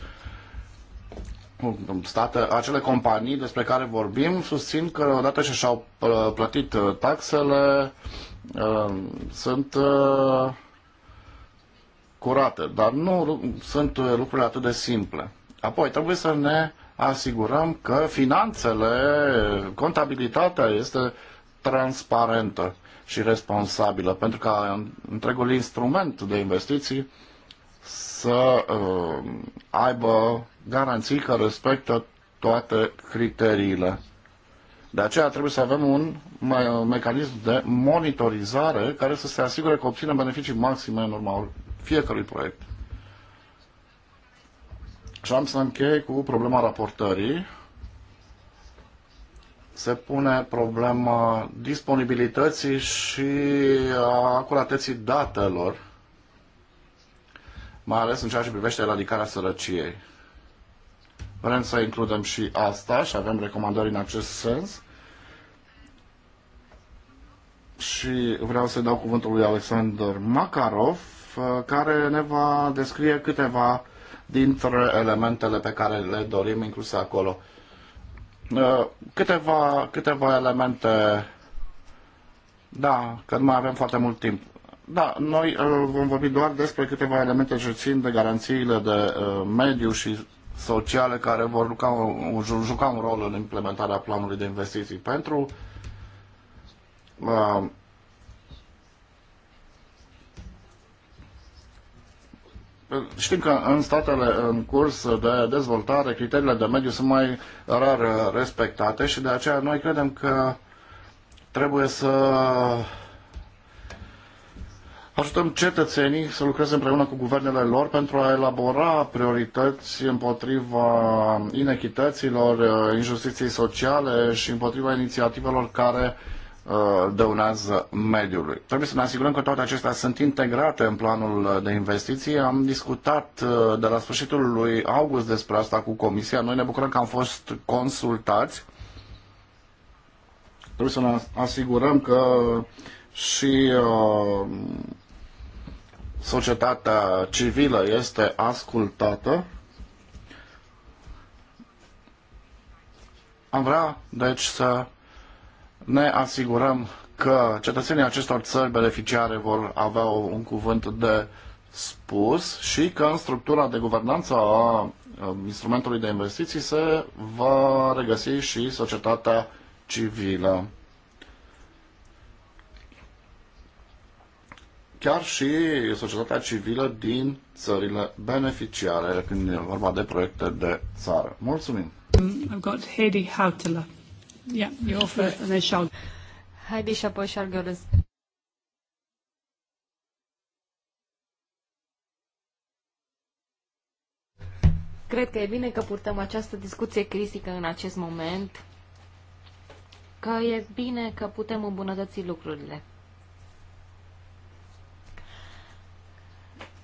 State, acele companii despre care vorbim susțin că odată ce și-au uh, plătit uh, taxele uh, sunt curate, dar nu sunt lucrurile atât de simple. Apoi trebuie să ne asigurăm că finanțele, contabilitatea este transparentă și responsabilă, pentru ca întregul instrument de investiții să uh, aibă garanții că respectă toate criteriile. De aceea trebuie să avem un me mecanism de monitorizare care să se asigure că obținem beneficii maxime în urma fiecărui proiect. Și am să închei cu problema raportării. Se pune problema disponibilității și a acurateții datelor, mai ales în ceea ce privește eradicarea sărăciei. Vrem să includem și asta și avem recomandări în acest sens. Și vreau să dau cuvântul lui Alexander Makarov, care ne va descrie câteva dintre elementele pe care le dorim incluse acolo. Uh, câteva, câteva elemente. Da, că nu mai avem foarte mult timp. Da, noi uh, vom vorbi doar despre câteva elemente ce țin de garanțiile de uh, mediu și sociale care vor juca un, juca un rol în implementarea planului de investiții. Pentru Știm că în statele în curs de dezvoltare, criteriile de mediu sunt mai rar respectate și de aceea noi credem că trebuie să ajutăm cetățenii să lucreze împreună cu guvernele lor pentru a elabora priorități împotriva inechităților, injustiției sociale și împotriva inițiativelor care uh, Uh, dăunează mediului. Trebuie să ne asigurăm că toate acestea sunt integrate în planul uh, de investiții. Am discutat uh, de la sfârșitul lui august despre asta cu Comisia. Noi ne bucurăm că am fost consultați. Trebuie să ne asigurăm că și societatea civilă este ascultată. Am vrea, deci, să ne asigurăm că cetățenii acestor țări beneficiare vor avea un cuvânt de spus și că în structura de guvernanță a instrumentului de investiții se va regăsi și societatea civilă. Chiar și societatea civilă din țările beneficiare, când e vorba de proiecte de țară. Mulțumim! I've got Heidi Hautala. Yeah, you first and then Charles. Heidi și apoi Charles Cred că e bine că purtăm această discuție critică în acest moment, că e bine că putem îmbunătăți lucrurile.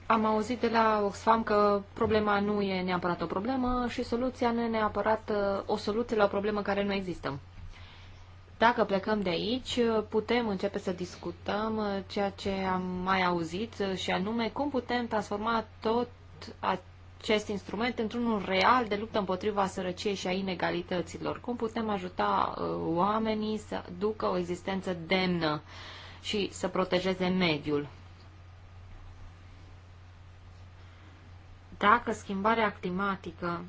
Am auzit de la Oxfam că problema nu e neapărat o problemă și soluția nu e neapărat uh, o soluție la o problemă care nu există. Dacă plecăm de aici, putem începe să discutăm uh, ceea ce am mai auzit uh, și anume cum putem transforma tot acest instrument într-unul real de luptă împotriva sărăciei și a inegalităților. Cum putem ajuta uh, oamenii să ducă o existență demnă și să protejeze mediul. Dacă schimbarea climatică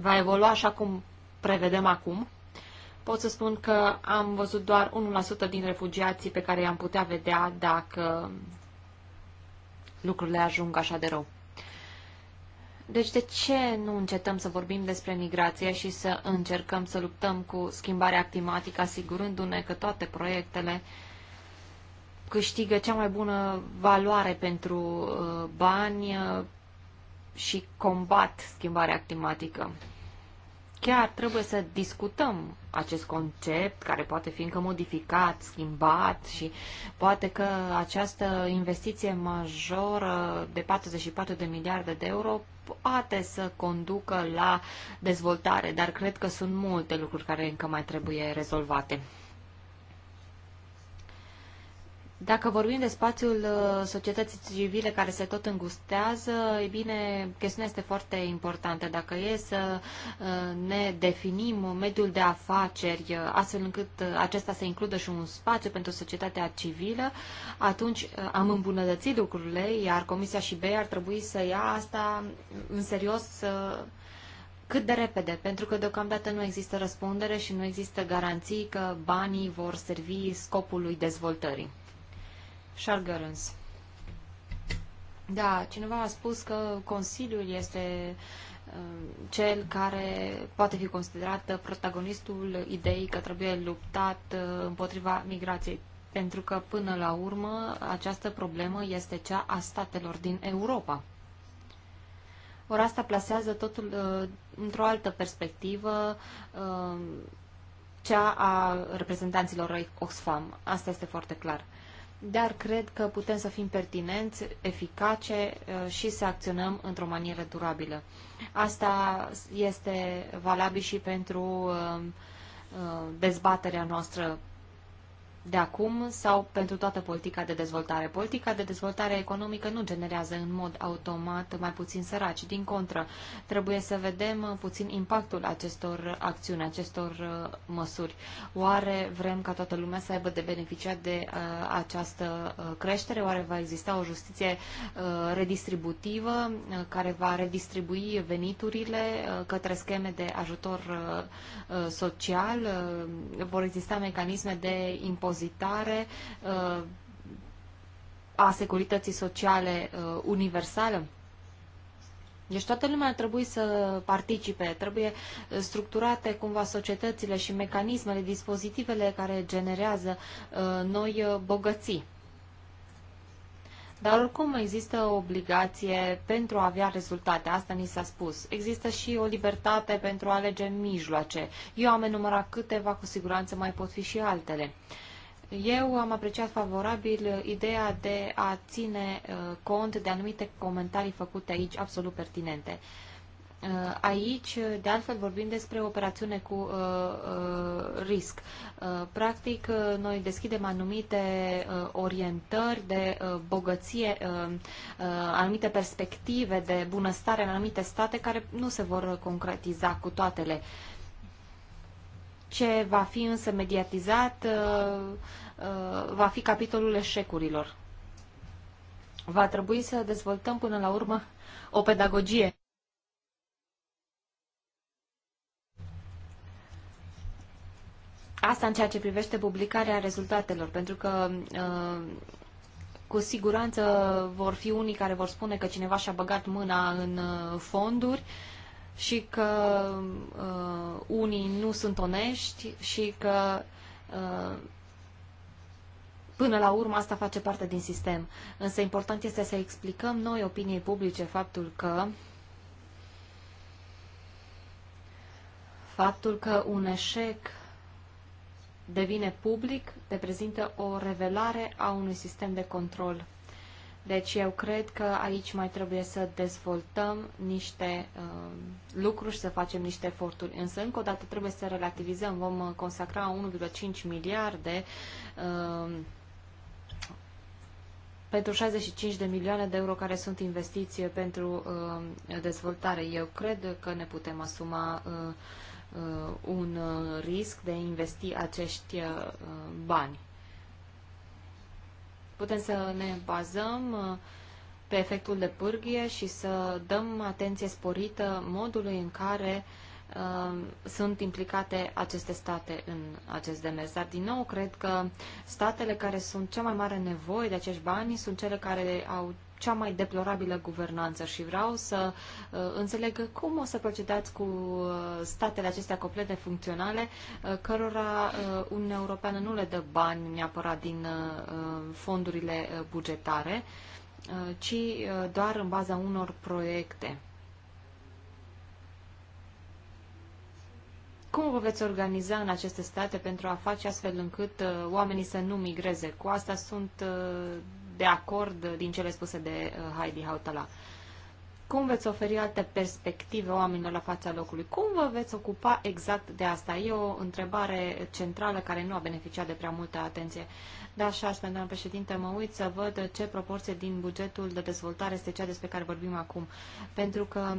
va evolua așa cum prevedem acum, pot să spun că am văzut doar 1% din refugiații pe care i-am putea vedea dacă lucrurile ajung așa de rău. Deci de ce nu încetăm să vorbim despre migrație și să încercăm să luptăm cu schimbarea climatică, asigurându-ne că toate proiectele câștigă cea mai bună valoare pentru uh, bani, uh, și combat schimbarea climatică. Chiar trebuie să discutăm acest concept care poate fi încă modificat, schimbat și poate că această investiție majoră de 44 de miliarde de euro poate să conducă la dezvoltare, dar cred că sunt multe lucruri care încă mai trebuie rezolvate. Dacă vorbim de spațiul uh, societății civile care se tot îngustează, e bine, chestiunea este foarte importantă. Dacă e să uh, ne definim mediul de afaceri uh, astfel încât acesta să includă și un spațiu pentru societatea civilă, atunci am îmbunătățit lucrurile, iar Comisia și BEI ar trebui să ia asta în serios cât de repede, pentru că deocamdată nu există răspundere și nu există garanții că banii vor servi scopului dezvoltării. Shargarans. Da, cineva a spus că Consiliul este uh, cel care poate fi considerat protagonistul ideii că trebuie luptat uh, împotriva migrației. Pentru că, până la urmă, această problemă este cea a statelor din Europa. Ori asta plasează totul uh, într-o altă perspectivă, cea a reprezentanților Oxfam. Asta este foarte clar dar cred că putem să fim pertinenți, eficace uh, și să acționăm într-o manieră durabilă. Asta este valabil și pentru uh, uh, dezbaterea noastră de acum sau pentru toată politica de dezvoltare. Politica de dezvoltare economică nu generează în mod automat mai puțin săraci. Din contră, trebuie să vedem puțin impactul acestor acțiuni, acestor uh, măsuri. Oare vrem ca toată lumea să aibă de beneficiat de uh, această uh, creștere? Oare va exista o justiție uh, redistributivă uh, care va redistribui veniturile uh, către scheme de ajutor uh, uh social? Uh, vor exista mecanisme de impozitare impozitare uh, a securității sociale uh, universală? Deci toată lumea trebuie să participe, trebuie uh, structurate cumva societățile și mecanismele, dispozitivele care generează noi bogății. Dar oricum există o obligație pentru a avea rezultate, asta ni s-a spus. Există și o libertate pentru a alege mijloace. Eu am enumerat câteva, cu siguranță mai pot fi și altele. Uh, eu am apreciat favorabil ideea de a ține uh, cont de anumite comentarii făcute aici, absolut pertinente. Uh, aici, de altfel, vorbim despre operațiune cu uh, uh, risc. Uh, practic, uh, noi deschidem anumite uh, orientări de uh, bogăție, uh, uh, anumite perspective de bunăstare în anumite state care nu se vor concretiza cu toatele. Uh, ce va fi însă mediatizat uh, uh, va fi capitolul eșecurilor. Va trebui să dezvoltăm până la urmă o pedagogie. Asta în ceea ce privește publicarea rezultatelor, pentru că uh, cu siguranță vor fi unii care vor spune că cineva și-a băgat mâna în fonduri și că uh, unii nu sunt onești și că uh, până la urmă asta face parte din sistem. Însă important este să explicăm noi opiniei publice faptul că faptul că un eșec devine public reprezintă o revelare a unui sistem de control deci eu cred că aici mai trebuie să dezvoltăm niște uh, lucruri și să facem niște eforturi. Însă, încă o dată, trebuie să relativizăm. Vom uh, consacra 1,5 miliarde uh, pentru 65 de milioane de euro care sunt investiții pentru uh, dezvoltare. Eu cred că ne putem asuma uh, uh, un uh, risc de a investi acești uh, bani. Putem să ne bazăm uh, pe efectul de pârghie și să dăm atenție sporită modului în care uh, sunt implicate aceste state în acest demers. Dar, din nou, cred că statele care sunt cea mai mare nevoie de acești bani sunt cele care au cea mai deplorabilă guvernanță și vreau să uh, înțeleg cum o să procedați cu uh, statele acestea funcționale, uh, cărora uh, Uniunea Europeană nu le dă bani neapărat din fondurile bugetare, ci doar în baza unor proiecte. Cum vă veți organiza în aceste state pentru a face astfel încât uh, oamenii să nu migreze? Cu asta sunt uh, de acord din cele spuse de uh, Heidi Hautala. Cum veți oferi alte perspective oamenilor la fața locului? Cum vă veți ocupa exact de asta? E o întrebare centrală care nu a beneficiat de prea multă atenție. Da, și asta, doamnă președinte, mă uit să văd ce proporție din bugetul de dezvoltare este cea despre care vorbim acum. Pentru că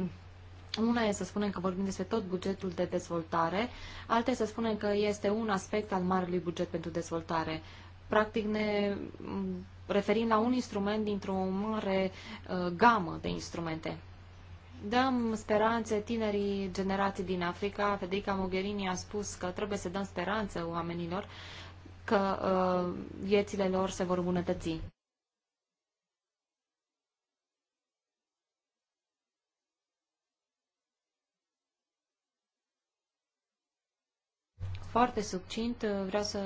una e să spunem că vorbim despre tot bugetul de dezvoltare, alta e să spunem că este un aspect al marelui buget pentru dezvoltare. Practic ne referim la un instrument dintr-o mare uh, gamă de instrumente. Dăm speranțe tinerii generații din Africa. Federica Mogherini a spus că trebuie să dăm speranță oamenilor că uh, viețile lor se vor îmbunătăți. Foarte succint uh, vreau să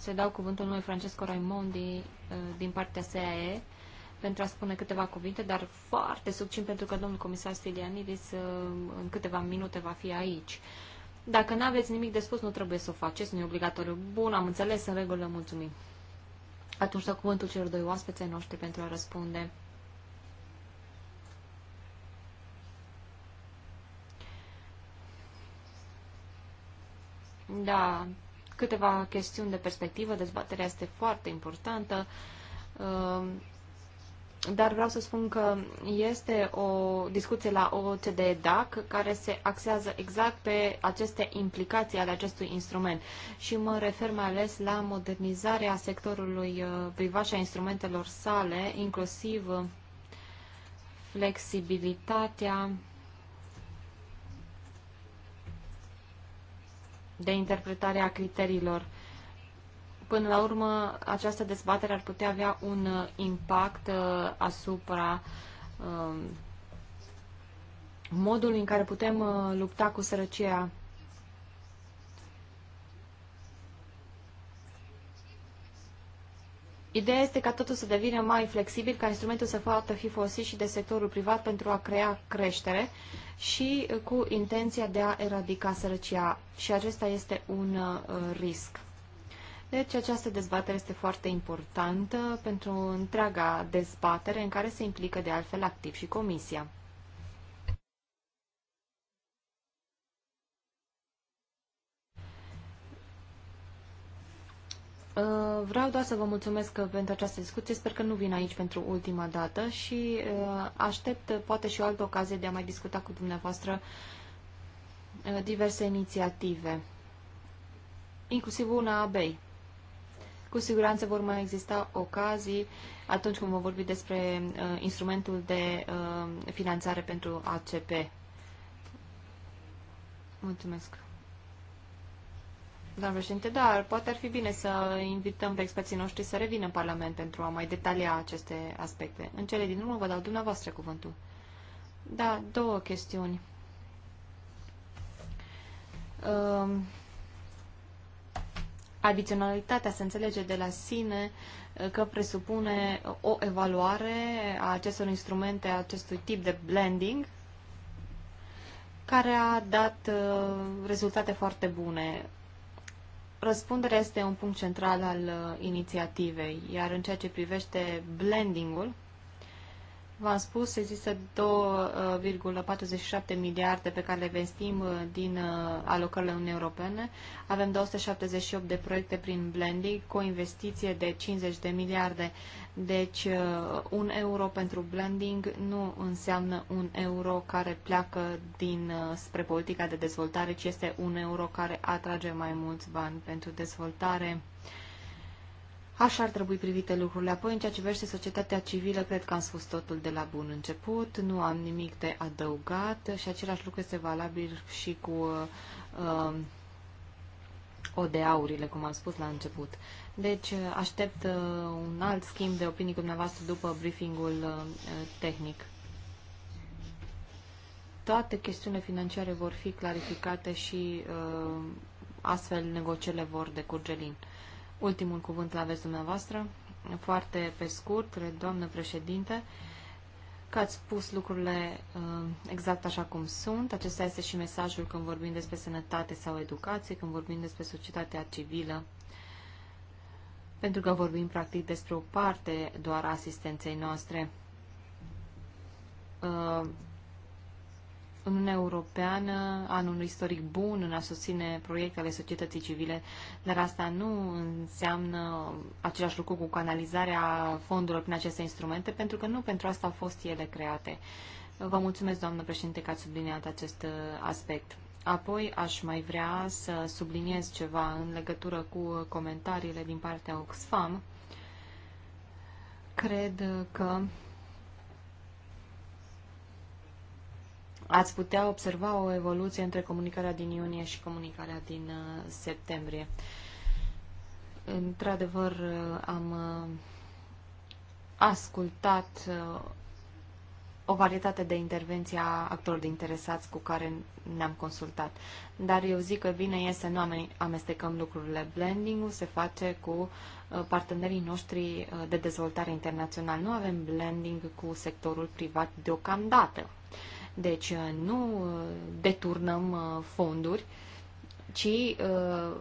să dau cuvântul lui Francesco Raimondi uh, din partea SAE pentru a spune câteva cuvinte, dar foarte succint pentru că domnul comisar Stilianidis uh, în câteva minute va fi aici. Dacă nu aveți nimic de spus, nu trebuie să o faceți, nu e obligatoriu. Bun, am înțeles, în regulă, mulțumim. Atunci dau cuvântul celor doi oaspeței noștri pentru a răspunde. Da, câteva chestiuni de perspectivă, dezbaterea este foarte importantă, um, dar vreau să spun că este o discuție la OCDE DAC care se axează exact pe aceste implicații ale acestui instrument și mă refer mai ales la modernizarea sectorului uh, privat și a instrumentelor sale, inclusiv uh, flexibilitatea de interpretare a criteriilor. Până la urmă, această dezbatere ar putea avea un uh, impact uh, asupra um, modul în care putem uh, lupta cu sărăcia Ideea este ca totul să devină mai flexibil, ca instrumentul să poată fi folosit și de sectorul privat pentru a crea creștere și uh, cu intenția de a eradica sărăcia. Și acesta este un uh, risc. Deci această dezbatere este foarte importantă pentru întreaga dezbatere în care se implică de altfel activ și Comisia. Uh, vreau doar să vă mulțumesc pentru această discuție. Sper că nu vin aici pentru ultima dată și uh, aștept uh, poate și o altă ocazie de a mai discuta cu dumneavoastră diverse inițiative, inclusiv una a BEI. Cu siguranță vor mai exista ocazii atunci când vom vorbi despre instrumentul de finanțare pentru ACP. Mulțumesc! Doamne președinte, da, poate ar fi bine să invităm pe experții noștri să revină în Parlament pentru a mai detalia aceste aspecte. În cele din urmă vă dau dumneavoastră cuvântul. Da, două chestiuni. Um, adiționalitatea se înțelege de la sine eh, că presupune o evaluare a acestor instrumente, a acestui tip de blending, care a dat eh, rezultate foarte bune. Răspunderea este un punct central al uh, inițiativei, iar în ceea ce privește blending-ul, V-am spus, există 2,47 uh, miliarde pe care le investim uh, din uh, alocările Uniunii Europene. Avem 278 de proiecte prin blending cu o investiție de 50 de miliarde. Deci un euro pentru blending nu înseamnă un euro care pleacă din, spre politica de dezvoltare, ci este un euro care atrage mai mulți bani pentru dezvoltare. Așa ar trebui privite lucrurile. Apoi, în ceea ce privește societatea civilă, cred că am spus totul de la bun început, nu am nimic de adăugat și același lucru este valabil și cu uh, um, ODA-urile, cum am spus la început. Deci, uh, aștept uh, un alt schimb de opinii cu dumneavoastră după briefingul uh, tehnic. Toate chestiunile financiare vor fi clarificate și uh, astfel negocierile vor decurge lin. Ultimul cuvânt la aveți dumneavoastră. Foarte pe scurt, doamnă președinte, că ați spus lucrurile uh, exact așa cum sunt. Acesta este și mesajul când vorbim despre sănătate sau educație, când vorbim despre societatea civilă pentru că vorbim practic despre o parte doar a asistenței noastre. Uh, Uniunea Europeană anul un istoric bun în a susține proiecte societății civile, dar asta nu înseamnă același lucru cu canalizarea fondurilor prin aceste instrumente, pentru că nu pentru asta au fost ele create. Vă mulțumesc, doamnă președinte, că ați subliniat acest uh, aspect. Apoi aș mai vrea să subliniez ceva în legătură cu comentariile din partea Oxfam. Cred că ați putea observa o evoluție între comunicarea din iunie și comunicarea din uh, septembrie. Într-adevăr, uh, am uh, ascultat o varietate de intervenții a actorilor de interesați cu care ne-am consultat. Dar eu zic că bine e să nu amestecăm lucrurile. Blending-ul se face cu partenerii noștri de dezvoltare internațional. Nu avem blending cu sectorul privat deocamdată. Deci uh, nu uh, deturnăm uh, fonduri, ci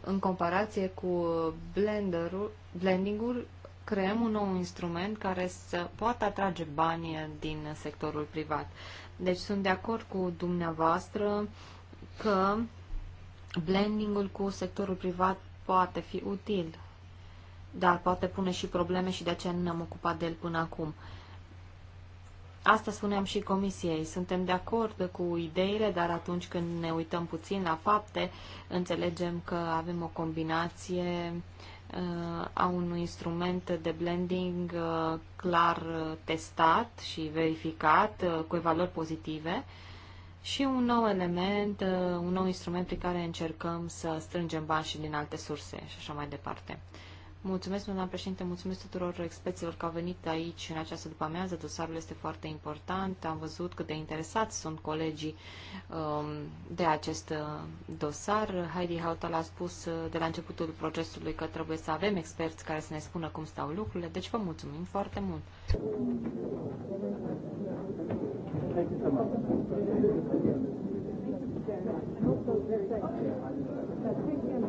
în comparație cu blenderul, blending-ul, creăm un nou instrument care să poată atrage bani din sectorul privat. Deci sunt de acord cu dumneavoastră că blendingul cu sectorul privat poate fi util, dar poate pune și probleme și de aceea nu ne-am ocupat de el până acum. Uh, Asta spuneam și comisiei. Suntem de acord cu ideile, dar atunci când ne uităm puțin la fapte, înțelegem că avem o combinație uh, a unui instrument de blending uh, clar uh, testat și verificat cu evaluări pozitive și un nou element, un nou instrument prin care încercăm să strângem bani și din alte surse și așa mai departe. Mulțumesc, doamna președinte, mulțumesc tuturor experților că au venit aici în această după-amiază. Dosarul este foarte important. Am văzut cât de interesați sunt colegii um, de acest uh, dosar. Heidi Hautal a spus uh, de la începutul procesului că trebuie să avem experți care să ne spună cum stau lucrurile, deci vă mulțumim foarte mult. Thank you.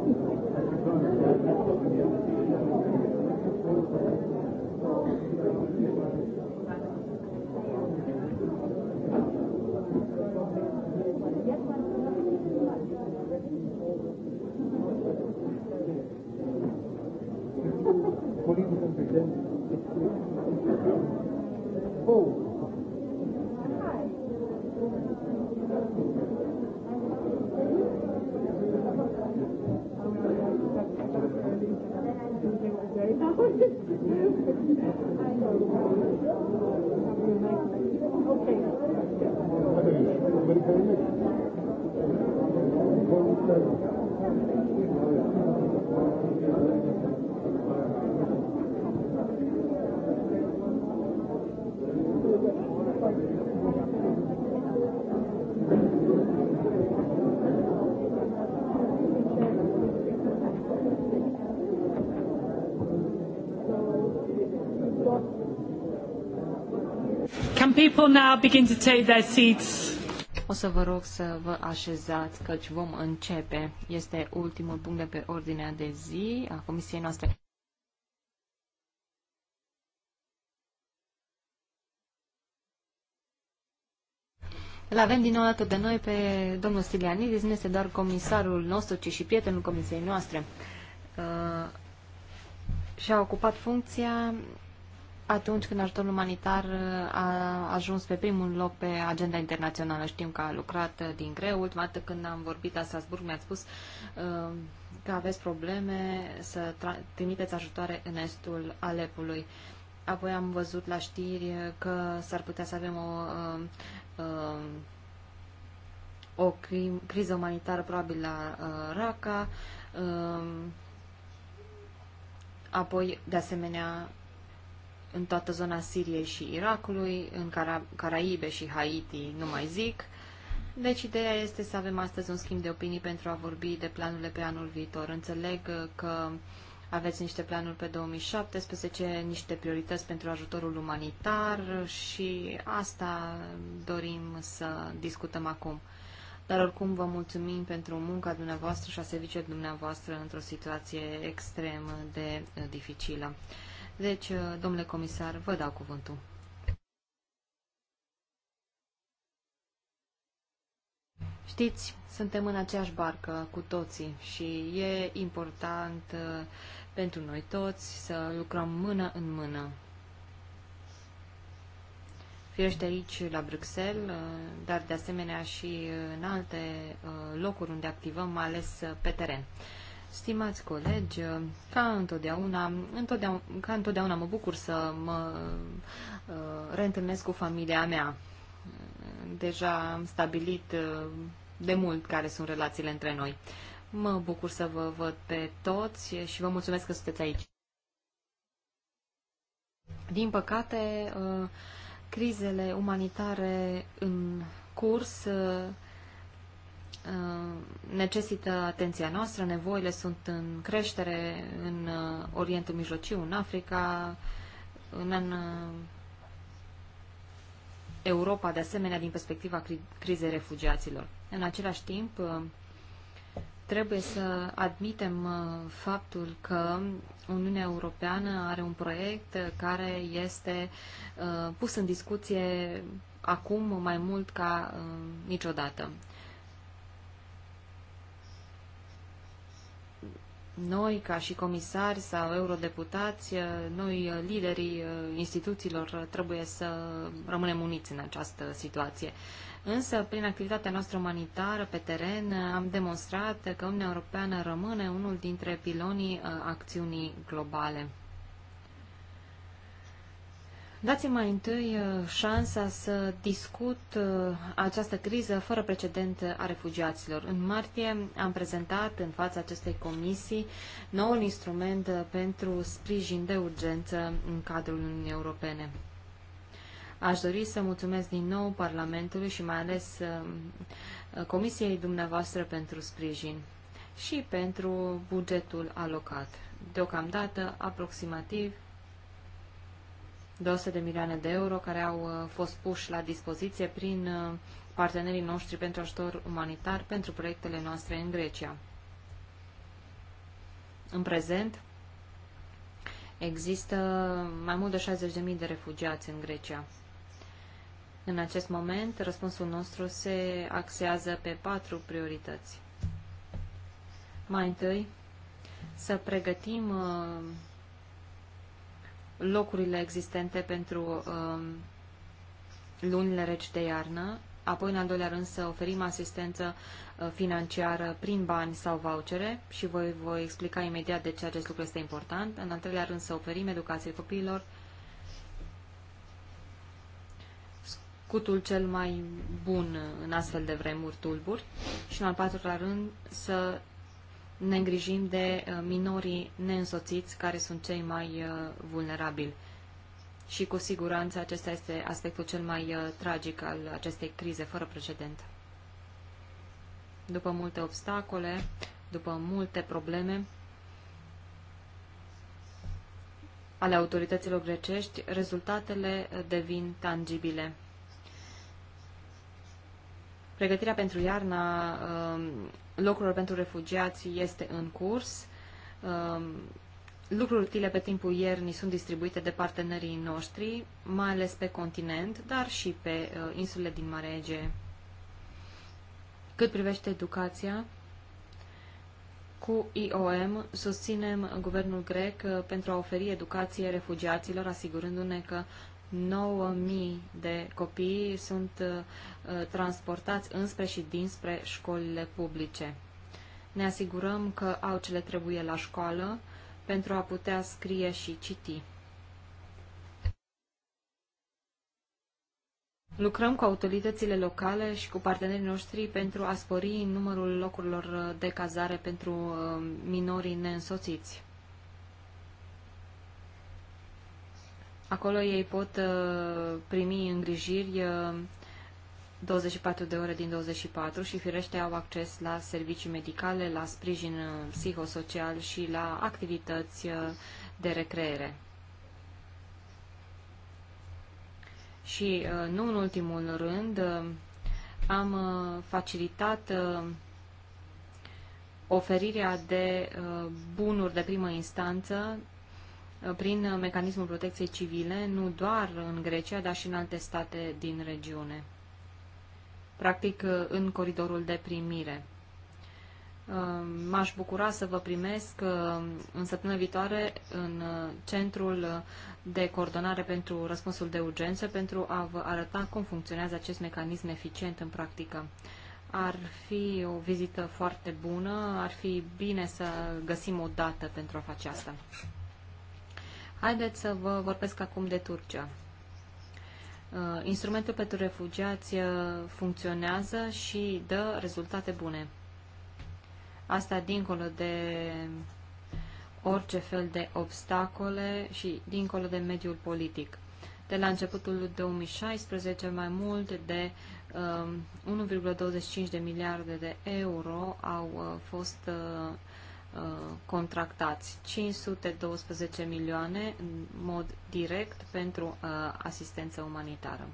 Thank you. Oh, my God. now begin to take their seats. O să vă rog să vă așezați, căci vom începe. Este ultimul punct de pe ordinea de zi a comisiei noastre. Îl avem din nou alături de noi pe domnul Stilianidis, nu este doar comisarul nostru, ci și prietenul comisiei noastre. Uh, și-a ocupat funcția atunci când ajutorul umanitar uh, a ajuns pe primul loc pe agenda internațională. Știm că a lucrat uh, din greu. Ultima dată când am vorbit la Strasburg mi a spus uh, că aveți probleme să trimiteți ajutoare în estul Alepului. Apoi am văzut la știri că s-ar putea să avem o, o, criză umanitară probabil la Raqqa. Apoi, de asemenea, în toată zona Siriei și Irakului, în Cara- Caraibe și Haiti, nu mai zic. Deci ideea este să avem astăzi un schimb de opinii pentru a vorbi de planurile pe anul viitor. Înțeleg că aveți niște planuri pe 2017, niște priorități pentru ajutorul umanitar și asta dorim să discutăm acum. Dar oricum vă mulțumim pentru munca dumneavoastră și a serviciilor dumneavoastră într-o situație extrem de dificilă. Deci, uh, domnule comisar, vă dau cuvântul. Știți, suntem în aceeași barcă cu toții și e important uh, pentru noi toți să lucrăm mână în mână. Firește aici, la Bruxelles, uh, dar de asemenea și în alte locuri unde activăm, mai ales pe teren. Stimați colegi, ca întotdeauna, întotdeauna, ca întotdeauna mă bucur să mă uh, reîntâlnesc cu familia mea. Deja am stabilit uh, de mult care sunt relațiile între noi. Mă bucur să vă văd pe toți și vă mulțumesc că sunteți aici. Din păcate, uh, crizele umanitare în curs Uh, necesită atenția noastră, nevoile sunt în creștere în uh, Orientul Mijlociu, în Africa, în, în uh, Europa, de asemenea, din perspectiva crizei refugiaților. În același timp, trebuie să admitem faptul că Uniunea Europeană are un proiect care este pus în discuție acum mai mult ca niciodată. noi, ca și comisari sau eurodeputați, eh, noi, eh, liderii eh, instituțiilor, trebuie să rămânem uniți în această situație. Însă, prin activitatea noastră umanitară pe teren, am demonstrat că Uniunea Europeană rămâne unul dintre pilonii acțiunii globale. Dați-mi mai întâi uh, șansa să discut uh, această criză fără precedent a refugiaților. În martie am prezentat în fața acestei comisii noul instrument uh, pentru sprijin de urgență în cadrul Uniunii Europene. Aș dori să mulțumesc din nou Parlamentului și mai ales Comisiei dumneavoastră pentru sprijin și pentru bugetul alocat. Deocamdată, aproximativ 200 de milioane de euro care au uh, fost puși la dispoziție prin uh, partenerii noștri pentru ajutor umanitar pentru proiectele noastre în Grecia. În prezent, există mai mult de 60.000 de refugiați în Grecia. În acest moment, răspunsul nostru se axează pe patru priorități. Mai întâi, să pregătim uh, locurile existente pentru um, lunile reci de iarnă, apoi în al doilea rând să oferim asistență uh, financiară prin bani sau vouchere și voi, voi explica imediat de ce acest lucru este important. În al treilea rând să oferim educație copiilor, scutul cel mai bun în astfel de vremuri tulburi și în al patrulea rând să ne îngrijim de uh, minorii neînsoțiți care sunt cei mai uh, vulnerabili. Și cu siguranță acesta este aspectul cel mai uh, tragic al acestei crize fără precedent. După multe obstacole, după multe probleme ale autorităților grecești, rezultatele devin tangibile. Pregătirea pentru iarna locurilor pentru refugiați este în curs. Um, lucruri utile pe timpul iernii sunt distribuite de partenerii noștri, mai ales pe continent, dar și pe uh, insulele din Marea Ege. Cât privește educația, cu IOM susținem guvernul grec uh, pentru a oferi educație refugiaților, asigurându-ne că 9.000 de copii sunt uh, transportați înspre și dinspre școlile publice. Ne asigurăm că au ce le trebuie la școală pentru a putea scrie și citi. Lucrăm cu autoritățile locale și cu partenerii noștri pentru a spori numărul locurilor uh, de cazare pentru uh, minorii neînsoțiți. Acolo ei pot uh, primi îngrijiri 24 uh, de ore din 24 și firește au acces la servicii medicale, la sprijin uh, psihosocial și la activități de recreere. Și nu în ultimul rând, am facilitat oferirea de bunuri de primă instanță Uh, prin mecanismul protecției civile, nu doar în Grecia, dar și în alte state din regiune. Practic, uh, în coridorul de primire. Uh, m-aș bucura să vă primesc în săptămâna viitoare în centrul de coordonare pentru răspunsul de urgență pentru a vă arăta cum funcționează acest mecanism eficient în practică. Ar fi o vizită foarte bună, ar fi bine să găsim o dată pentru a face asta. Haideți să vă vorbesc acum de Turcia. Uh, instrumentul pentru refugiați uh, funcționează și dă rezultate bune. Asta dincolo de orice fel de obstacole și dincolo de mediul politic. De la începutul 2016, mai mult de 1,25 um, de miliarde de euro au uh, fost Uh, contractați 512 milioane în mod direct pentru uh, asistență umanitară.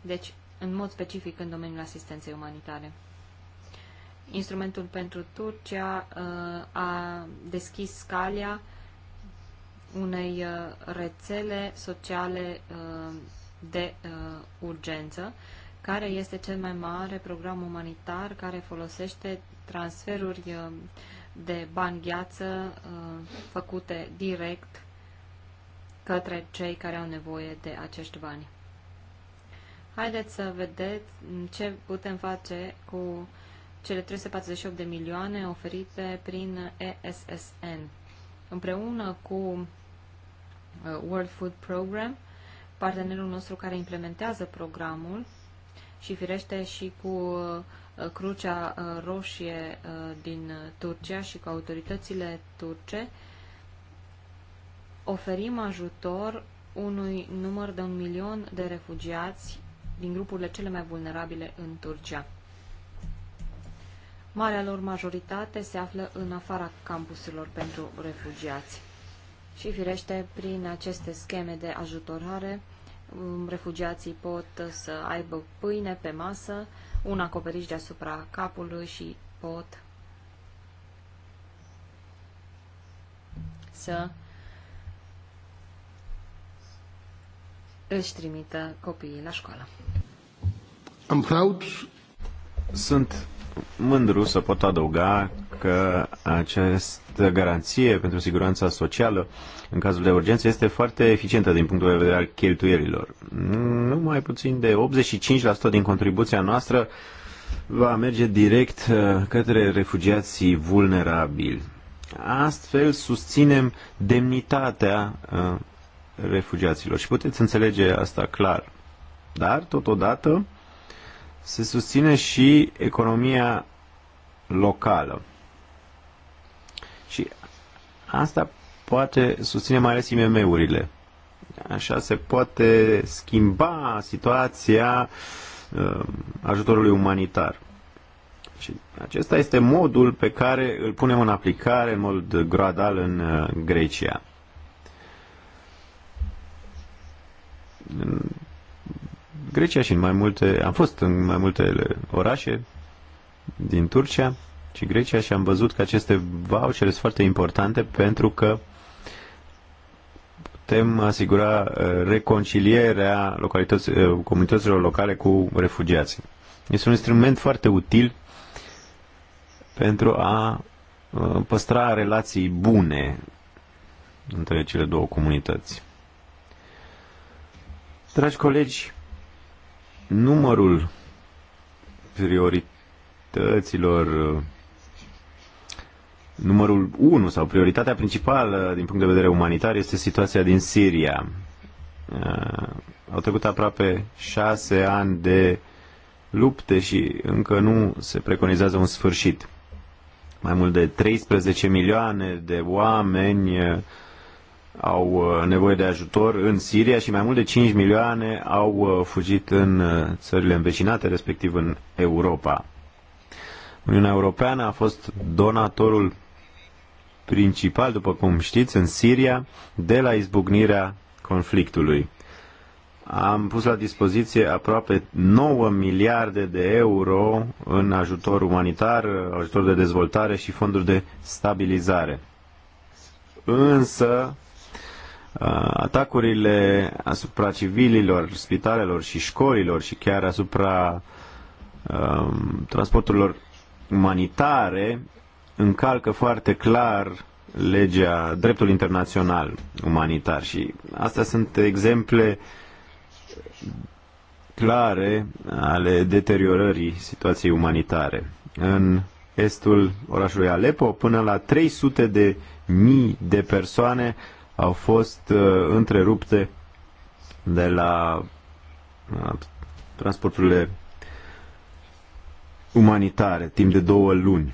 Deci, în mod specific în domeniul asistenței umanitare. Instrumentul pentru Turcia uh, a deschis scalia unei rețele sociale de urgență care este cel mai mare program umanitar care folosește transferuri uh, de bani gheață uh, făcute direct către cei care au nevoie de acești bani. Haideți să vedeți ce putem face cu cele 348 de milioane oferite prin ESSN. Împreună cu uh, World Food Program, partenerul nostru care implementează programul, și firește și cu uh, Crucea uh, Roșie uh, din Turcia și cu autoritățile turce, oferim ajutor unui număr de un milion de refugiați din grupurile cele mai vulnerabile în Turcia. Marea lor majoritate se află în afara campusurilor pentru refugiați. Și firește, prin aceste scheme de ajutorare, Um, refugiații pot să aibă pâine pe masă, un acoperiș deasupra capului și pot să își trimită copiii la școală. Am proud. Sunt mândru să pot adăuga că această garanție pentru siguranța socială în cazul de urgență este foarte eficientă din punctul de vedere al cheltuielilor. Nu mai puțin de 85% din contribuția noastră va merge direct uh, către refugiații vulnerabili. Astfel susținem demnitatea uh, refugiaților și puteți înțelege asta clar. Dar, totodată, se susține și economia locală. Și asta poate susține mai ales IMM-urile. Așa se poate schimba situația uh, ajutorului umanitar. Și acesta este modul pe care îl punem în aplicare în mod gradual în uh, Grecia. În Grecia și în mai multe, am fost în mai multe orașe din Turcia ci Grecia și am văzut că aceste vouchere sunt foarte importante pentru că putem asigura uh, reconcilierea localități, uh, comunităților locale cu refugiații. Este un instrument foarte util pentru a uh, păstra relații bune între cele două comunități. Dragi colegi, numărul priorităților numărul 1 sau prioritatea principală din punct de vedere umanitar este situația din Siria. Uh, au trecut aproape șase ani de lupte și încă nu se preconizează un sfârșit. Mai mult de 13 milioane de oameni uh, au uh, nevoie de ajutor în Siria și mai mult de 5 milioane au fugit în țările învecinate, respectiv în Europa. Uniunea Europeană a fost donatorul principal, după cum știți, în Siria de la izbucnirea conflictului. Am pus la dispoziție aproape 9 miliarde de euro în ajutor umanitar, ajutor de dezvoltare și fonduri de stabilizare. Însă, atacurile asupra civililor, spitalelor și școlilor și chiar asupra um, transporturilor umanitare încalcă foarte clar legea, dreptul internațional umanitar și astea sunt exemple clare ale deteriorării situației umanitare. În estul orașului Aleppo, până la 300 de mii de persoane au fost uh, întrerupte de la uh, transporturile umanitare timp de două luni.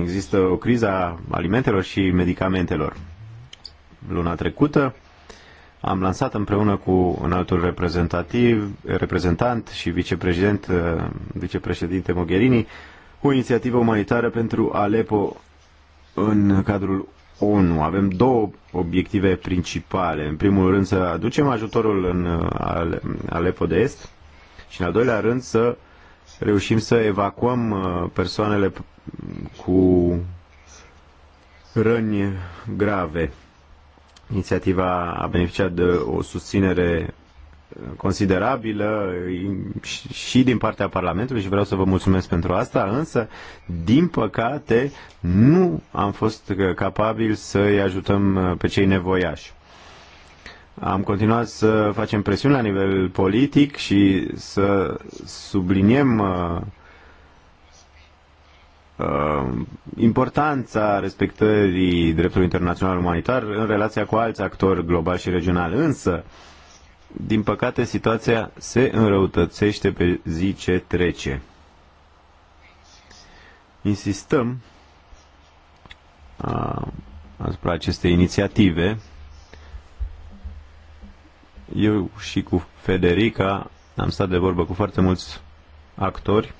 Există o criză a alimentelor și medicamentelor. Luna trecută am lansat împreună cu un altul reprezentativ, reprezentant și vicepreședinte, uh, vicepreședinte Mogherini o inițiativă umanitară pentru Alepo. în cadrul ONU. Avem două obiective principale. În primul rând să aducem ajutorul în uh, Alepo de Est și în al doilea rând să reușim să evacuăm uh, persoanele cu răni grave. Inițiativa a beneficiat de o susținere uh, considerabilă și din partea Parlamentului și vreau să vă mulțumesc pentru asta, însă, din păcate, nu am fost uh, capabili să-i ajutăm pe cei nevoiași. Am continuat să facem presiuni la nivel politic și să subliniem uh, uh, importanța respectării dreptului internațional umanitar în relația cu alți actori globali și regionali. Însă, din păcate, situația se înrăutățește pe zi ce trece. Insistăm uh, asupra acestei inițiative eu și cu Federica am stat de vorbă cu foarte mulți actori,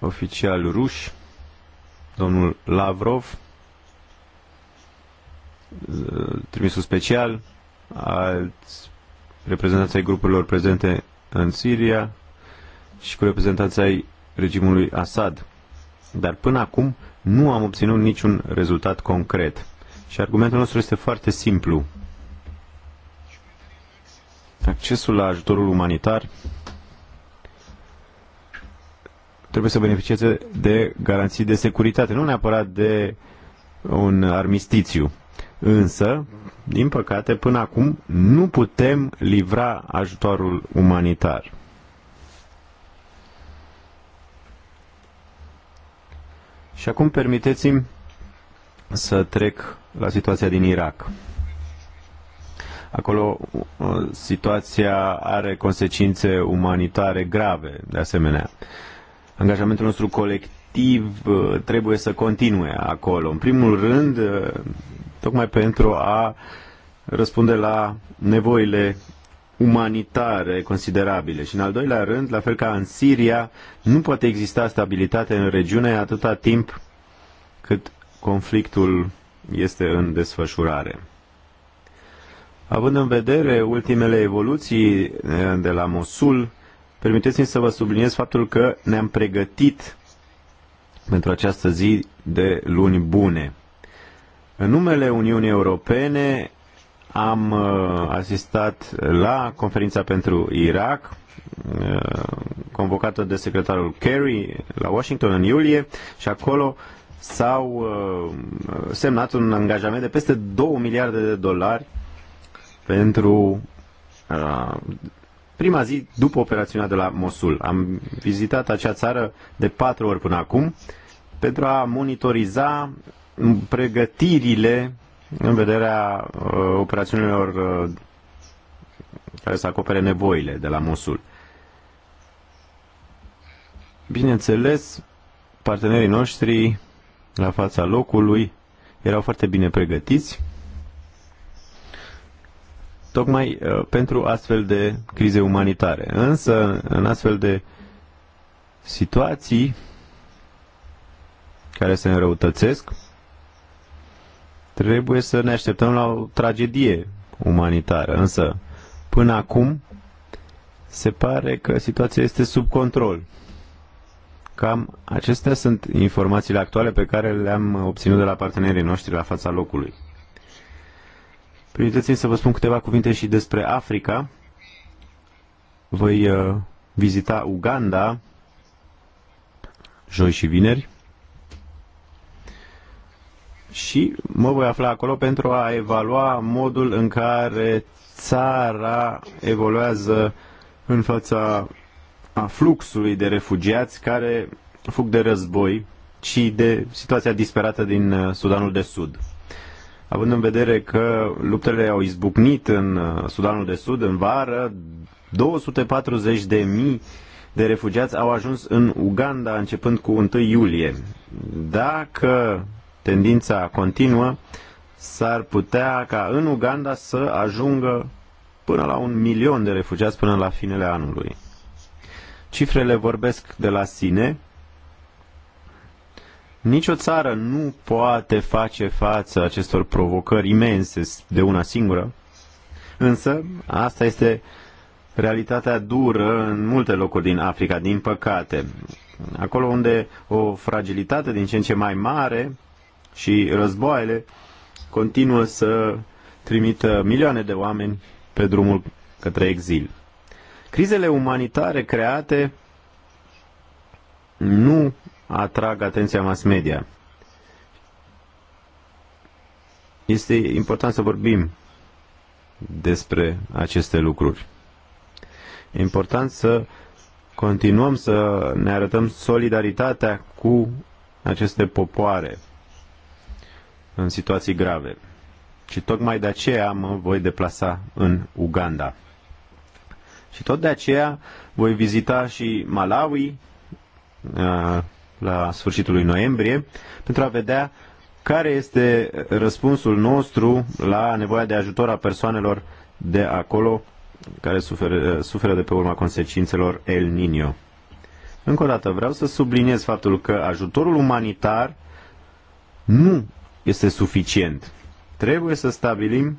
oficiali ruși, domnul Lavrov, trimisul special, alți reprezentanței ai grupurilor prezente în Siria și cu reprezentanța ai regimului Assad. Dar până acum nu am obținut niciun rezultat concret. Și argumentul nostru este foarte simplu. Accesul la ajutorul umanitar trebuie să beneficieze de garanții de securitate, nu neapărat de un armistițiu. Însă, din păcate, până acum nu putem livra ajutorul umanitar. Și acum permiteți-mi să trec la situația din Irak. Acolo uh, situația are consecințe umanitare grave, de asemenea. Angajamentul nostru colectiv uh, trebuie să continue acolo. În primul rând, uh, tocmai pentru a răspunde la nevoile umanitare considerabile. Și în al doilea rând, la fel ca în Siria, nu poate exista stabilitate în regiune atâta timp cât conflictul este în desfășurare. Având în vedere ultimele evoluții eh, de la Mosul, permiteți-mi să vă subliniez faptul că ne-am pregătit pentru această zi de luni bune. În numele Uniunii Europene am eh, asistat la conferința pentru Irak, eh, convocată de secretarul Kerry la Washington în iulie și acolo s-au uh, semnat un angajament de peste 2 miliarde de dolari pentru uh, prima zi după operațiunea de la Mosul. Am vizitat acea țară de patru ori până acum pentru a monitoriza pregătirile în vederea uh, operațiunilor care să acopere nevoile de la Mosul. Bineînțeles, partenerii noștri la fața locului, erau foarte bine pregătiți, tocmai uh, pentru astfel de crize umanitare. Însă, în astfel de situații care se înrăutățesc, trebuie să ne așteptăm la o tragedie umanitară. Însă, până acum, se pare că situația este sub control. Cam acestea sunt informațiile actuale pe care le-am obținut de la partenerii noștri la fața locului. Permiteți-mi să vă spun câteva cuvinte și despre Africa. Voi uh, vizita Uganda joi și vineri și mă voi afla acolo pentru a evalua modul în care țara evoluează în fața a fluxului de refugiați care fug de război, ci de situația disperată din uh, Sudanul de Sud. Având în vedere că luptele au izbucnit în uh, Sudanul de Sud în vară, 240 de mii de refugiați au ajuns în Uganda începând cu 1 iulie. Dacă tendința continuă, s-ar putea ca în Uganda să ajungă până la un milion de refugiați până la finele anului. Cifrele vorbesc de la sine. Nici o țară nu poate face față acestor provocări imense de una singură, însă asta este realitatea dură în multe locuri din Africa, din păcate. Acolo unde o fragilitate din ce în ce mai mare și războaiele continuă să trimită milioane de oameni pe drumul către exil. Crizele umanitare create nu atrag atenția mass media. Este important să vorbim despre aceste lucruri. E important să continuăm să ne arătăm solidaritatea cu aceste popoare în situații grave. Și tocmai de aceea mă voi deplasa în Uganda. Și tot de aceea voi vizita și Malawi uh, la sfârșitul lui noiembrie pentru a vedea care este răspunsul nostru la nevoia de ajutor a persoanelor de acolo care suferă, suferă de pe urma consecințelor El Nino. Încă o dată vreau să subliniez faptul că ajutorul umanitar nu este suficient. Trebuie să stabilim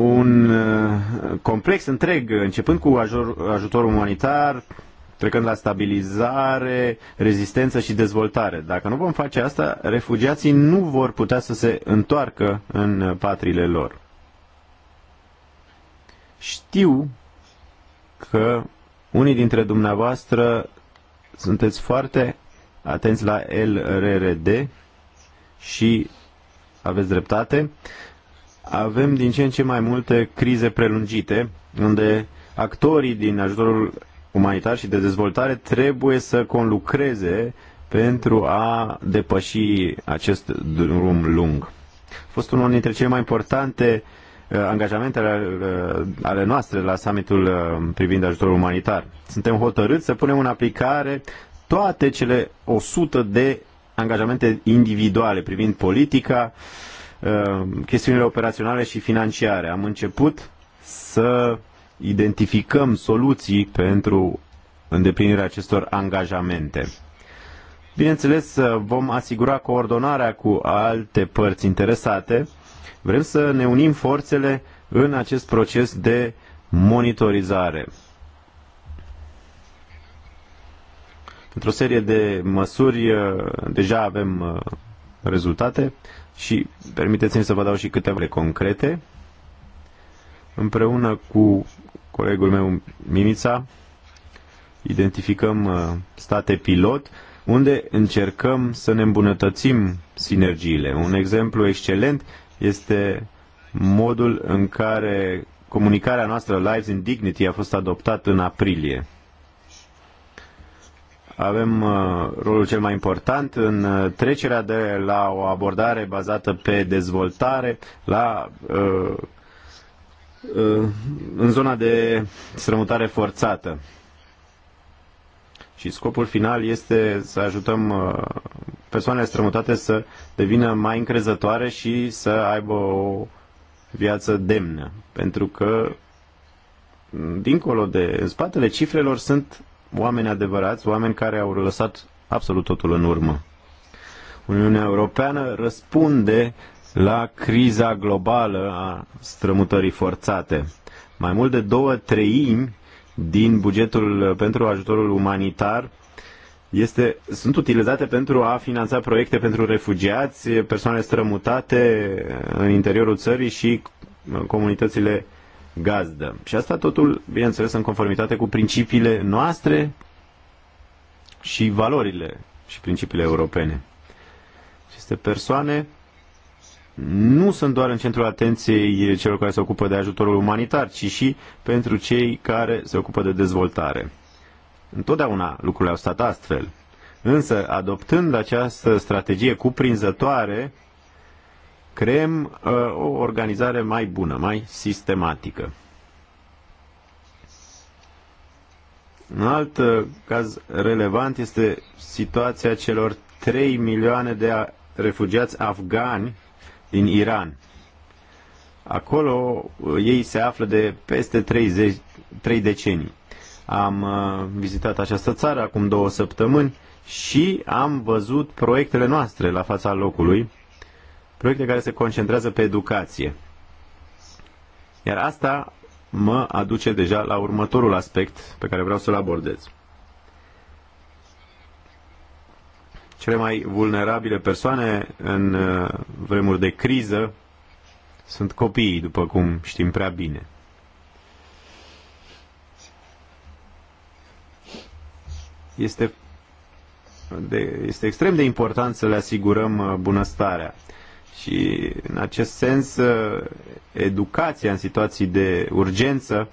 un uh, complex întreg, începând cu ajutor umanitar, trecând la stabilizare, rezistență și dezvoltare. Dacă nu vom face asta, refugiații nu vor putea să se întoarcă în patriile lor. Știu că unii dintre dumneavoastră sunteți foarte atenți la LRRD și aveți dreptate avem din ce în ce mai multe crize prelungite, unde actorii din ajutorul umanitar și de dezvoltare trebuie să conlucreze pentru a depăși acest drum lung. A fost unul dintre cele mai importante uh, angajamente uh, ale noastre la summitul uh, privind ajutorul umanitar. Suntem hotărâți să punem în aplicare toate cele 100 de angajamente individuale privind politica, uh, Uh, chestiunile operaționale și financiare. Am început să identificăm soluții pentru îndeplinirea acestor angajamente. Bineînțeles, uh, vom asigura coordonarea cu alte părți interesate. Vrem să ne unim forțele în acest proces de monitorizare. Într-o serie de măsuri uh, deja avem rezultate. Și permiteți-mi să vă dau și câteva concrete. Împreună cu colegul meu Mimița, identificăm uh, state pilot unde încercăm să ne îmbunătățim sinergiile. Un exemplu excelent este modul în care comunicarea noastră Lives in Dignity a fost adoptată în aprilie avem uh, rolul cel mai important în uh, trecerea de la o abordare bazată pe dezvoltare la uh, în zona de strămutare forțată. Și scopul final este să ajutăm persoanele strămutate să devină mai încrezătoare și să aibă o viață demnă. Pentru că, dincolo de, în spatele cifrelor, sunt oameni adevărați, oameni care au lăsat absolut totul în urmă. Uniunea Europeană răspunde la criza globală a strămutării forțate. Mai mult de două treimi din bugetul pentru ajutorul umanitar este, sunt utilizate pentru a finanța proiecte pentru refugiați, persoane strămutate în interiorul țării și comunitățile gazdă. Și asta totul, bineînțeles, în conformitate cu principiile noastre și valorile și principiile europene. Aceste persoane nu sunt doar în centrul atenției celor care se ocupă de ajutorul umanitar, ci și pentru cei care se ocupă de dezvoltare. Întotdeauna lucrurile au stat astfel. Însă, adoptând această strategie cuprinzătoare, creăm uh, o organizare mai bună, mai sistematică. Un alt uh, caz relevant este situația celor 3 milioane de refugiați afgani din Iran. Acolo uh, ei se află de peste 30, 3 decenii. Am vizitat această țară acum două săptămâni și am văzut proiectele noastre la fața locului proiecte care se concentrează pe educație. Iar asta mă aduce deja la următorul aspect pe care vreau să-l abordez. Cele mai vulnerabile persoane în uh, vremuri de criză sunt copiii, după cum știm prea bine. Este, de, este extrem de important să le asigurăm uh, bunăstarea. Și în acest sens, ă, educația în situații de urgență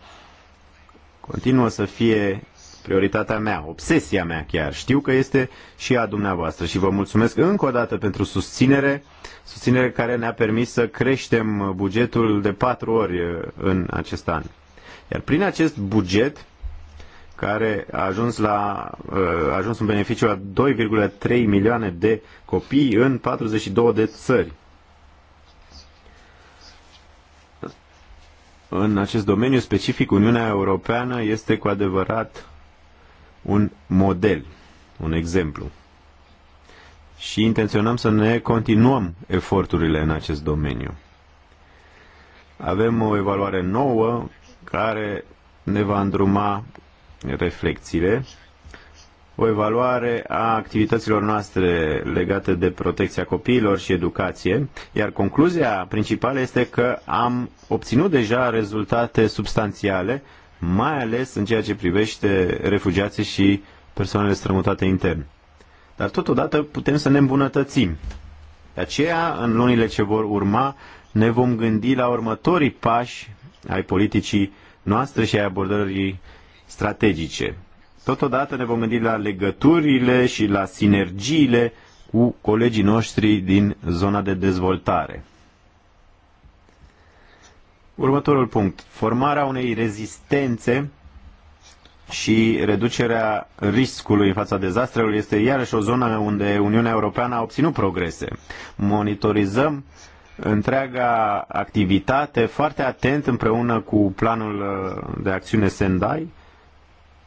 continuă să fie prioritatea mea, obsesia mea chiar. Știu că este și a dumneavoastră și vă mulțumesc încă o dată pentru susținere, susținere care ne-a permis să creștem bugetul de patru ori ă, în acest an. Iar prin acest buget, care a ajuns, la, ă, a ajuns în beneficiu la 2,3 milioane de copii în 42 de țări. în acest domeniu specific, Uniunea Europeană este cu adevărat un model, un exemplu. Și intenționăm să ne continuăm eforturile în acest domeniu. Avem o evaluare nouă care ne va îndruma reflexiile o evaluare a activităților noastre legate de protecția copiilor și educație, iar concluzia principală este că am obținut deja rezultate substanțiale, mai ales în ceea ce privește refugiații și persoanele strămutate intern. Dar totodată putem să ne îmbunătățim. De aceea, în lunile ce vor urma, ne vom gândi la următorii pași ai politicii noastre și ai abordării strategice. Totodată ne vom gândi la legăturile și la sinergiile cu colegii noștri din zona de dezvoltare. Următorul punct. Formarea unei rezistențe și reducerea riscului în fața dezastrelor este iarăși o zonă unde Uniunea Europeană a obținut progrese. Monitorizăm întreaga activitate foarte atent împreună cu planul uh, de acțiune Sendai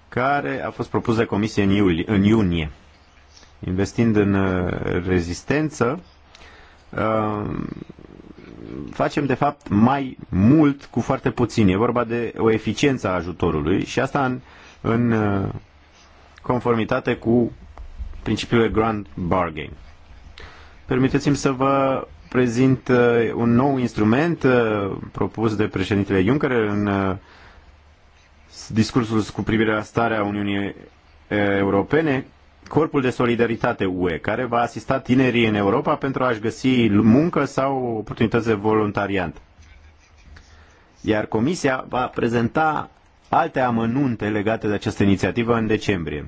care a fost propus de comisie în, iulie, în iunie. Investind în uh, rezistență, uh, facem de fapt mai mult cu foarte puțin. E vorba de o eficiență a ajutorului și asta în, în uh, conformitate cu principiul Grand Bargain. Permiteți-mi să vă prezint un nou instrument propus de președintele Juncker în discursul cu privire la starea Uniunii Europene, Corpul de Solidaritate UE, care va asista tinerii în Europa pentru a-și găsi muncă sau oportunități de voluntariat. Iar Comisia va prezenta alte amănunte legate de această inițiativă în decembrie.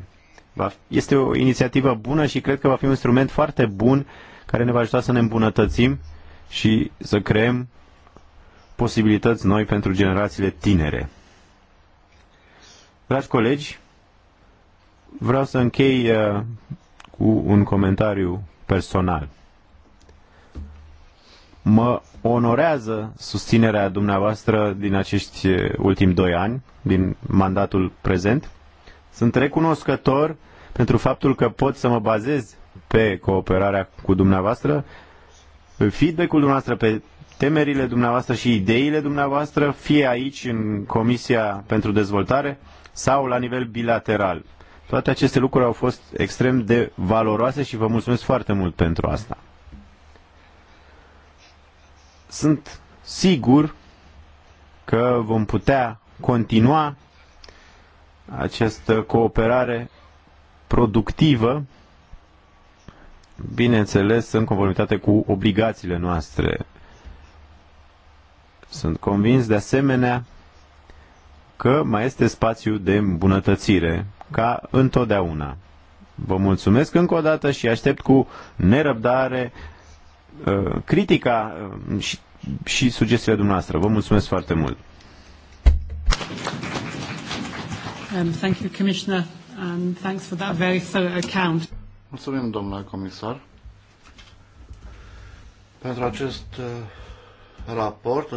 Este o inițiativă bună și cred că va fi un instrument foarte bun care ne va ajuta să ne îmbunătățim și să creăm posibilități noi pentru generațiile tinere. Dragi colegi, vreau să închei uh, cu un comentariu personal. Mă onorează susținerea dumneavoastră din acești uh, ultimi doi ani, din mandatul prezent. Sunt recunoscător pentru faptul că pot să mă bazez pe cooperarea cu dumneavoastră, pe feedback-ul dumneavoastră, pe temerile dumneavoastră și ideile dumneavoastră, fie aici în Comisia pentru Dezvoltare, sau la nivel bilateral. Toate aceste lucruri au fost extrem de valoroase și vă mulțumesc foarte mult pentru asta. Sunt sigur că vom putea continua această cooperare productivă, bineînțeles, în conformitate cu obligațiile noastre. Sunt convins de asemenea că mai este spațiu de îmbunătățire, ca întotdeauna. Vă mulțumesc încă o dată și aștept cu nerăbdare uh, critica uh, și, și sugestiile dumneavoastră. Vă mulțumesc foarte mult. Um, thank you, Commissioner, and thanks for that very thorough account. Mulțumim, domnule comisar, pentru acest uh, raport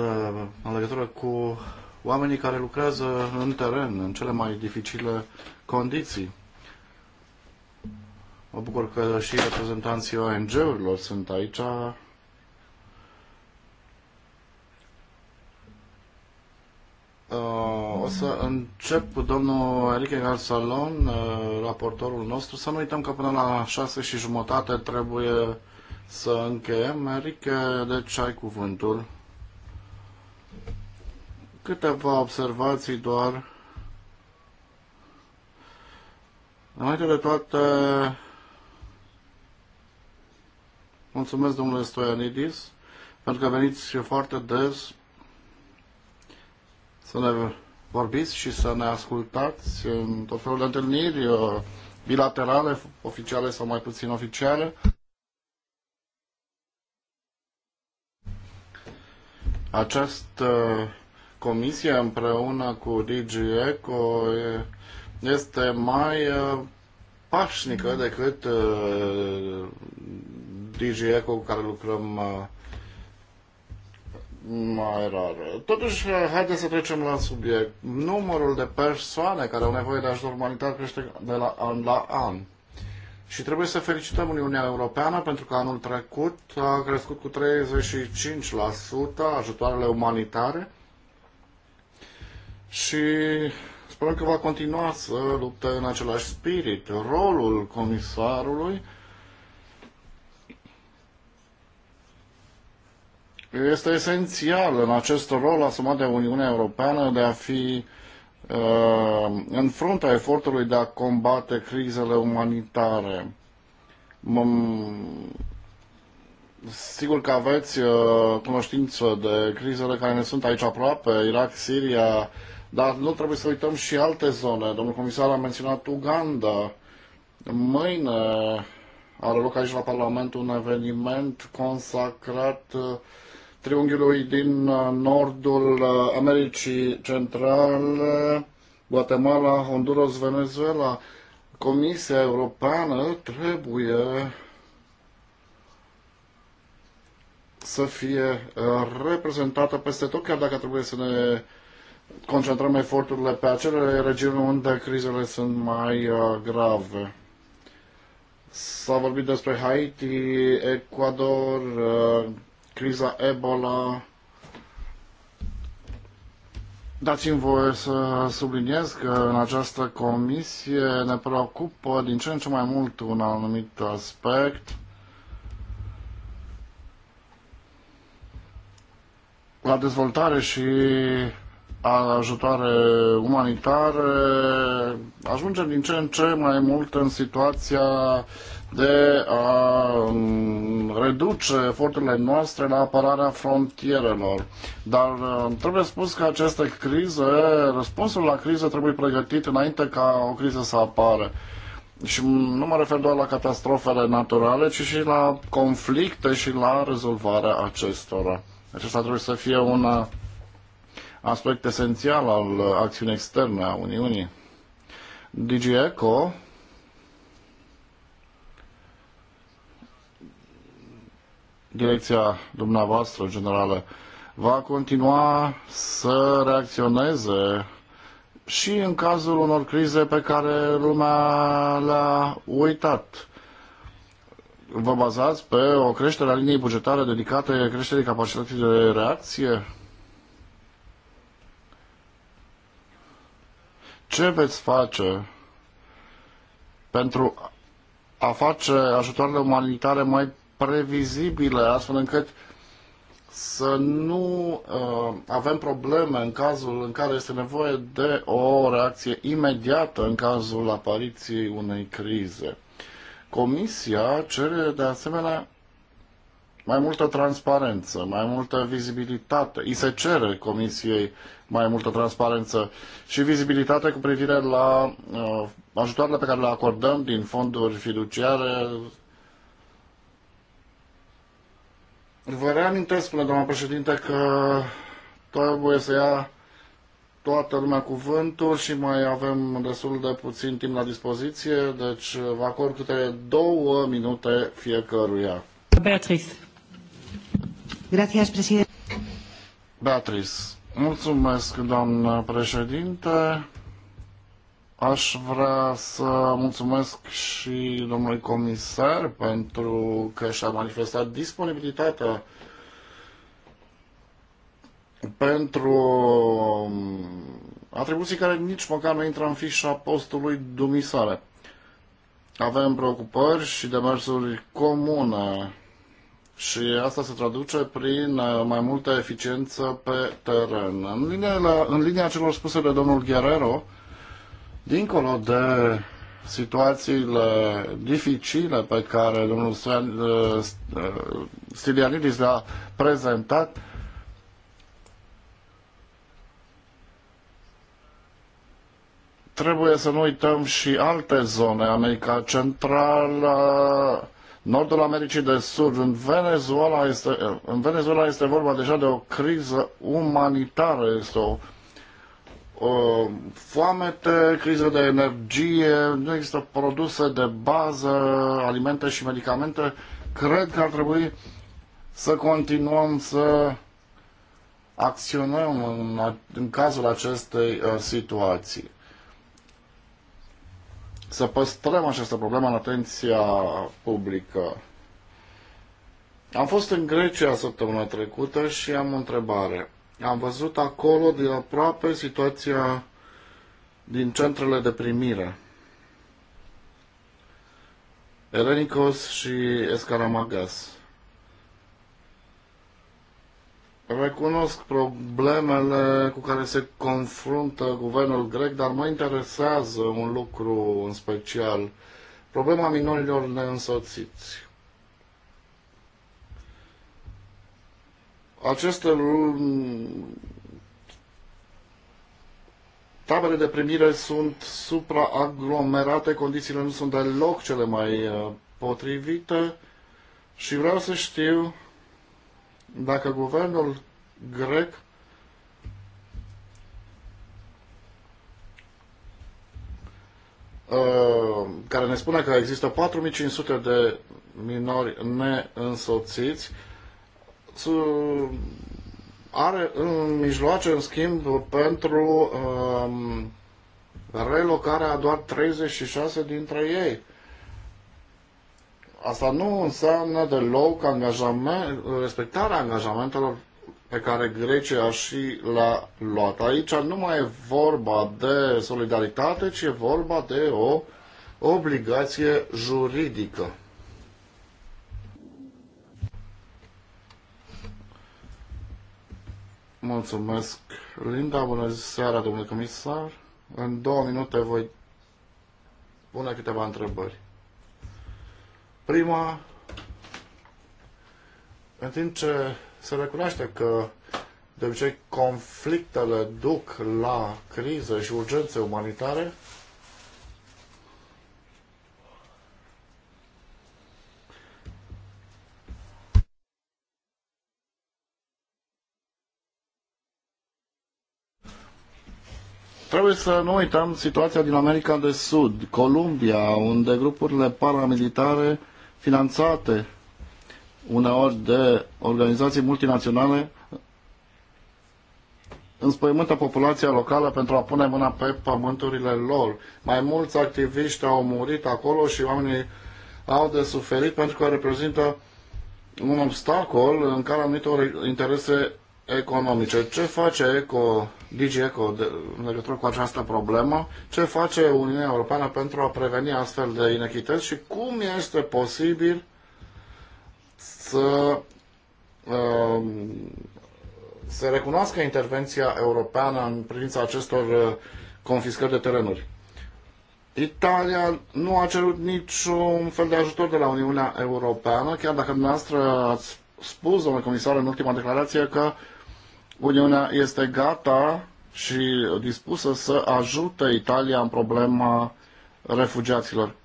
în legătură cu oamenii care lucrează în teren, în cele mai dificile condiții. Mă bucur că și reprezentanții ONG-urilor sunt aici. Uh, o să încep cu domnul Enrique Garsalon, uh, raportorul nostru. Să nu uităm că până la șase și jumătate trebuie să încheiem. Enrique, deci ai cuvântul. Câteva observații doar. Înainte de toate, mulțumesc domnule Stoianidis pentru că veniți foarte des să ne vorbiți și să ne ascultați în tot felul de întâlniri uh, bilaterale, oficiale sau mai puțin oficiale. Acest uh, Comisia împreună cu DG ECO este mai uh, pașnică decât uh, DG ECO cu care lucrăm uh, mai rar. Totuși, haideți să trecem la subiect. Numărul de persoane care au nevoie de ajutor umanitar crește de la an la an. Și trebuie să felicităm Uniunea Europeană pentru că anul trecut a crescut cu 35% ajutoarele umanitare și sperăm că va continua să lupte în același spirit. Rolul comisarului este esențial în acest rol asumat de Uniunea Europeană de a fi uh, în fruntea efortului de a combate crizele umanitare. M- sigur că aveți uh, cunoștință de crizele care ne sunt aici aproape, Irak, Siria, dar nu trebuie să uităm și alte zone. Domnul comisar a menționat Uganda. Mâine are loc aici la Parlament un eveniment consacrat uh, triunghiului din uh, nordul uh, Americii Centrale, Guatemala, Honduras, Venezuela. Comisia Europeană trebuie să fie reprezentată peste tot, chiar dacă trebuie să ne concentrăm eforturile pe acele regiuni unde crizele sunt mai uh, grave. S-a vorbit despre Haiti, Ecuador, uh, criza Ebola. Dați-mi voie să subliniez că în această comisie ne preocupă din ce în ce mai mult un anumit aspect. La dezvoltare și ajutoare umanitare, ajungem din ce în ce mai mult în situația de a mm, reduce eforturile noastre la apărarea frontierelor. Dar mm, trebuie spus că aceste crize, răspunsul la criză trebuie pregătit înainte ca o criză să apară. Și nu mă refer doar la catastrofele naturale, ci și la conflicte și la rezolvarea acestora. Acesta trebuie să fie una aspect esențial al uh, acțiunii externe a Uniunii. DG ECO direcția dumneavoastră generală va continua să reacționeze și în cazul unor crize pe care lumea le-a uitat. Vă bazați pe o creștere a liniei bugetare dedicată creșterii capacității de reacție? ce veți face pentru a face ajutoarele umanitare mai previzibile, astfel încât să nu uh, avem probleme în cazul în care este nevoie de o reacție imediată în cazul apariției unei crize. Comisia cere de asemenea mai multă transparență, mai multă vizibilitate. I se cere Comisiei mai multă transparență și vizibilitate cu privire la uh, ajutoarele pe care le acordăm din fonduri fiduciare. Vă reamintesc, spune doamna președinte, că trebuie să ia toată lumea cuvântul și mai avem destul de puțin timp la dispoziție, deci vă acord câte două minute fiecăruia. Beatrice. Gracias, președinte. Beatrice, mulțumesc, doamnă președinte. Aș vrea să mulțumesc și domnului comisar pentru că și-a manifestat disponibilitatea pentru um, atribuții care nici măcar nu intră în fișa postului dumisare. Avem preocupări și demersuri comune și asta se traduce prin uh, mai multă eficiență pe teren. În linia, la, în linia celor spuse de domnul Guerrero, dincolo de situațiile dificile pe care domnul Stilianidis uh, uh, le-a prezentat, trebuie să nu uităm și alte zone, America Centrală, nordul Americii de Sud. În Venezuela este, în Venezuela este vorba deja de o criză umanitară, este o o foamete, criză de energie, nu există produse de bază, alimente și medicamente. Cred că ar trebui să continuăm să acționăm în, în cazul acestei uh, situații să păstrăm această problemă în atenția publică. Am fost în Grecia săptămâna trecută și am o întrebare. Am văzut acolo din aproape situația din centrele de primire. Elenicos și Escaramagas. Recunosc problemele cu care se confruntă guvernul grec, dar mă interesează un lucru în special, problema minorilor neînsoțiți. Aceste tabere de primire sunt supraaglomerate, condițiile nu sunt deloc cele mai uh, potrivite și vreau să știu dacă guvernul grec uh, care ne spune că există 4500 de minori neînsoțiți, are în mijloace, în schimb, pentru um, relocarea doar 36 dintre ei asta nu înseamnă deloc angajament, respectarea angajamentelor pe care Grecia și l a luat. Aici nu mai e vorba de solidaritate, ci e vorba de o obligație juridică. Mulțumesc, Linda. Bună seara, domnule comisar. În două minute voi pune câteva întrebări. Prima, în timp ce se recunoaște că de obicei conflictele duc la criză, și urgențe umanitare, Trebuie să nu uităm situația din America de Sud, Columbia, unde grupurile paramilitare finanțate uneori de organizații multinaționale înspăimântă populația locală pentru a pune mâna pe pământurile lor. Mai mulți activiști au murit acolo și oamenii au de suferit pentru că reprezintă un obstacol în care anumite interese economice. Ce face ECO de, în legătură cu această problemă, ce face Uniunea Europeană pentru a preveni astfel de inechități și cum este posibil să uh, um, se recunoască intervenția europeană în privința acestor uh, confiscări de terenuri. Italia nu a cerut niciun fel de ajutor de la Uniunea Europeană, chiar dacă dumneavoastră ați spus, domnule comisar, în ultima declarație că uh, Uniunea este gata și dispusă să ajute Italia în problema refugiaților.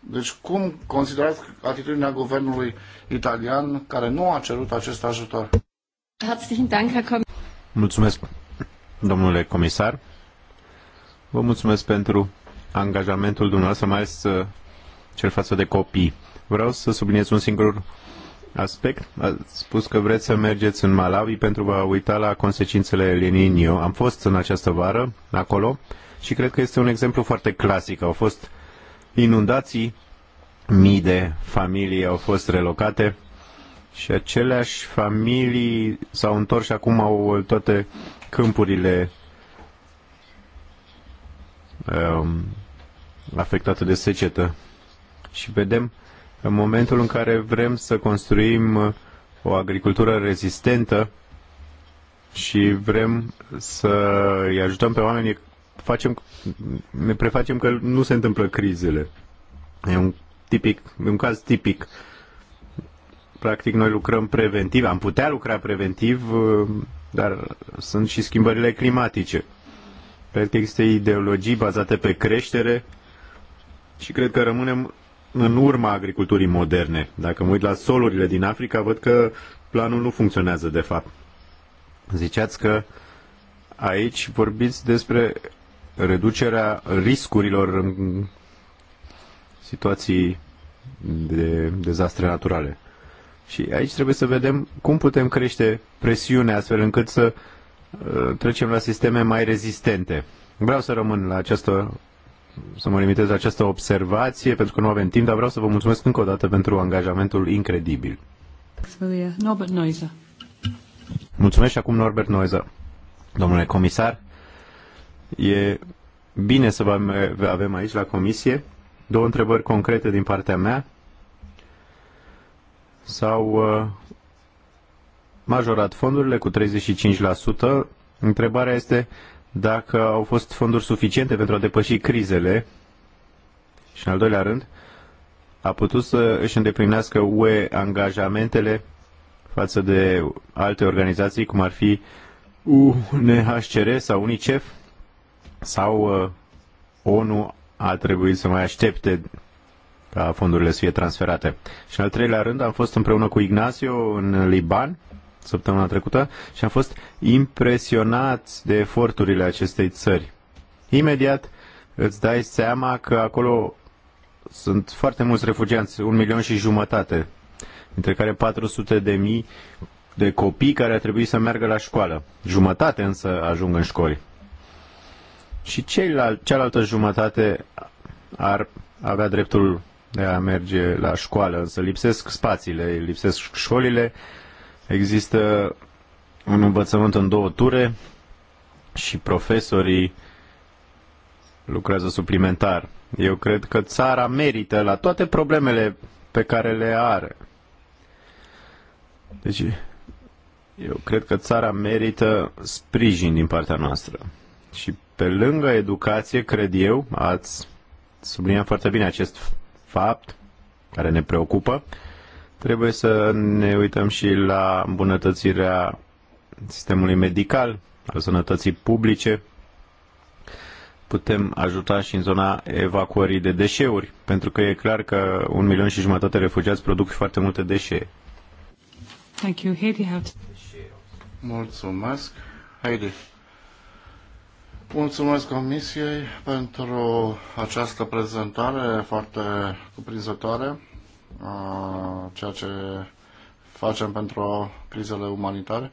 Deci cum considerați atitudinea guvernului italian care nu a cerut acest ajutor? Mulțumesc, domnule comisar. Vă mulțumesc pentru angajamentul dumneavoastră, mai ales uh, cel față de copii. Vreau să subliniez un singur aspect. Ați spus că vreți să mergeți în Malawi pentru a uita la consecințele El Am fost în această vară acolo și cred că este un exemplu foarte clasic. Au fost inundații, mii de familii au fost relocate și aceleași familii s-au întors și acum au toate câmpurile um, afectate de secetă. Și vedem în momentul în care vrem să construim o agricultură rezistentă și vrem să îi ajutăm pe oameni, facem, ne prefacem că nu se întâmplă crizele. E un, tipic, e un caz tipic. Practic noi lucrăm preventiv, am putea lucra preventiv, dar sunt și schimbările climatice. Cred că există ideologii bazate pe creștere și cred că rămânem în urma agriculturii moderne. Dacă mă uit la solurile din Africa, văd că planul nu funcționează de fapt. Ziceați că aici vorbiți despre reducerea riscurilor în situații de dezastre naturale. Și aici trebuie să vedem cum putem crește presiunea astfel încât să uh, trecem la sisteme mai rezistente. Vreau să rămân la această să mă limitez la această observație, pentru că nu avem timp, dar vreau să vă mulțumesc încă o dată pentru angajamentul incredibil. Norbert Noiza. Mulțumesc și acum Norbert Noiza. Domnule comisar, e bine să vă avem aici la comisie. Două întrebări concrete din partea mea. S-au uh, majorat fondurile cu 35%. Întrebarea este dacă au fost fonduri suficiente pentru a depăși crizele și, în al doilea rând, a putut să își îndeplinească UE angajamentele față de alte organizații, cum ar fi UNHCR sau UNICEF sau uh, ONU a trebuit să mai aștepte ca fondurile să fie transferate. Și în al treilea rând am fost împreună cu Ignacio în Liban săptămâna trecută și am fost impresionați de eforturile acestei țări. Imediat îți dai seama că acolo sunt foarte mulți refugiați, un milion și jumătate, dintre care 400 de mii de copii care ar trebui să meargă la școală. Jumătate însă ajung în școli. Și ceilal- cealaltă jumătate ar avea dreptul de a merge la școală, însă lipsesc spațiile, lipsesc școlile, Există un învățământ în două ture și profesorii lucrează suplimentar. Eu cred că țara merită la toate problemele pe care le are. Deci, eu cred că țara merită sprijin din partea noastră. Și pe lângă educație, cred eu, ați subliniat foarte bine acest fapt care ne preocupă, Trebuie să ne uităm și la îmbunătățirea sistemului medical, al sănătății publice. Putem ajuta și în zona evacuării de deșeuri, pentru că e clar că un milion și jumătate refugiați produc foarte multe deșeuri. Thank you. you have... Mulțumesc. Heidi. Mulțumesc Comisiei pentru această prezentare foarte cuprinzătoare ceea ce facem pentru crizele umanitare.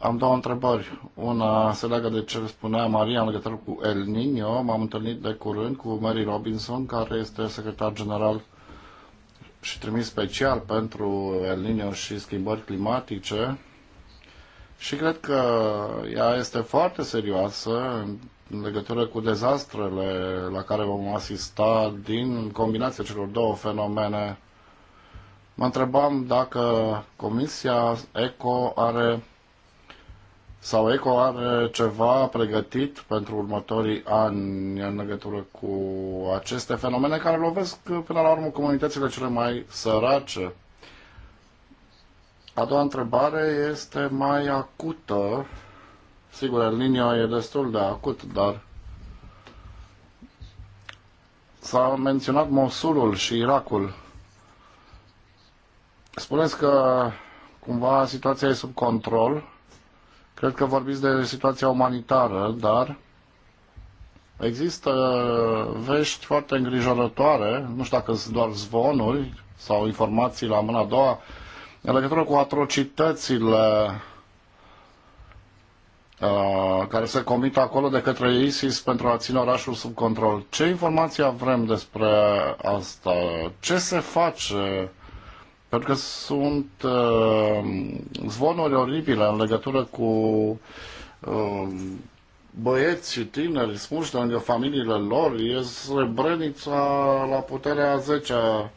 Am două întrebări. Una se leagă de ce spunea Maria în legătură cu El Nino. M-am întâlnit de curând cu Mary Robinson, care este secretar general și trimis special pentru El Nino și schimbări climatice. Și cred că ea este foarte serioasă în în legătură cu dezastrele la care vom asista din combinația celor două fenomene. Mă întrebam dacă Comisia ECO are sau ECO are ceva pregătit pentru următorii ani în legătură cu aceste fenomene care lovesc până la urmă comunitățile cele mai sărace. A doua întrebare este mai acută Sigur, El Niño e destul de acut, dar s-a menționat Mosulul și Irakul. Spuneți că cumva situația e sub control. Cred că vorbiți de situația umanitară, dar există vești foarte îngrijorătoare, nu știu dacă sunt doar zvonuri sau informații la mâna a doua, în legătură cu atrocitățile Uh, care se comit acolo de către ISIS pentru a ține orașul sub control. Ce informații avem despre asta? Ce se face? Pentru că sunt uh, zvonuri oribile în legătură cu uh, băieți tineri smuși de lângă familiile lor. E Srebrenița la puterea a 10 -a.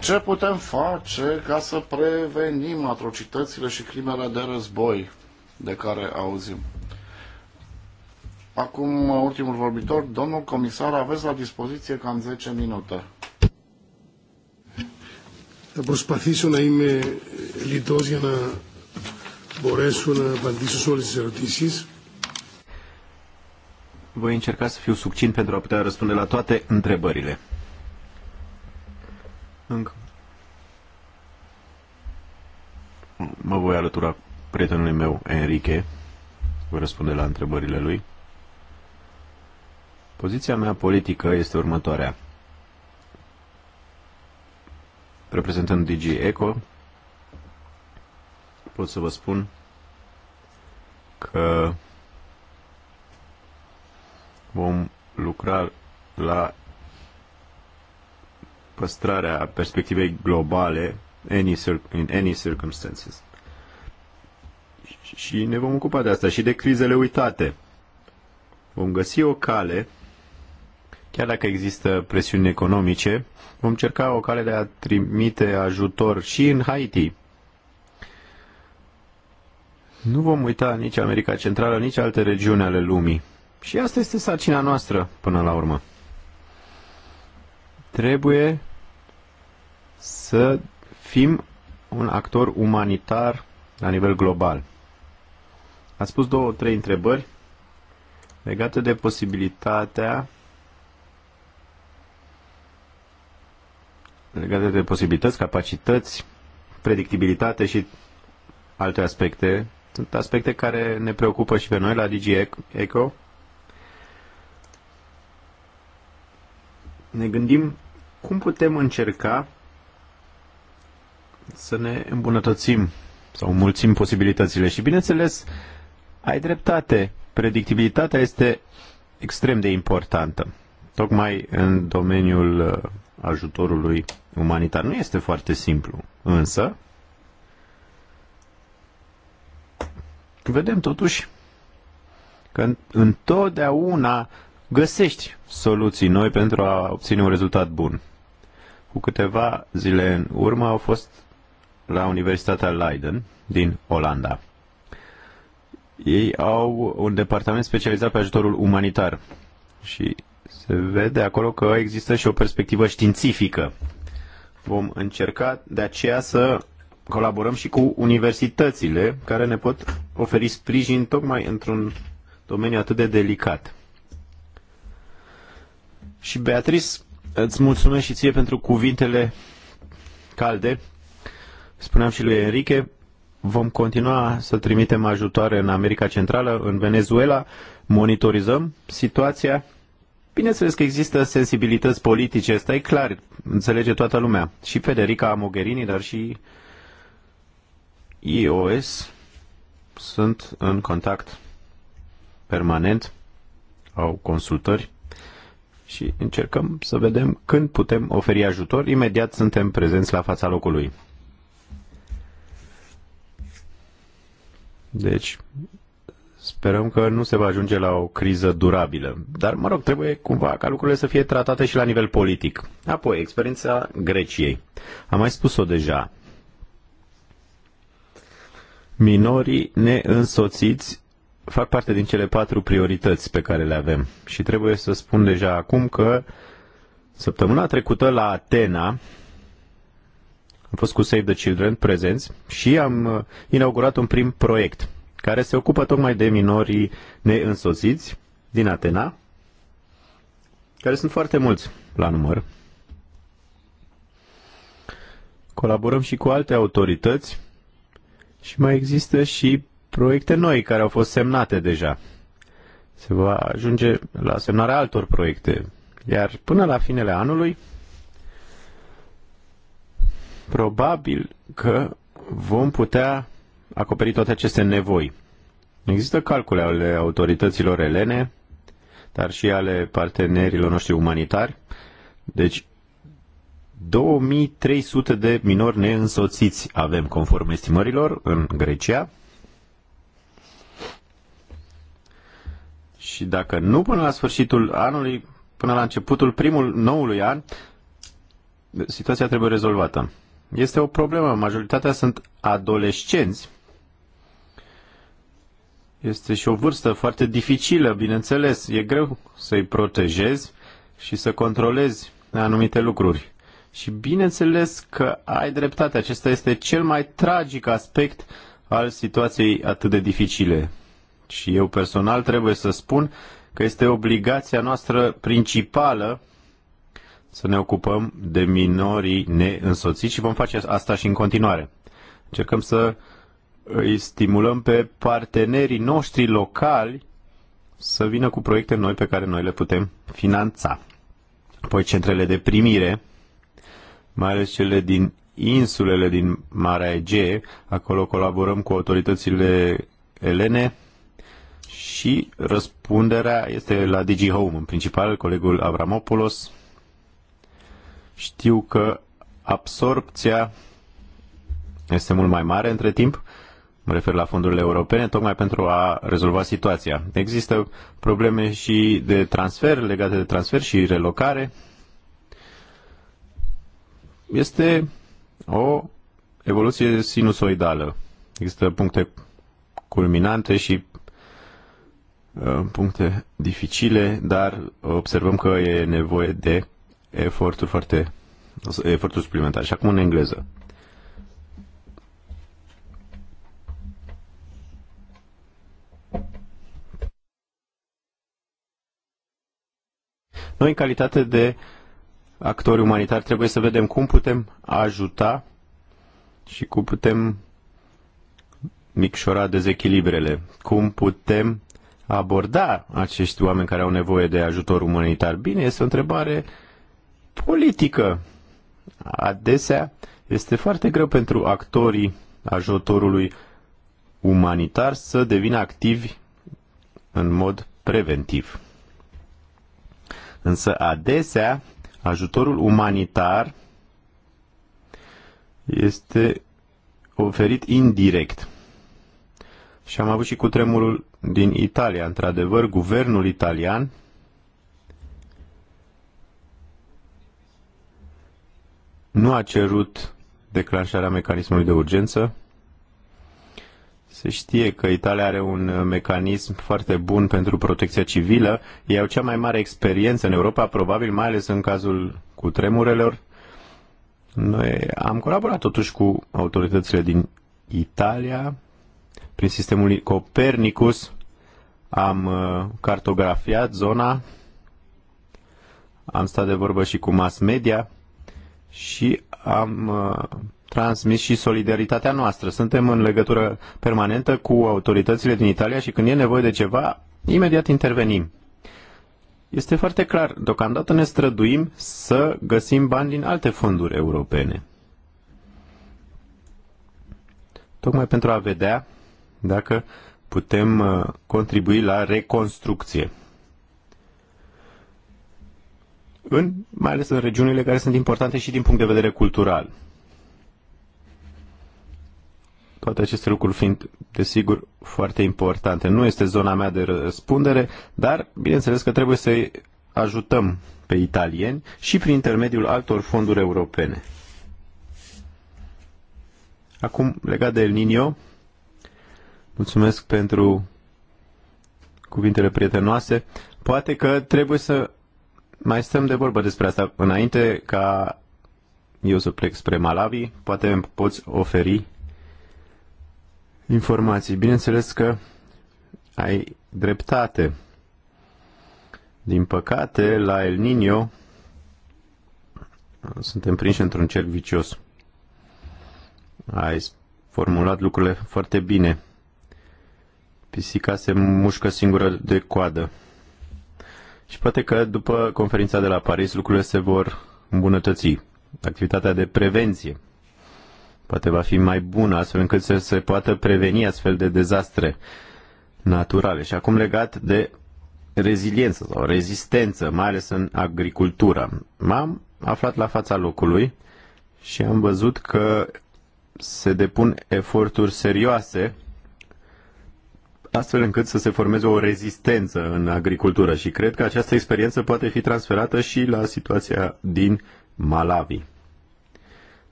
Ce putem face ca să prevenim atrocitățile și crimele de război? de care auzim. Acum, ultimul vorbitor, domnul comisar, aveți la dispoziție cam 10 minute. Θα προσπαθήσω να είμαι λιτός για να μπορέσω να απαντήσω σε όλες τις ερωτήσεις. Voi încerca să fiu succint pentru a putea răspunde la toate întrebările. Încă. Mă voi alătura prietenului meu, Enrique, voi răspunde la întrebările lui. Poziția mea politică este următoarea. Reprezentând DG Eco, pot să vă spun că vom lucra la păstrarea perspectivei globale any, in any circumstances și ne vom ocupa de asta și de crizele uitate. Vom găsi o cale, chiar dacă există presiuni economice, vom cerca o cale de a trimite ajutor și în Haiti. Nu vom uita nici America Centrală, nici alte regiuni ale lumii. Și asta este sarcina noastră până la urmă. Trebuie să fim un actor umanitar la nivel global. A spus două, trei întrebări legate de posibilitatea legate de posibilități, capacități, predictibilitate și alte aspecte. Sunt aspecte care ne preocupă și pe noi la DG Eco. Ne gândim cum putem încerca să ne îmbunătățim sau mulțim posibilitățile și, bineînțeles, ai dreptate, predictibilitatea este extrem de importantă, tocmai în domeniul uh, ajutorului umanitar. Nu este foarte simplu, însă vedem totuși că întotdeauna găsești soluții noi pentru a obține un rezultat bun. Cu câteva zile în urmă au fost la Universitatea Leiden din Olanda ei au un departament specializat pe ajutorul umanitar și se vede acolo că există și o perspectivă științifică. Vom încerca de aceea să colaborăm și cu universitățile care ne pot oferi sprijin tocmai într-un domeniu atât de delicat. Și Beatrice, îți mulțumesc și ție pentru cuvintele calde. Spuneam și lui Enrique, Vom continua să trimitem ajutoare în America Centrală, în Venezuela, monitorizăm situația. Bineînțeles că există sensibilități politice, asta e clar, înțelege toată lumea. Și Federica Mogherini, dar și IOS sunt în contact permanent, au consultări și încercăm să vedem când putem oferi ajutor. Imediat suntem prezenți la fața locului. Deci, sperăm că nu se va ajunge la o criză durabilă. Dar, mă rog, trebuie cumva ca lucrurile să fie tratate și la nivel politic. Apoi, experiența Greciei. Am mai spus-o deja. Minorii neînsoțiți fac parte din cele patru priorități pe care le avem. Și trebuie să spun deja acum că săptămâna trecută la Atena fost cu Save the Children prezenți și am uh, inaugurat un prim proiect care se ocupă tocmai de minorii neînsoțiți din Atena, care sunt foarte mulți la număr. Colaborăm și cu alte autorități și mai există și proiecte noi care au fost semnate deja. Se va ajunge la semnarea altor proiecte, iar până la finele anului probabil că vom putea acoperi toate aceste nevoi. Există calcule ale autorităților elene, dar și ale partenerilor noștri umanitari. Deci, 2300 de minori neînsoțiți avem, conform estimărilor, în Grecia. Și dacă nu până la sfârșitul anului, până la începutul primul noului an, situația trebuie rezolvată este o problemă. Majoritatea sunt adolescenți. Este și o vârstă foarte dificilă, bineînțeles. E greu să-i protejezi și să controlezi anumite lucruri. Și bineînțeles că ai dreptate. Acesta este cel mai tragic aspect al situației atât de dificile. Și eu personal trebuie să spun că este obligația noastră principală să ne ocupăm de minorii neînsoțiți și vom face asta și în continuare. Încercăm să îi stimulăm pe partenerii noștri locali să vină cu proiecte noi pe care noi le putem finanța. Apoi centrele de primire, mai ales cele din insulele din Marea Egee, acolo colaborăm cu autoritățile elene și răspunderea este la DigiHome, în principal colegul Avramopoulos, știu că absorpția este mult mai mare între timp, mă refer la fondurile europene, tocmai pentru a rezolva situația. Există probleme și de transfer, legate de transfer și relocare. Este o evoluție sinusoidală. Există puncte culminante și uh, puncte dificile, dar observăm că e nevoie de eforturi foarte eforturi suplimentare. Și acum în engleză. Noi, în calitate de actori umanitari, trebuie să vedem cum putem ajuta și cum putem micșora dezechilibrele, cum putem aborda acești oameni care au nevoie de ajutor umanitar. Bine, este o întrebare uh, politică. Adesea este foarte greu pentru actorii ajutorului umanitar să devină activi în mod preventiv. Însă adesea ajutorul umanitar este oferit indirect. Și am avut și cu tremurul din Italia. Într-adevăr, guvernul italian nu a cerut declanșarea mecanismului de urgență. Se știe că Italia are un mecanism foarte bun pentru protecția civilă. Ei au cea mai mare experiență în Europa, probabil mai ales în cazul cu tremurelor. Noi am colaborat totuși cu autoritățile din Italia. Prin sistemul Copernicus am uh, cartografiat zona. Am stat de vorbă și cu mass media și am uh, transmis și solidaritatea noastră. Suntem în legătură permanentă cu autoritățile din Italia și când e nevoie de ceva, imediat intervenim. Este foarte clar, deocamdată ne străduim să găsim bani din alte fonduri europene. Tocmai pentru a vedea dacă putem uh, contribui la reconstrucție în, mai ales în regiunile care sunt importante și din punct de vedere cultural. Toate aceste lucruri fiind, desigur, foarte importante. Nu este zona mea de răspundere, dar bineînțeles că trebuie să ajutăm pe italieni și prin intermediul altor fonduri europene. Acum, legat de El Nino, mulțumesc pentru cuvintele prietenoase. Poate că trebuie să mai stăm de vorbă despre asta. Înainte ca eu să plec spre Malawi, poate îmi poți oferi informații. Bineînțeles că ai dreptate. Din păcate, la El Nino suntem prinși într-un cerc vicios. Ai formulat lucrurile foarte bine. Pisica se mușcă singură de coadă și poate că după conferința de la Paris lucrurile se vor îmbunătăți. Activitatea de prevenție poate va fi mai bună, astfel încât să se poată preveni astfel de dezastre naturale. Și acum legat de reziliență sau rezistență, mai ales în agricultură. M-am aflat la fața locului și am văzut că se depun eforturi serioase astfel încât să se formeze o rezistență în agricultură și cred că această experiență poate fi transferată și la situația din Malawi.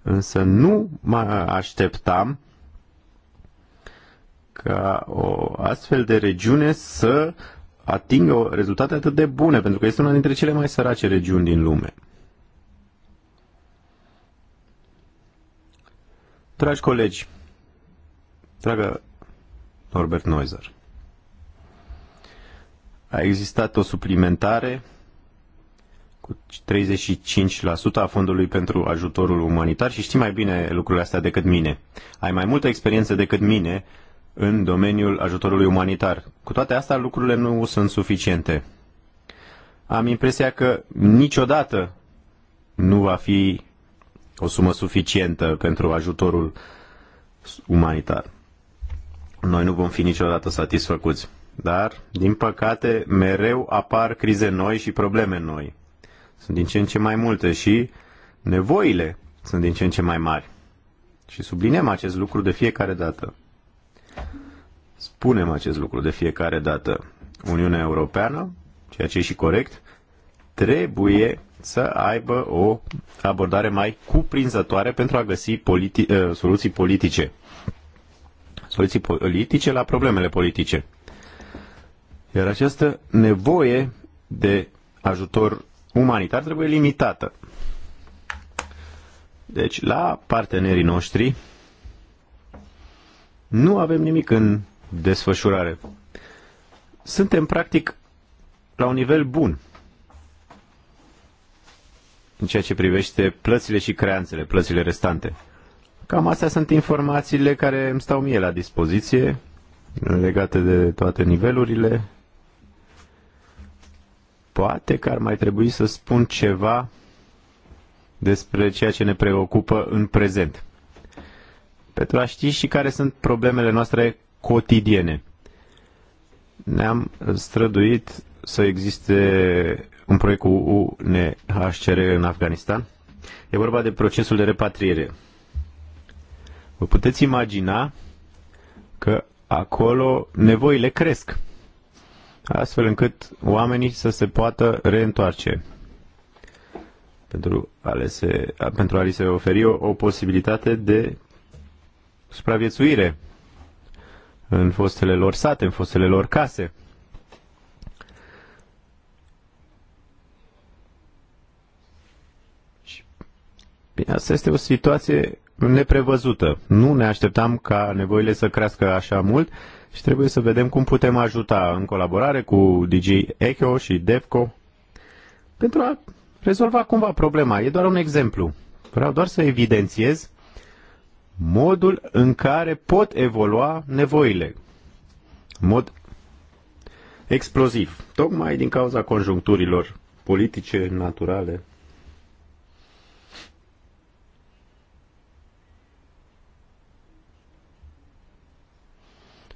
Însă nu mă așteptam ca o astfel de regiune să atingă rezultate atât de bune, pentru că este una dintre cele mai sărace regiuni din lume. Dragi colegi, dragă Norbert Neuser. A existat o suplimentare cu 35% a fondului pentru ajutorul umanitar și știi mai bine lucrurile astea decât mine. Ai mai multă experiență decât mine în domeniul ajutorului umanitar. Cu toate astea, lucrurile nu sunt suficiente. Am impresia că niciodată nu va fi o sumă suficientă pentru ajutorul umanitar noi nu vom fi niciodată satisfăcuți. Dar, din păcate, mereu apar crize noi și probleme noi. Sunt din ce în ce mai multe și nevoile sunt din ce în ce mai mari. Și subliniem acest lucru de fiecare dată. Spunem acest lucru de fiecare dată. Uniunea Europeană, ceea ce e și corect, trebuie să aibă o abordare mai cuprinzătoare pentru a găsi politi- eh, soluții politice soluții politice la problemele politice. Iar această nevoie de ajutor umanitar trebuie limitată. Deci, la partenerii noștri nu avem nimic în desfășurare. Suntem, practic, la un nivel bun în ceea ce privește plățile și creanțele, plățile restante. Cam astea sunt informațiile care îmi stau mie la dispoziție, legate de toate nivelurile. Poate că ar mai trebui să spun ceva despre ceea ce ne preocupă în prezent. Pentru a ști și care sunt problemele noastre cotidiene. Ne-am străduit să existe un proiect cu UNHCR în Afganistan. E vorba de procesul de repatriere. Vă puteți imagina că acolo nevoile cresc, astfel încât oamenii să se poată reîntoarce pentru a, le se, pentru a li se oferi o, o posibilitate de supraviețuire în fostele lor sate, în fostele lor case. Bine, asta este o situație neprevăzută. Nu ne așteptam ca nevoile să crească așa mult și trebuie să vedem cum putem ajuta în colaborare cu DJ Echo și Devco pentru a rezolva cumva problema. E doar un exemplu. Vreau doar să evidențiez modul în care pot evolua nevoile. Mod exploziv. Tocmai din cauza conjuncturilor politice, naturale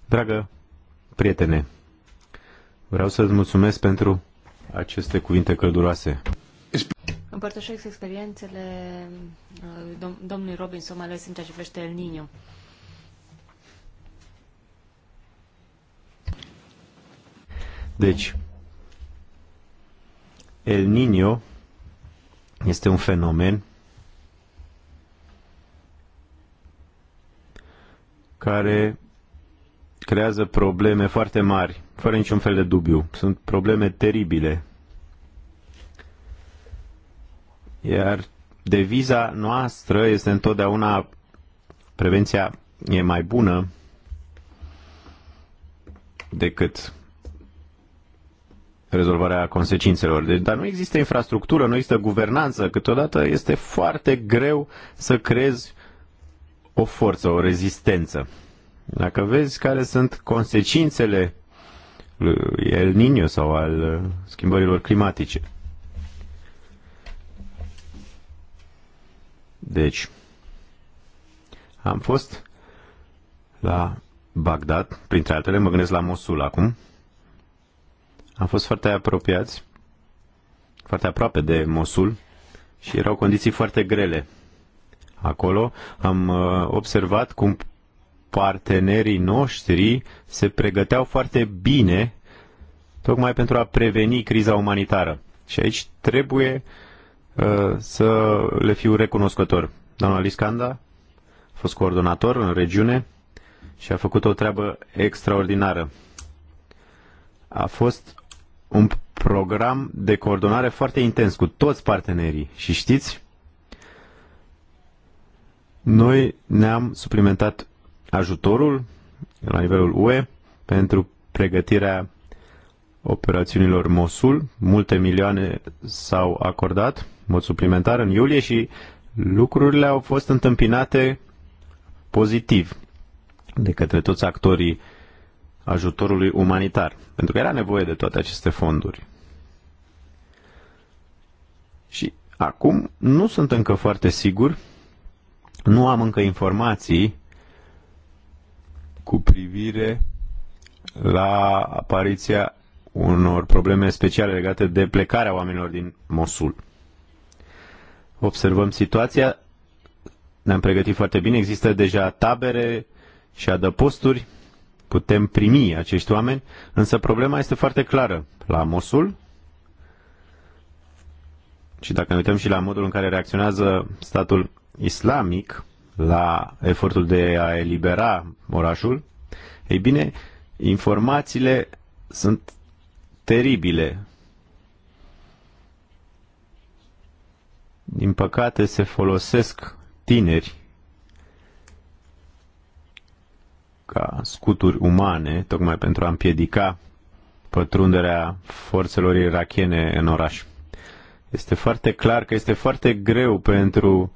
Dragă prietene, vreau să-ți mulțumesc pentru aceste cuvinte călduroase. Împărtășesc experiențele uh, dom- domnului Robinson, mai ales în ceea ce privește El Niño. Deci, El Niño este un fenomen care creează probleme foarte mari, fără niciun fel de dubiu. Sunt probleme teribile. Iar deviza noastră este întotdeauna prevenția e mai bună decât rezolvarea consecințelor. Deci, dar nu există infrastructură, nu există guvernanță. Câteodată este foarte greu să crezi o forță, o rezistență. Dacă vezi care sunt consecințele El Niño sau al uh, schimbărilor climatice. Deci, am fost la Bagdad, printre altele, mă gândesc la Mosul acum. Am fost foarte apropiați, foarte aproape de Mosul și erau condiții foarte grele. Acolo am uh, observat cum partenerii noștri se pregăteau foarte bine tocmai pentru a preveni criza umanitară. Și aici trebuie uh, să le fiu recunoscător. Doamna Liscanda a fost coordonator în regiune și a făcut o treabă extraordinară. A fost un program de coordonare foarte intens cu toți partenerii. Și știți, noi ne-am suplimentat ajutorul la nivelul UE pentru pregătirea operațiunilor Mosul. Multe milioane s-au acordat, mod suplimentar, în iulie și lucrurile au fost întâmpinate pozitiv de către toți actorii ajutorului umanitar, pentru că era nevoie de toate aceste fonduri. Și acum nu sunt încă foarte sigur, nu am încă informații cu privire la apariția unor probleme speciale legate de plecarea oamenilor din Mosul. Observăm situația, ne-am pregătit foarte bine, există deja tabere și adăposturi, putem primi acești oameni, însă problema este foarte clară. La Mosul, și dacă ne uităm și la modul în care reacționează statul islamic, la efortul de a elibera orașul, ei bine, informațiile sunt teribile. Din păcate se folosesc tineri ca scuturi umane, tocmai pentru a împiedica pătrunderea forțelor irachiene în oraș. Este foarte clar că este foarte greu pentru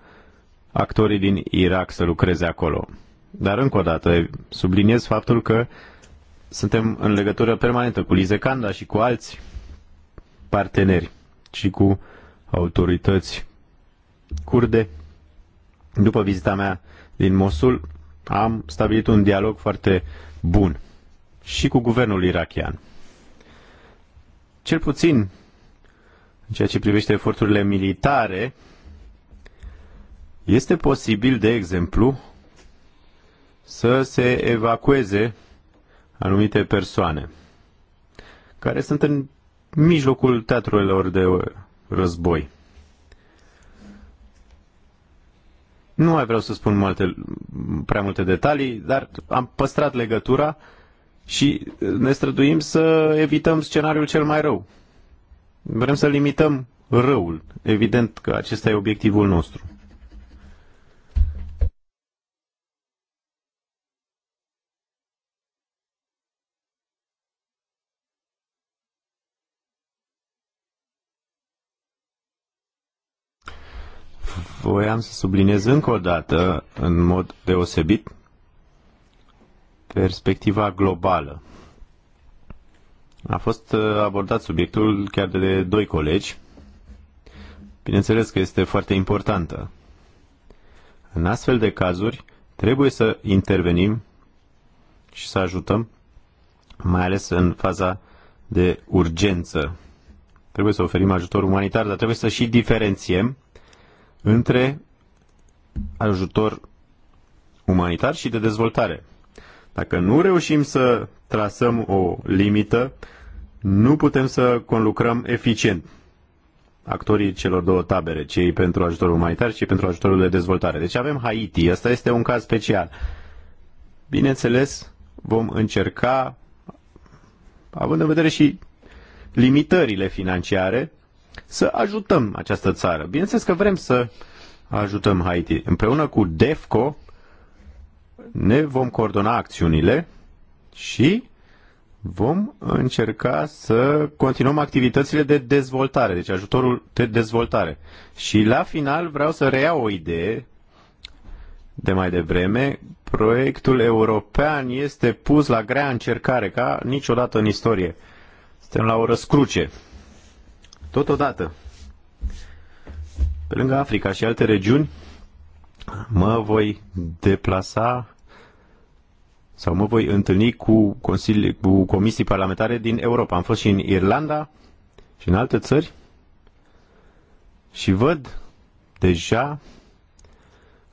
actorii din Irak să lucreze acolo. Dar încă o dată subliniez faptul că suntem în legătură permanentă cu Lizecanda și cu alți parteneri și cu autorități curde. După vizita mea din Mosul, am stabilit un dialog foarte bun și cu guvernul irachian. Cel puțin în ceea ce privește eforturile militare este posibil, de exemplu, să se evacueze anumite persoane care sunt în mijlocul teatrelor de război. Nu mai vreau să spun multe, prea multe detalii, dar am păstrat legătura și ne străduim să evităm scenariul cel mai rău. Vrem să limităm răul. Evident că acesta e obiectivul nostru. voiam să subliniez încă o dată, în mod deosebit, perspectiva globală. A fost uh, abordat subiectul chiar de doi colegi. Bineînțeles că este foarte importantă. În astfel de cazuri, trebuie să intervenim și să ajutăm, mai ales în faza de urgență. Trebuie să oferim ajutor umanitar, dar trebuie să și diferențiem între ajutor umanitar și de dezvoltare. Dacă nu reușim să trasăm o limită, nu putem să conlucrăm eficient actorii celor două tabere, cei pentru ajutorul umanitar și pentru ajutorul de dezvoltare. Deci avem Haiti, ăsta este un caz special. Bineînțeles, vom încerca, având în vedere și limitările financiare, să ajutăm această țară. Bineînțeles că vrem să ajutăm Haiti. Împreună cu DEFCO ne vom coordona acțiunile și vom încerca să continuăm activitățile de dezvoltare, deci ajutorul de dezvoltare. Și la final vreau să reiau o idee de mai devreme. Proiectul european este pus la grea încercare, ca niciodată în istorie. Suntem la o răscruce. Totodată, pe lângă Africa și alte regiuni, mă voi deplasa sau mă voi întâlni cu, consilii, cu comisii parlamentare din Europa. Am fost și în Irlanda și în alte țări și văd deja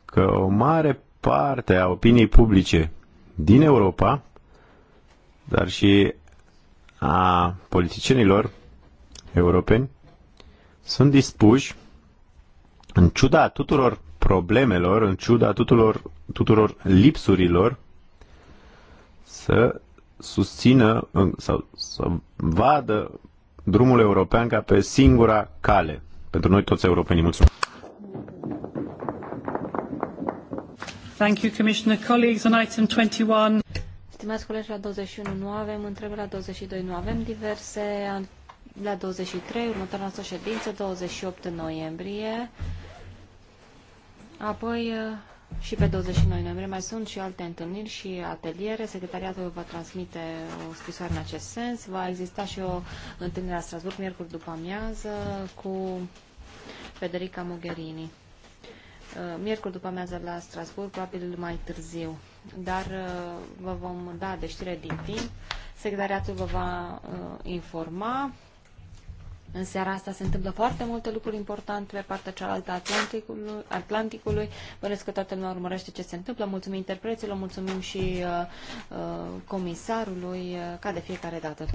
că o mare parte a opiniei publice din Europa, dar și a politicienilor europeni sunt dispuși, în ciuda tuturor problemelor, în ciuda tuturor, tuturor lipsurilor, să susțină sau să vadă drumul european ca pe singura cale. Pentru noi toți europenii. Mulțumesc! Thank you, Commissioner. Colleagues, on item 21. Stimați colegi, la 21 nu avem, întrebări la 22 nu avem, diverse la 23, următoarea noastră ședință, 28 noiembrie, apoi uh, și pe 29 noiembrie mai sunt și alte întâlniri și ateliere. Secretariatul va transmite o scrisoare în acest sens. Va exista și o întâlnire la Strasburg, miercuri după amiază, cu Federica Mogherini. Uh, miercuri după amiază la Strasburg, probabil mai târziu. Dar uh, vă vom da de știre din timp. Secretariatul vă va informa. În seara asta se întâmplă foarte multe lucruri importante pe partea cealaltă Atlanticului. Atlanticului. Bănesc că toată lumea urmărește ce se întâmplă. Mulțumim interpreților, mulțumim și uh, uh, comisarului, uh, ca de fiecare dată.